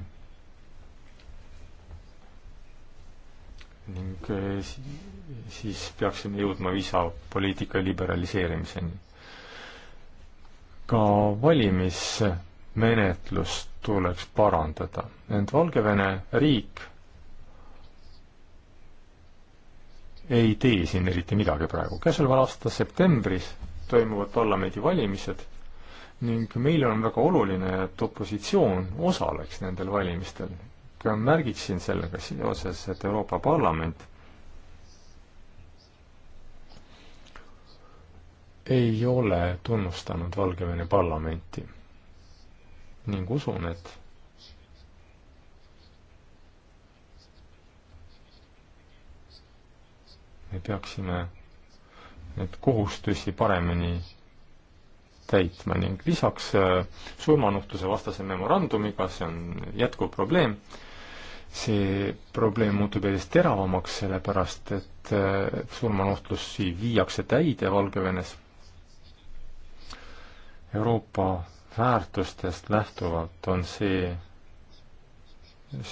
ning eh, siis peaksime jõudma viisapoliitika liberaliseerimiseni. ka valimismenetlust tuleks parandada, ent Valgevene riik ei tee siin eriti midagi praegu. käesoleval aasta septembris toimuvad parlamendivalimised ning meile on väga oluline, et opositsioon osaleks nendel valimistel märgiksin sellega seoses, et Euroopa Parlament ei ole tunnustanud Valgevene parlamenti ning usun, et me peaksime neid kohustusi paremini täitma ning lisaks äh, surmanuhtluse vastase memorandumiga, see on jätkuv probleem, see probleem muutub järjest teravamaks, sellepärast et äh, surmanuhtlusi viiakse täide Valgevenes. Euroopa väärtustest lähtuvalt on see,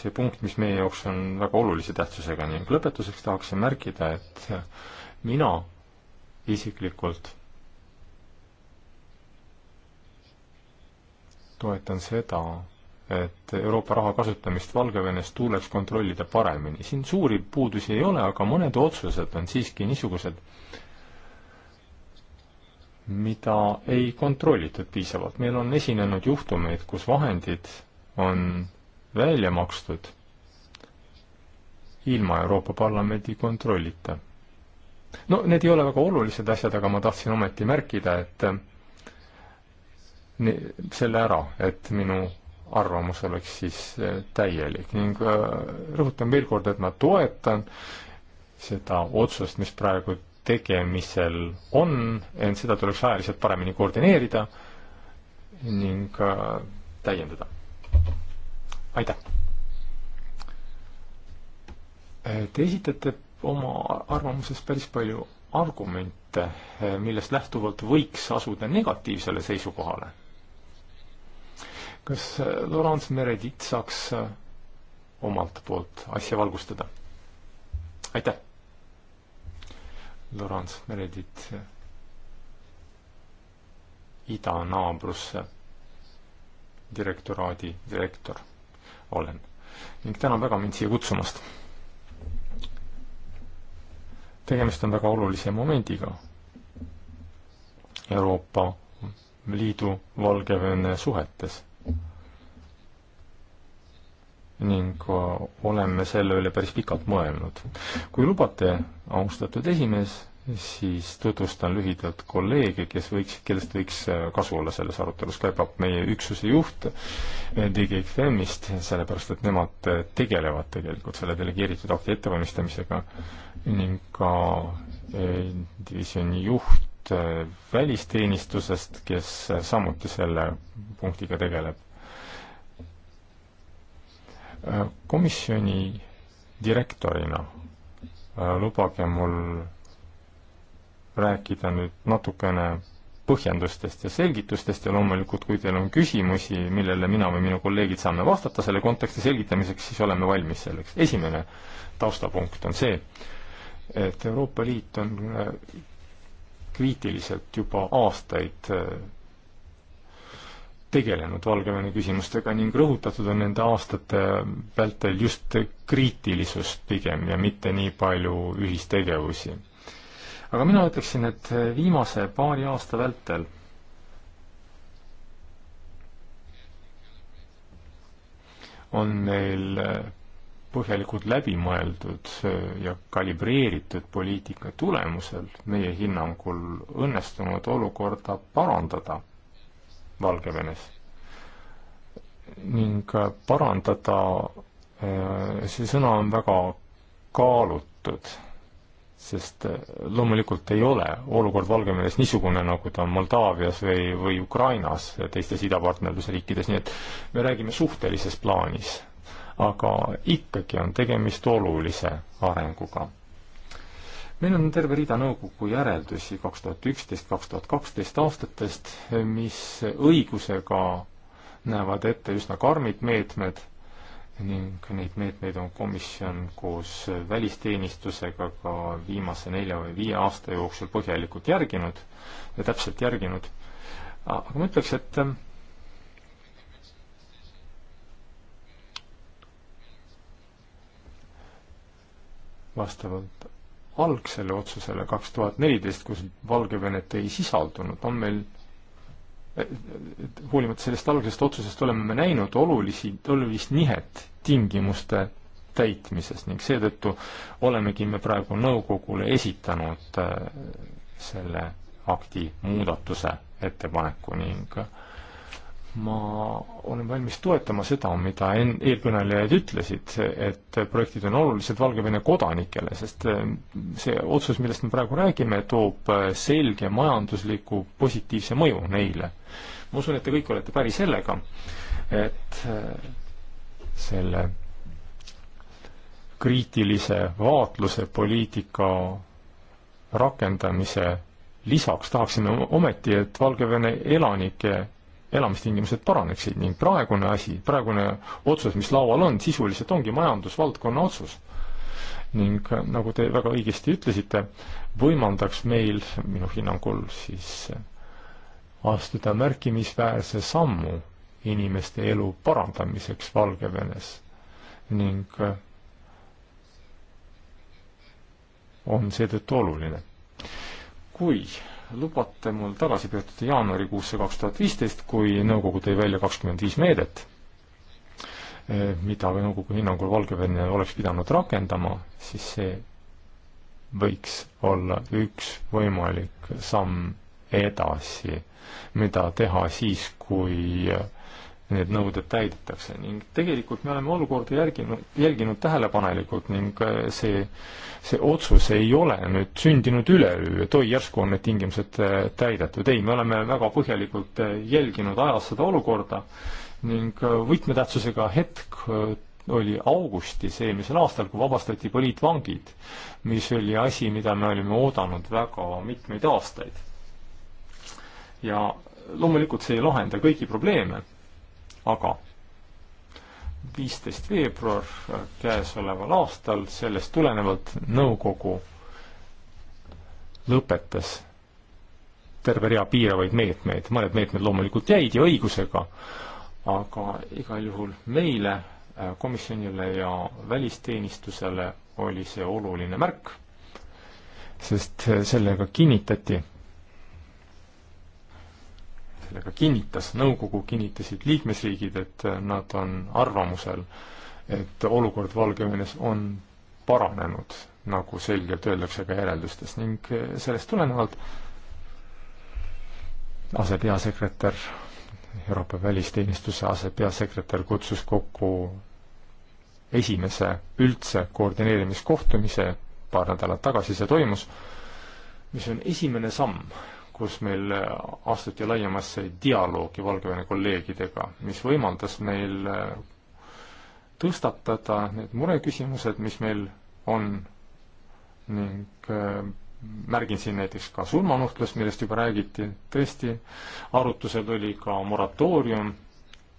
see punkt, mis meie jaoks on väga olulise tähtsusega ning lõpetuseks tahaksin märkida, et mina isiklikult toetan seda, et Euroopa raha kasutamist Valgevenes tuleks kontrollida paremini. siin suuri puudusi ei ole, aga mõned otsused on siiski niisugused, mida ei kontrollitud piisavalt. meil on esinenud juhtumeid, kus vahendid on välja makstud ilma Euroopa Parlamendi kontrollita. no need ei ole väga olulised asjad, aga ma tahtsin ometi märkida, et selle ära, et minu arvamus oleks siis eh, täielik ning äh, rõhutan veel kord, et ma toetan seda otsust, mis praegu tegemisel on, ent seda tuleks ajaliselt paremini koordineerida ning äh, täiendada. aitäh! Äh, te esitate oma arvamuses päris palju argumente, millest lähtuvalt võiks asuda negatiivsele seisukohale kas äh, Laurence Meredit saaks äh, omalt poolt asja valgustada? aitäh! Laurence Meredit äh, idanaabrusse direktoraadi direktor olen ning tänan väga mind siia kutsumast. tegemist on väga olulise momendiga Euroopa Liidu Valgevene suhetes ning äh, oleme selle üle päris pikalt mõelnud. kui lubate, austatud esimees, siis tutvustan lühidalt kolleege, kes võiks, kellest võiks äh, kasu olla selles arutelus, käibab meie üksuse juht äh, DGFM-ist, sellepärast et nemad tegelevad tegelikult selle delegeeritud akti ettevalmistamisega ning ka divisjoni juht välisteenistusest, kes samuti selle punktiga tegeleb Äh, komisjoni direktorina äh, lubage mul rääkida nüüd natukene põhjendustest ja selgitustest ja loomulikult, kui teil on küsimusi, millele mina või minu kolleegid saame vastata selle konteksti selgitamiseks, siis oleme valmis selleks. esimene taustapunkt on see, et Euroopa Liit on äh, kriitiliselt juba aastaid tegelenud Valgevene küsimustega ning rõhutatud on nende aastate vältel just kriitilisust pigem ja mitte nii palju ühistegevusi. aga mina ütleksin, et viimase paari aasta vältel on meil põhjalikult läbimõeldud ja kalibreeritud poliitika tulemusel meie hinnangul õnnestunud olukorda parandada Valgevenes ning äh, parandada, äh, see sõna on väga kaalutud, sest äh, loomulikult ei ole olukord Valgevenes niisugune, nagu ta on Moldaavias või, või Ukrainas ja teistes idapartnerlusriikides, nii et me räägime suhtelises plaanis. aga ikkagi on tegemist olulise arenguga meil on terve rida nõukogu järeldusi kaks tuhat üksteist, kaks tuhat kaksteist aastatest, mis õigusega näevad ette üsna karmid meetmed ning neid meetmeid on komisjon koos välisteenistusega ka viimase nelja või viie aasta jooksul põhjalikult järginud ja täpselt järginud. aga ma ütleks, et ähm, vastavalt algsele otsusele kaks tuhat neliteist, kus Valgevenet ei sisaldunud, on meil, hoolimata sellest algsest otsusest oleme me näinud olulisi, olulist nihet tingimuste täitmises ning seetõttu olemegi me praegu nõukogule esitanud äh, selle akti muudatuse ettepaneku ning äh, ma olen valmis toetama seda, mida en-, eelkõnelejad ütlesid, et projektid on olulised Valgevene kodanikele, sest äh, see otsus, millest me praegu räägime, toob äh, selge majandusliku positiivse mõju neile. ma usun, et te kõik olete päri sellega, et äh, selle kriitilise vaatluse poliitika rakendamise lisaks tahaksime ometi, et Valgevene elanike elamistingimused paraneksid ning praegune asi, praegune otsus, mis laual on, sisuliselt ongi majandusvaldkonna otsus. ning äh, nagu te väga õigesti ütlesite, võimaldaks meil minu hinnangul siis äh, astuda märkimisväärse sammu inimeste elu parandamiseks Valgevenes ning äh, on seetõttu oluline. kui lubate mul tagasi pöörduda jaanuarikuusse kaks tuhat viisteist, kui nõukogu tõi välja kakskümmend viis meedet, mida nõukogu hinnangul Valgevene oleks pidanud rakendama, siis see võiks olla üks võimalik samm edasi, mida teha siis, kui äh, need nõuded täidetakse ning tegelikult me oleme olukorda järginud, jälginud tähelepanelikult ning äh, see, see otsus ei ole nüüd sündinud üleöö, et oi, järsku on need tingimused äh, täidetud. ei, me oleme väga põhjalikult äh, jälginud ajas seda olukorda ning võtmetähtsusega hetk oli augustis eelmisel aastal, kui vabastati poliitvangid, mis oli asi, mida me olime oodanud väga mitmeid aastaid. ja loomulikult see ei lahenda kõiki probleeme aga viisteist veebruar käesoleval aastal, sellest tulenevalt nõukogu lõpetas terve rea piiravaid meetmeid, mõned meetmed loomulikult jäid ja õigusega, aga igal juhul meile, äh, komisjonile ja välisteenistusele oli see oluline märk, sest äh, sellega kinnitati, millega kinnitas, nõukogu kinnitasid liikmesriigid, et äh, nad on arvamusel, et olukord Valgevenes on paranenud, nagu selgelt öeldakse ka järeldustes ning äh, sellest tulenevalt asepeasekretär, Euroopa Välisteenistuse asepeasekretär kutsus kokku esimese üldse koordineerimiskohtumise, paar nädalat tagasi see toimus, mis on esimene samm kus meil astuti laiemasse dialoogi Valgevene kolleegidega, mis võimaldas meil äh, tõstatada need mureküsimused, mis meil on ning äh, märgin siin näiteks ka surmanuhtlust, millest juba räägiti, tõesti, arutusel oli ka moratoorium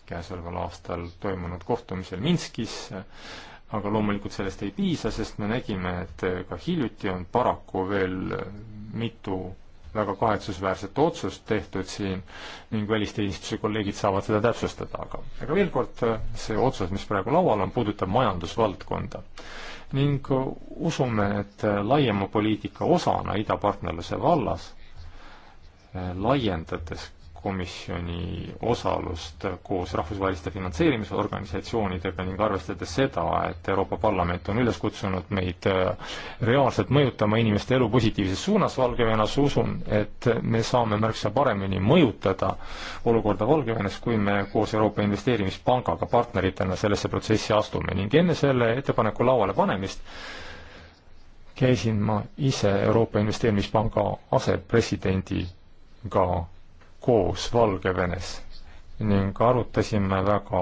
käesoleval aastal toimunud kohtumisel Minskis, äh, aga loomulikult sellest ei piisa, sest me nägime, et ka hiljuti on paraku veel mitu väga kahetsusväärset otsust tehtud siin ning välisteenistuse kolleegid saavad seda täpsustada, aga aga veel kord, see otsus, mis praegu laual on, puudutab majandusvaldkonda. ning usume, et laiema poliitika osana idapartnerluse vallas eh, laiendades komisjoni osalust koos rahvusvaheliste finantseerimisorganisatsioonidega ning arvestades seda, et Euroopa Parlament on üles kutsunud meid äh, reaalselt mõjutama inimeste elu positiivses suunas Valgevenes, usun, et me saame märksa paremini mõjutada olukorda Valgevenes, kui me koos Euroopa Investeerimispangaga partneritena sellesse protsessi astume ning enne selle ettepaneku lauale panemist käisin ma ise Euroopa Investeerimispanga asepresidendiga koos Valgevenes ning arutasime väga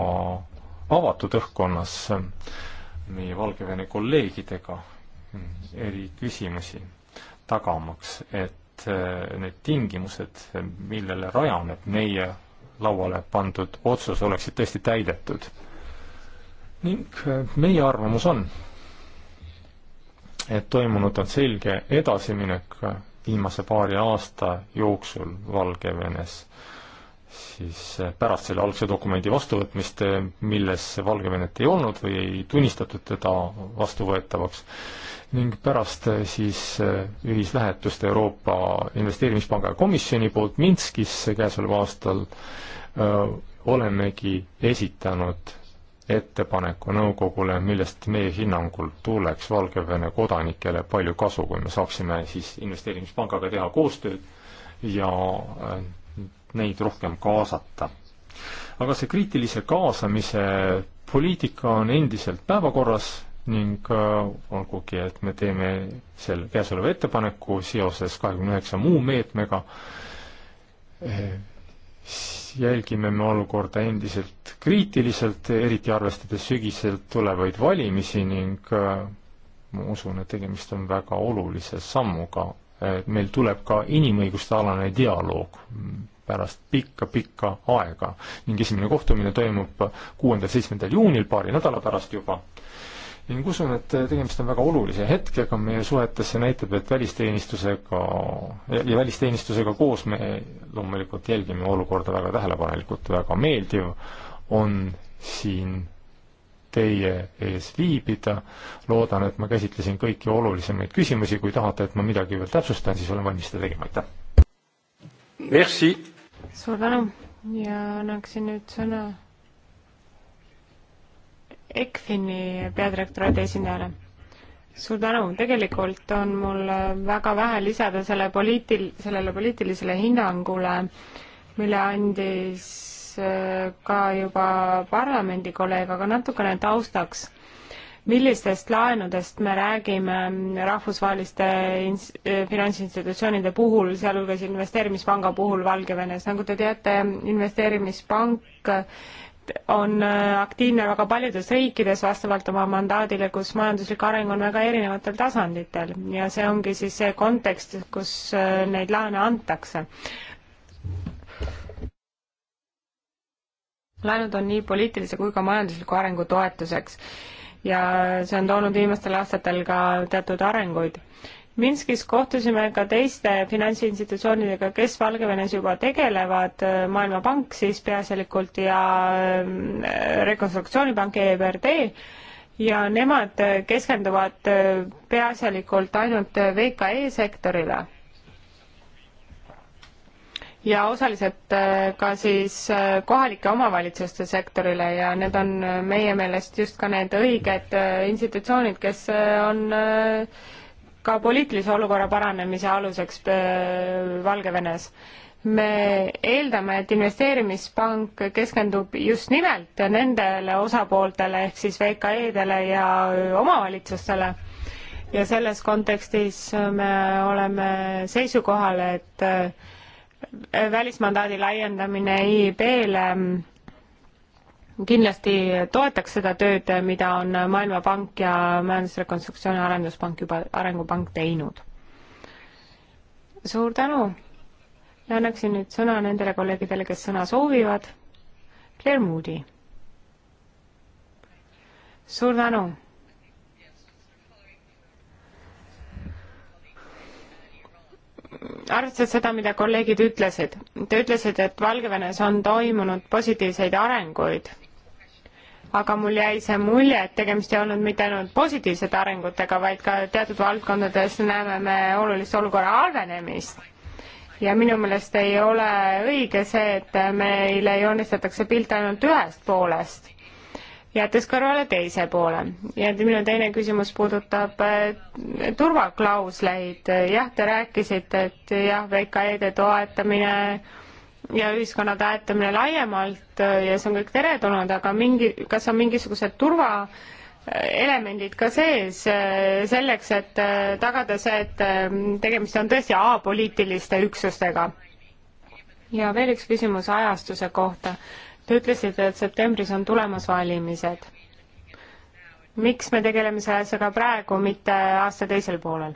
avatud õhkkonnas meie Valgevene kolleegidega eri küsimusi, tagamaks, et äh, need tingimused, millele rajaneb meie lauale pandud otsus, oleksid tõesti täidetud. ning äh, meie arvamus on, et toimunud on selge edasiminek viimase paari aasta jooksul Valgevenes, siis pärast selle algse dokumendi vastuvõtmist, milles Valgevenet ei olnud või ei tunnistatud teda vastuvõetavaks, ning pärast siis ühislähetust Euroopa Investeerimispanga komisjoni poolt Minskisse käesoleval aastal öö, olemegi esitanud ettepaneku nõukogule, millest meie hinnangul tuleks Valgevene kodanikele palju kasu, kui me saaksime siis investeerimispangaga teha koostööd ja äh, neid rohkem kaasata. aga see kriitilise kaasamise poliitika on endiselt päevakorras ning äh, olgugi, et me teeme selle käesoleva ettepaneku seoses kahekümne üheksa muu meetmega, eh, jälgime me olukorda endiselt kriitiliselt, eriti arvestades sügiselt tulevaid valimisi ning äh, ma usun, et tegemist on väga olulise sammuga. Äh, meil tuleb ka inimõiguste alane dialoog pärast pikka-pikka aega ning esimene kohtumine toimub kuuendal-seitsmendal juunil, paari nädala pärast juba ning usun, et tegemist on väga olulise hetkega meie suhetes, see näitab, et välisteenistusega ja, ja välisteenistusega koos me loomulikult jälgime olukorda väga tähelepanelikult, väga meeldiv on siin teie ees viibida, loodan, et ma käsitlesin kõiki olulisemaid küsimusi, kui tahate, et ma midagi veel täpsustan, siis olen valmis seda tegema, aitäh! suur tänu ja annaksin nüüd sõna ECFIN-i peadirektoraadi esindajale. suur tänu, tegelikult on mul äh, väga vähe lisada selle poliitil-, sellele poliitilisele hinnangule, mille andis äh, ka juba parlamendi kolleeg, aga natukene taustaks millistest laenudest me räägime rahvusvaheliste ins-, äh, finantsinstitutsioonide puhul, sealhulgas investeerimispanga puhul Valgevenes, nagu te teate, investeerimispank on äh, aktiivne väga paljudes riikides vastavalt oma mandaadile, kus majanduslik areng on väga erinevatel tasanditel ja see ongi siis see kontekst, kus äh, neid laene antakse. laenud on nii poliitilise kui ka majandusliku arengu toetuseks ja see on toonud viimastel aastatel ka teatud arenguid Minskis kohtusime ka teiste finantsinstitutsioonidega, kes Valgevenes juba tegelevad, äh, Maailmapank siis peaasjalikult ja äh, Rekonstruktsioonipank EBRD, ja nemad keskenduvad äh, peaasjalikult ainult VKE sektorile. ja osaliselt ka siis kohalike omavalitsuste sektorile ja need on meie meelest just ka need õiged institutsioonid, kes on äh, ka poliitilise olukorra paranemise aluseks äh, Valgevenes. me eeldame, et investeerimispank keskendub just nimelt nendele osapooltele ehk siis VKE-dele ja omavalitsustele ja selles kontekstis me oleme seisukohal, et äh, välismandaadi laiendamine EIB-le kindlasti toetaks seda tööd, mida on Maailmapank ja Majandusrekonstruktsiooni Arenduspank juba, Arengupank teinud. suur tänu ja annaksin nüüd sõna nendele kolleegidele, kes sõna soovivad. Claire Moody. suur tänu arvestades seda, mida kolleegid ütlesid, te ütlesite, et Valgevenes on toimunud positiivseid arenguid aga mul jäi see mulje, et tegemist ei olnud mitte ainult positiivsete arengutega, vaid ka teatud valdkondades näeme me olulist olukorra halvenemist. ja minu meelest ei ole õige see, et meile joonistatakse pilt ainult ühest poolest, jättes kõrvale teise poole. ja minu teine küsimus puudutab eh, turvaklausleid. jah, te rääkisite, et jah, VKE-de toetamine ja ühiskonna toetamine laiemalt äh, ja see on kõik teretulnud, aga mingi, kas on mingisugused turva äh, elemendid ka sees äh, selleks, et tagada see, et ähm, tegemist on tõesti apoliitiliste üksustega. ja veel üks küsimus ajastuse kohta. Te ütlesite, et septembris on tulemas valimised. miks me tegeleme selle asjaga praegu, mitte aasta teisel poolel?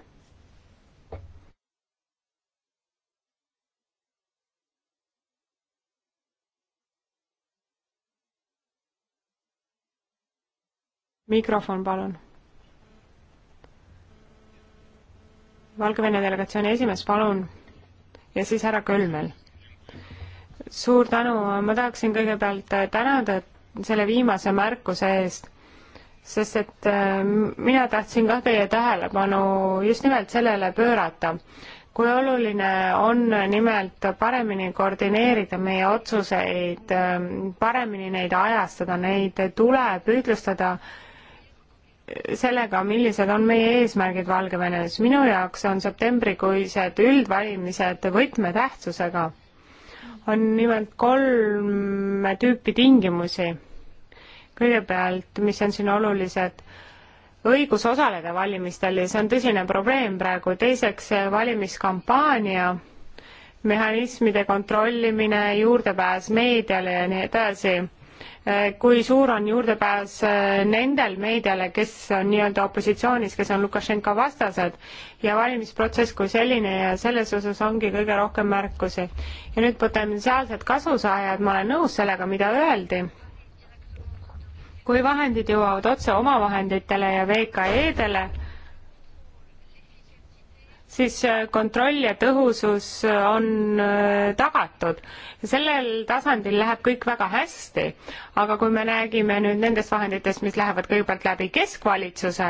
mikrofon, palun. Valgevene delegatsiooni esimees, palun. ja siis härra Kölmel. suur tänu, ma tahaksin kõigepealt äh, tänada selle viimase märkuse eest, sest et äh, mina tahtsin ka teie tähelepanu just nimelt sellele pöörata kui oluline on nimelt paremini koordineerida meie otsuseid, äh, paremini neid ajastada, neid tuleb ühtlustada sellega, millised on meie eesmärgid Valgevenes. minu jaoks on septembrikuised üldvalimised võtmetähtsusega. on nimelt kolme tüüpi tingimusi. kõigepealt, mis on siin olulised, õigus osaleda valimistel ja see on tõsine probleem praegu, teiseks valimiskampaania, mehhanismide kontrollimine, juurdepääs meediale ja nii edasi Eh, kui suur on juurdepääs eh, nendel meediale, kes on nii-öelda opositsioonis, kes on Lukašenka vastased ja valimisprotsess kui selline ja selles osas ongi kõige rohkem märkusi. ja nüüd potentsiaalsed kasusaajad, ma olen nõus sellega, mida öeldi, kui vahendid jõuavad otse omavahenditele ja VKE-dele siis äh, kontroll ja tõhusus äh, on äh, tagatud. sellel tasandil läheb kõik väga hästi, aga kui me räägime nüüd nendest vahenditest, mis lähevad kõigepealt läbi keskvalitsuse,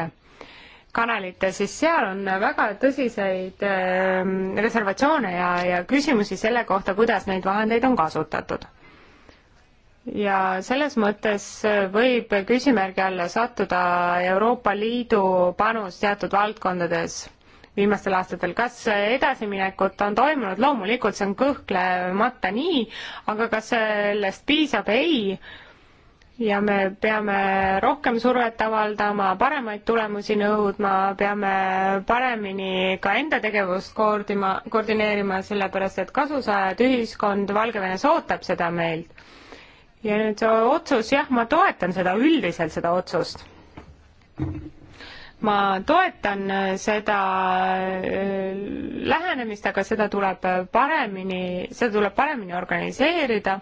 kanalite, siis seal on väga tõsiseid äh, reservatsioone ja, ja küsimusi selle kohta, kuidas neid vahendeid on kasutatud. ja selles mõttes võib küsimärgi alla sattuda Euroopa Liidu panus teatud valdkondades viimastel aastatel. kas edasiminekut on toimunud? loomulikult, see on kõhklemata nii, aga kas sellest piisab? ei. ja me peame rohkem survet avaldama, paremaid tulemusi nõudma, peame paremini ka enda tegevust koordima, koordineerima, sellepärast et kasusaajad, ühiskond Valgevenes ootab seda meilt. ja nüüd see otsus, jah, ma toetan seda üldiselt, seda otsust ma toetan äh, seda äh, lähenemist, aga seda tuleb äh, paremini, seda tuleb paremini organiseerida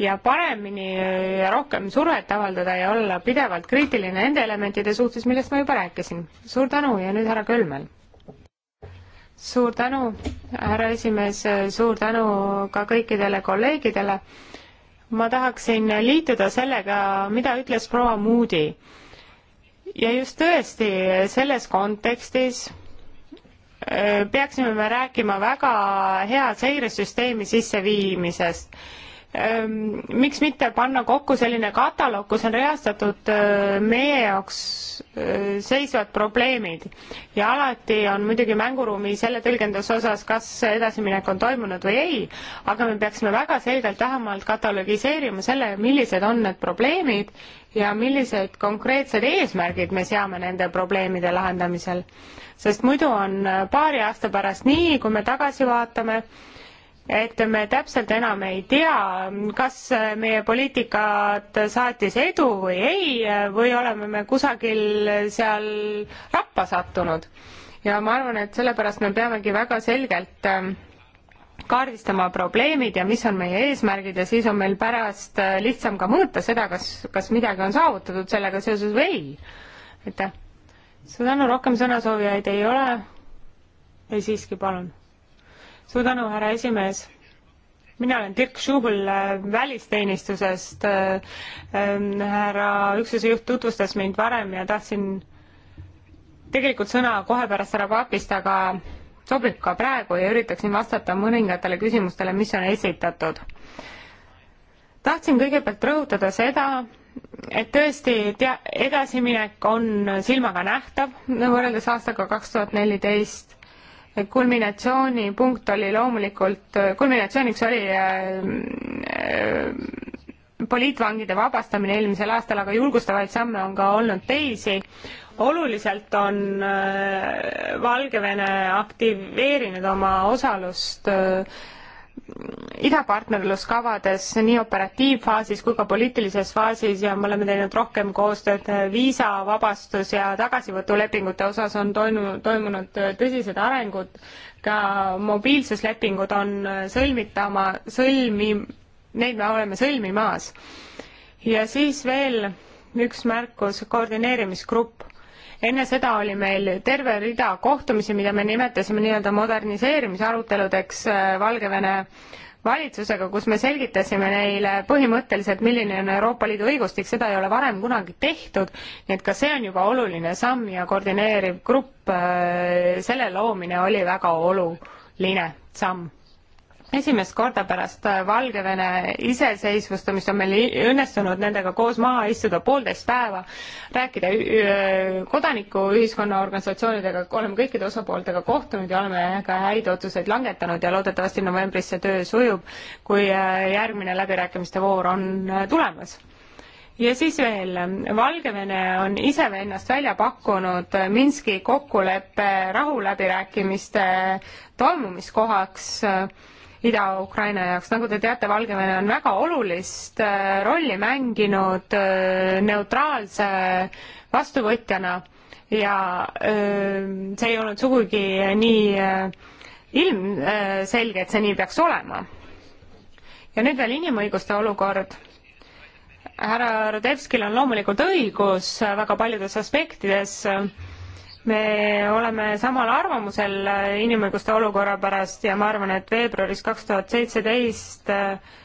ja paremini ja rohkem survet avaldada ja olla pidevalt kriitiline nende elementide suhtes, millest ma juba rääkisin. suur tänu ja nüüd härra Kölmel. suur tänu, härra esimees, suur tänu ka kõikidele kolleegidele. ma tahaksin liituda sellega, mida ütles proua Moody ja just tõesti selles kontekstis äh, peaksime me rääkima väga hea seiresüsteemi sisseviimisest Ehm, miks mitte panna kokku selline kataloog, kus on reastatud äh, meie jaoks äh, seisvad probleemid ja alati on muidugi mänguruumi selle tõlgenduse osas, kas edasiminek on toimunud või ei, aga me peaksime väga selgelt vähemalt katalogiseerima selle, millised on need probleemid ja millised konkreetsed eesmärgid me seame nende probleemide lahendamisel. sest muidu on äh, paari aasta pärast nii, kui me tagasi vaatame, et me täpselt enam ei tea, kas meie poliitikat saatis edu või ei või oleme me kusagil seal rappa sattunud. ja ma arvan, et sellepärast me peamegi väga selgelt ähm, kaardistama probleemid ja mis on meie eesmärgid ja siis on meil pärast äh, lihtsam ka mõõta seda, kas, kas midagi on saavutatud sellega seoses või ei. aitäh. suur tänu, rohkem sõnasoovijaid ei ole. ei siiski, palun suur tänu, härra esimees mina olen Dirk Schubel äh, välisteenistusest äh,. Ähm, härra üksuse juht tutvustas mind varem ja tahtsin tegelikult sõna kohe pärast härra Paapist, aga sobib ka praegu ja üritaksin vastata mõningatele küsimustele, mis on esitatud. tahtsin kõigepealt rõhutada seda, et tõesti tea-, edasiminek on silmaga nähtav võrreldes aastaga kaks tuhat neliteist kulminatsioonipunkt oli loomulikult, kulminatsiooniks oli äh, äh, poliitvangide vabastamine eelmisel aastal, aga julgustavaid samme on ka olnud teisi. oluliselt on äh, Valgevene aktiveerinud oma osalust idapartnerluskavades nii operatiivfaasis kui ka poliitilises faasis ja me oleme teinud rohkem koostööd viisavabastus ja tagasivõtulepingute osas on toimunud, toimunud tõsised arengud. ka mobiilsuslepingud on sõlmitama, sõlmi, neid me oleme sõlmimas. ja siis veel üks märkus, koordineerimisgrupp enne seda oli meil terve rida kohtumisi, mida me nimetasime nii-öelda moderniseerimisaruteludeks äh, Valgevene valitsusega, kus me selgitasime neile põhimõtteliselt, milline on Euroopa Liidu õigustik, seda ei ole varem kunagi tehtud, nii et ka see on juba oluline samm ja koordineeriv grupp, äh, selle loomine oli väga oluline samm esimest korda pärast äh, Valgevene iseseisvustamist on meil õnnestunud nendega koos maha istuda poolteist päeva, rääkida kodanikuühiskonna organisatsioonidega, oleme kõikide osapooltega kohtunud ja oleme ka häid otsuseid langetanud ja loodetavasti novembris see töö sujub, kui äh, järgmine läbirääkimiste voor on äh, tulemas ja siis veel, Valgevene on ise ennast välja pakkunud Minski kokkuleppe rahuläbirääkimiste toimumiskohaks äh, Ida-Ukraina jaoks. nagu te teate, Valgevene on väga olulist äh, rolli mänginud äh, neutraalse vastuvõtjana ja äh, see ei olnud sugugi nii ilmselge, et see nii peaks olema. ja nüüd veel inimõiguste olukord härra Radevskil on loomulikult õigus väga paljudes aspektides me oleme samal arvamusel inimõiguste olukorra pärast ja ma arvan, et veebruaris kaks tuhat seitseteist äh,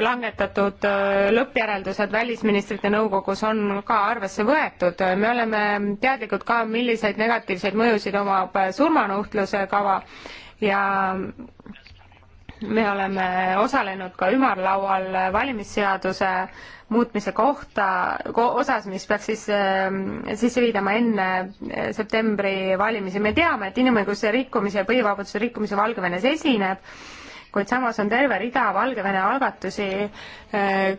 langetatud äh, lõppjäreldused Välisministrite Nõukogus on ka arvesse võetud. me oleme teadlikud ka, milliseid negatiivseid mõjusid omab äh, surmanuhtluse kava ja me oleme osalenud ka ümarlaual valimisseaduse muutmise kohta ko, osas, mis peaks siis äh, sisse viidama enne äh, septembri valimisi. me teame, et inimõiguse rikkumise ja põhivabaduse rikkumise Valgevenes esineb kuid samas on terve rida Valgevene algatusi äh,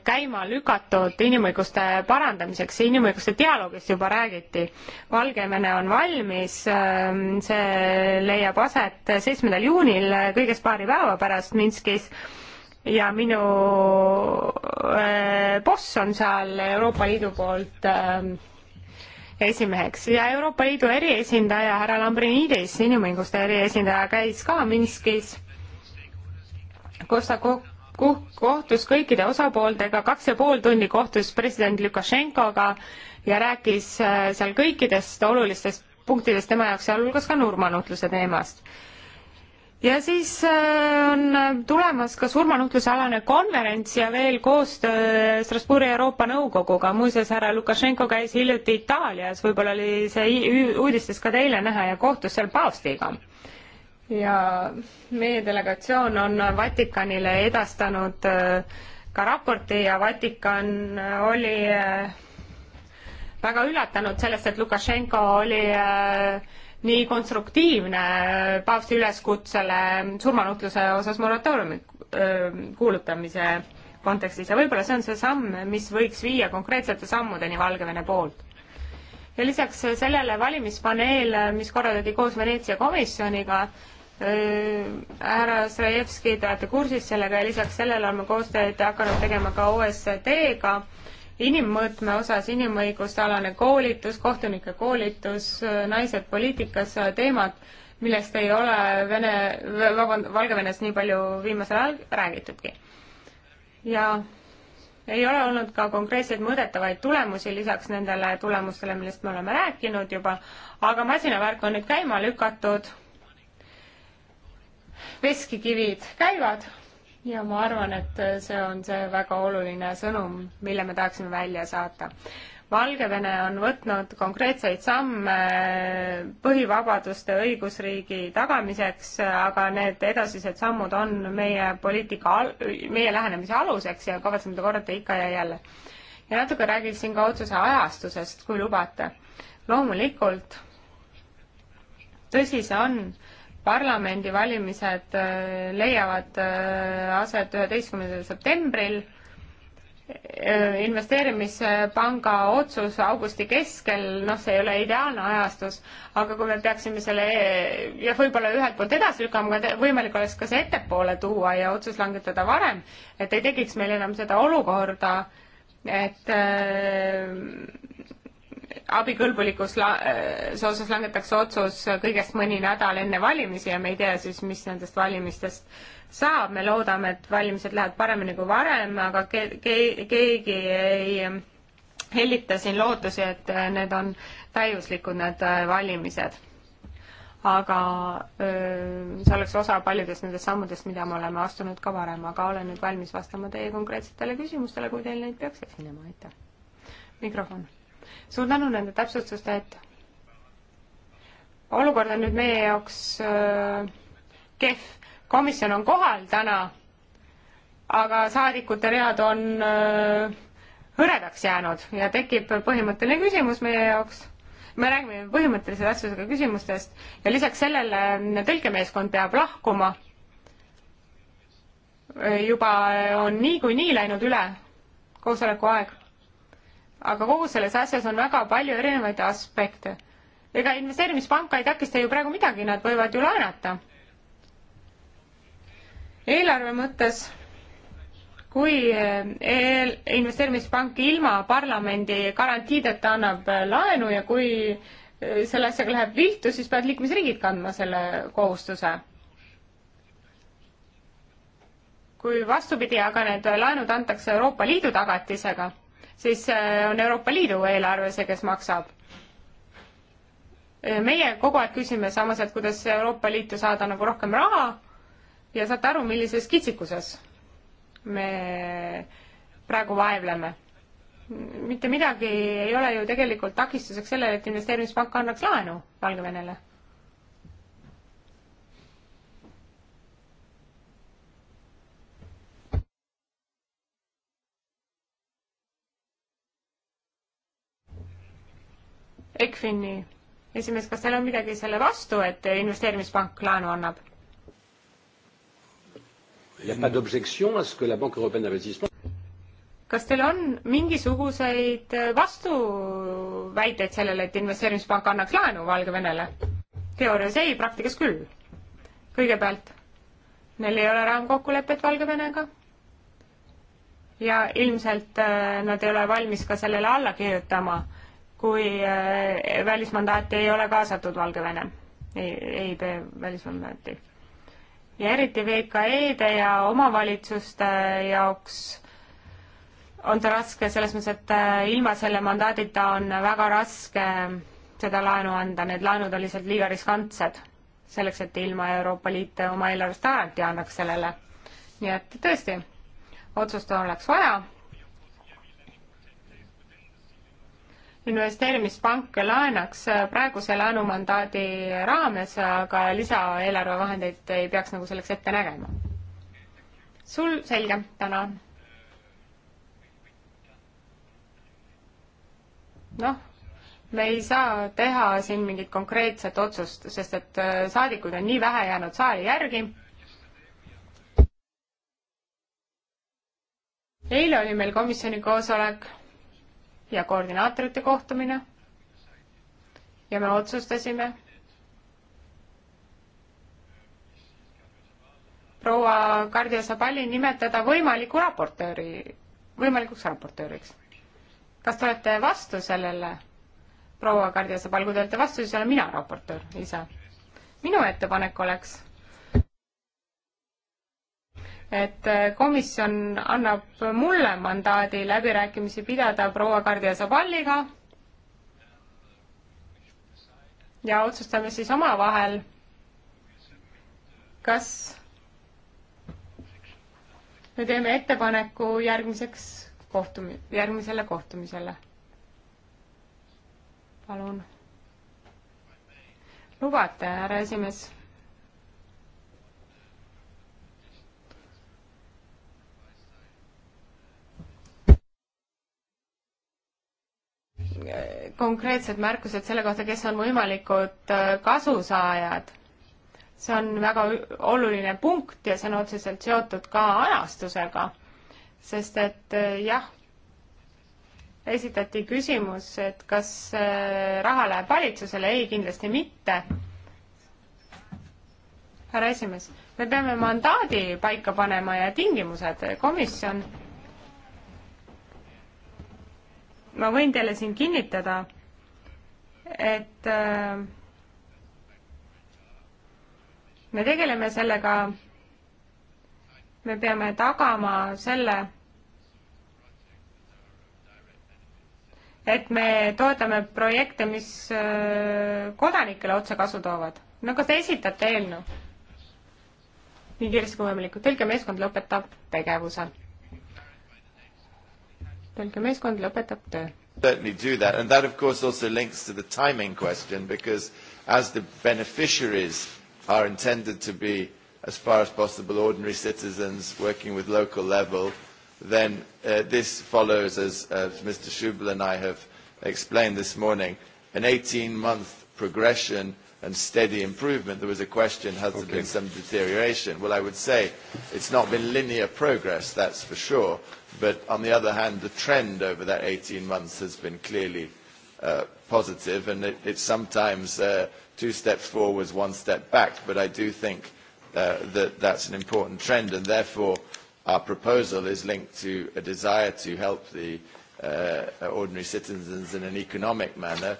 käima lükatud inimõiguste parandamiseks, inimõiguste dialoogist juba räägiti. Valgevene on valmis, ähm, see leiab aset seitsmendal juunil, äh, kõigest paari päeva pärast Minskis ja minu äh, boss on seal Euroopa Liidu poolt ähm, esimeheks ja Euroopa Liidu eriesindaja härra Lambrinidis, inimõiguste eriesindaja, käis ka Minskis Kosta kohtus kõikide osapooltega, kaks ja pool tundi kohtus president Lukašenkoga ja rääkis äh, seal kõikidest olulistest punktidest tema jaoks, sealhulgas ka nurmanuhtluse teemast ja siis äh, on tulemas ka surmanuhtluse alane konverents ja veel koostöö Strasbourgi Euroopa Nõukoguga. muuseas, härra Lukašenko käis hiljuti Itaalias, võib-olla oli see uudistes ka teile näha ja kohtus seal paavstiga ja meie delegatsioon on Vatikanile edastanud äh, ka raporti ja Vatikan äh, oli äh, väga üllatunud sellest, et Lukašenko oli nii konstruktiivne paavsti üleskutsele surmanutluse osas moratooriumi kuulutamise kontekstis ja võib-olla see on see samm, mis võiks viia konkreetsete sammudeni Valgevene poolt ja lisaks sellele valimispaneel, mis korraldati koos Veneetsia komisjoniga, Äh, härra Zrajevski, te olete kursis sellega ja lisaks sellele oleme koostööd hakanud tegema ka OSCD-ga inimmõõtme osas, inimõiguste alane koolitus, kohtunike koolitus, naised poliitikas, teemad, millest ei ole Vene, vabandust, Valgevenes nii palju viimasel ajal räägitudki. ja ei ole olnud ka konkreetseid mõõdetavaid tulemusi lisaks nendele tulemustele, millest me oleme rääkinud juba, aga masinavärk on nüüd käima lükatud veskikivid käivad ja ma arvan, et see on see väga oluline sõnum, mille me tahaksime välja saata. Valgevene on võtnud konkreetseid samme põhivabaduste õigusriigi tagamiseks, aga need edasised sammud on meie poliitika, meie lähenemise aluseks ja kavatseme seda korrata ikka ja jälle. ja natuke räägiksin ka otsuse ajastusest, kui lubate. loomulikult, tõsi see on parlamendivalimised äh, leiavad äh, aset üheteistkümnendal septembril. Äh, investeerimispanga otsus augusti keskel, noh, see ei ole ideaalne ajastus, aga kui me peaksime selle e, ja võib-olla ühelt poolt edasi lükkama, võimalik oleks ka see ettepoole tuua ja otsus langetada varem, et ei tekiks meil enam seda olukorda, et abikõlbulikus la-, äh, osas langetatakse otsus kõigest mõni nädal enne valimisi ja me ei tea siis, mis nendest valimistest saab, me loodame, et valimised lähevad paremini kui varem, aga ke-, ke-, keegi ei ähm, hellita siin lootusi, et äh, need on täiuslikud, need äh, valimised. aga öö, see oleks osa paljudest nendest sammudest, mida me oleme astunud ka varem, aga olen nüüd valmis vastama teie konkreetsetele küsimustele, kui teil neid peaks esinema, aitäh. mikrofon suur tänu nende täpsustuste, et olukord on nüüd meie jaoks äh, kehv. komisjon on kohal täna, aga saadikute read on äh, hõredaks jäänud ja tekib põhimõtteline küsimus meie jaoks me räägime põhimõttelise tähtsusega küsimustest ja lisaks sellele tõlkemeeskond peab lahkuma. juba on niikuinii nii läinud üle koosoleku aeg aga kogu selles asjas on väga palju erinevaid aspekte. ega investeerimispanka ei takista ju praegu midagi, nad võivad ju laenata. eelarve mõttes, kui eh, eel-, investeerimispank ilma parlamendi garantiideta annab eh, laenu ja kui eh, selle asjaga läheb viltu, siis peavad liikmesriigid kandma selle kohustuse. kui vastupidi, aga need laenud antakse Euroopa Liidu tagatisega siis on Euroopa Liidu eelarve see, kes maksab. meie kogu aeg küsime samas, et kuidas Euroopa Liitu saada nagu rohkem raha ja saate aru, millises kitsikuses me praegu vaevleme. mitte midagi ei ole ju tegelikult takistuseks sellele, et investeerimispank annaks laenu Valgevenele ECFIN-i esimees, kas teil on midagi selle vastu, et investeerimispank laenu annab? kas teil on mingisuguseid vastuväiteid sellele, et investeerimispank annaks laenu Valgevenele? teoorias ei, praktikas küll. kõigepealt, neil ei ole raamkokkulepet Valgevenega ja ilmselt äh, nad ei ole valmis ka sellele alla kirjutama kui äh, välismandaati ei ole kaasatud Valgevene, EIB välismandaati. ja eriti VKE-de ja omavalitsuste jaoks on ta raske selles mõttes, et äh, ilma selle mandaadita on väga raske seda laenu anda, need laenud on lihtsalt liiga riskantsed selleks, et ilma Euroopa Liit oma eelarvest garanti annaks sellele. nii et tõesti, otsust oleks vaja investeerimispank laenaks äh, praeguse laenumandaadi raames, aga lisaeelarvevahendeid ei peaks nagu selleks ette nägema. sul selge, tänan. noh, me ei saa teha siin mingit konkreetset otsust, sest et äh, saadikuid on nii vähe jäänud saali järgi eile oli meil komisjoni koosolek ja koordinaatorite kohtumine ja me otsustasime proua Kardia Sabali nimetada võimaliku raportööri, võimalikuks raportööriks. kas te olete vastu sellele, proua Kardia Sabal, kui te olete vastu, siis olen mina raportöör ise. minu ettepanek oleks et äh, komisjon annab mulle mandaadi läbirääkimisi pidada proua Kardia Zaballiga ja otsustame siis omavahel, kas me teeme ettepaneku järgmiseks kohtumi-, järgmisele kohtumisele. palun. lubate, härra esimees? konkreetsed märkused selle kohta, kes on võimalikud äh, kasusaajad. see on väga oluline punkt ja see on otseselt seotud ka ajastusega, sest et äh, jah, esitati küsimus, et kas äh, raha läheb valitsusele, ei, kindlasti mitte. härra esimees, me peame mandaadi paika panema ja tingimused, komisjon ma võin teile siin kinnitada, et äh, me tegeleme sellega, me peame tagama selle, et me toetame projekte, mis äh, kodanikele otse kasu toovad. no kas te esitate eelnõu? nii kiiresti kui võimalik, tõlkemeeskond lõpetab tegevuse Belgia meeskond lõpetab töö. Certainly do that and that of course also links to the timing question because as the beneficiaries are intended to be as far as possible ordinary citizens working with local level then uh, this follows as, as Mr. Schubel and I have explained this morning an 18 month progression and steady improvement. There was a question, has okay. there been some deterioration? Well, I would say it's not been linear progress, that's for sure. But on the other hand, the trend over that 18 months has been clearly uh, positive, and it, it's sometimes uh, two steps forwards, one step back. But I do think uh, that that's an important trend, and therefore our proposal is linked to a desire to help the uh, ordinary citizens in an economic manner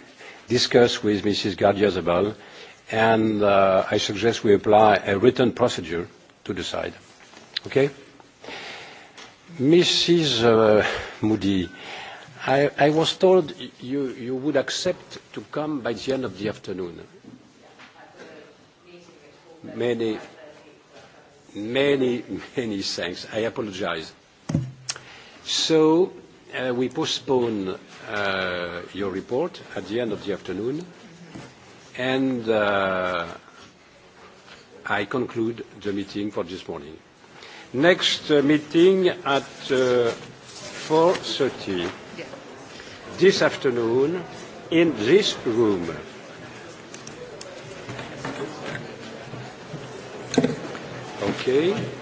discuss with Mrs. Gardia-Zabal, and uh, I suggest we apply a written procedure to decide. Okay? Mrs. Uh, Moody, I, I was told you, you would accept to come by the end of the afternoon. Many, many, many thanks. I apologize. So uh, we postpone uh, your report at the end of the afternoon, and uh, I conclude the meeting for this morning. Next uh, meeting at uh, 4.30 yeah. this afternoon in this room. Okay.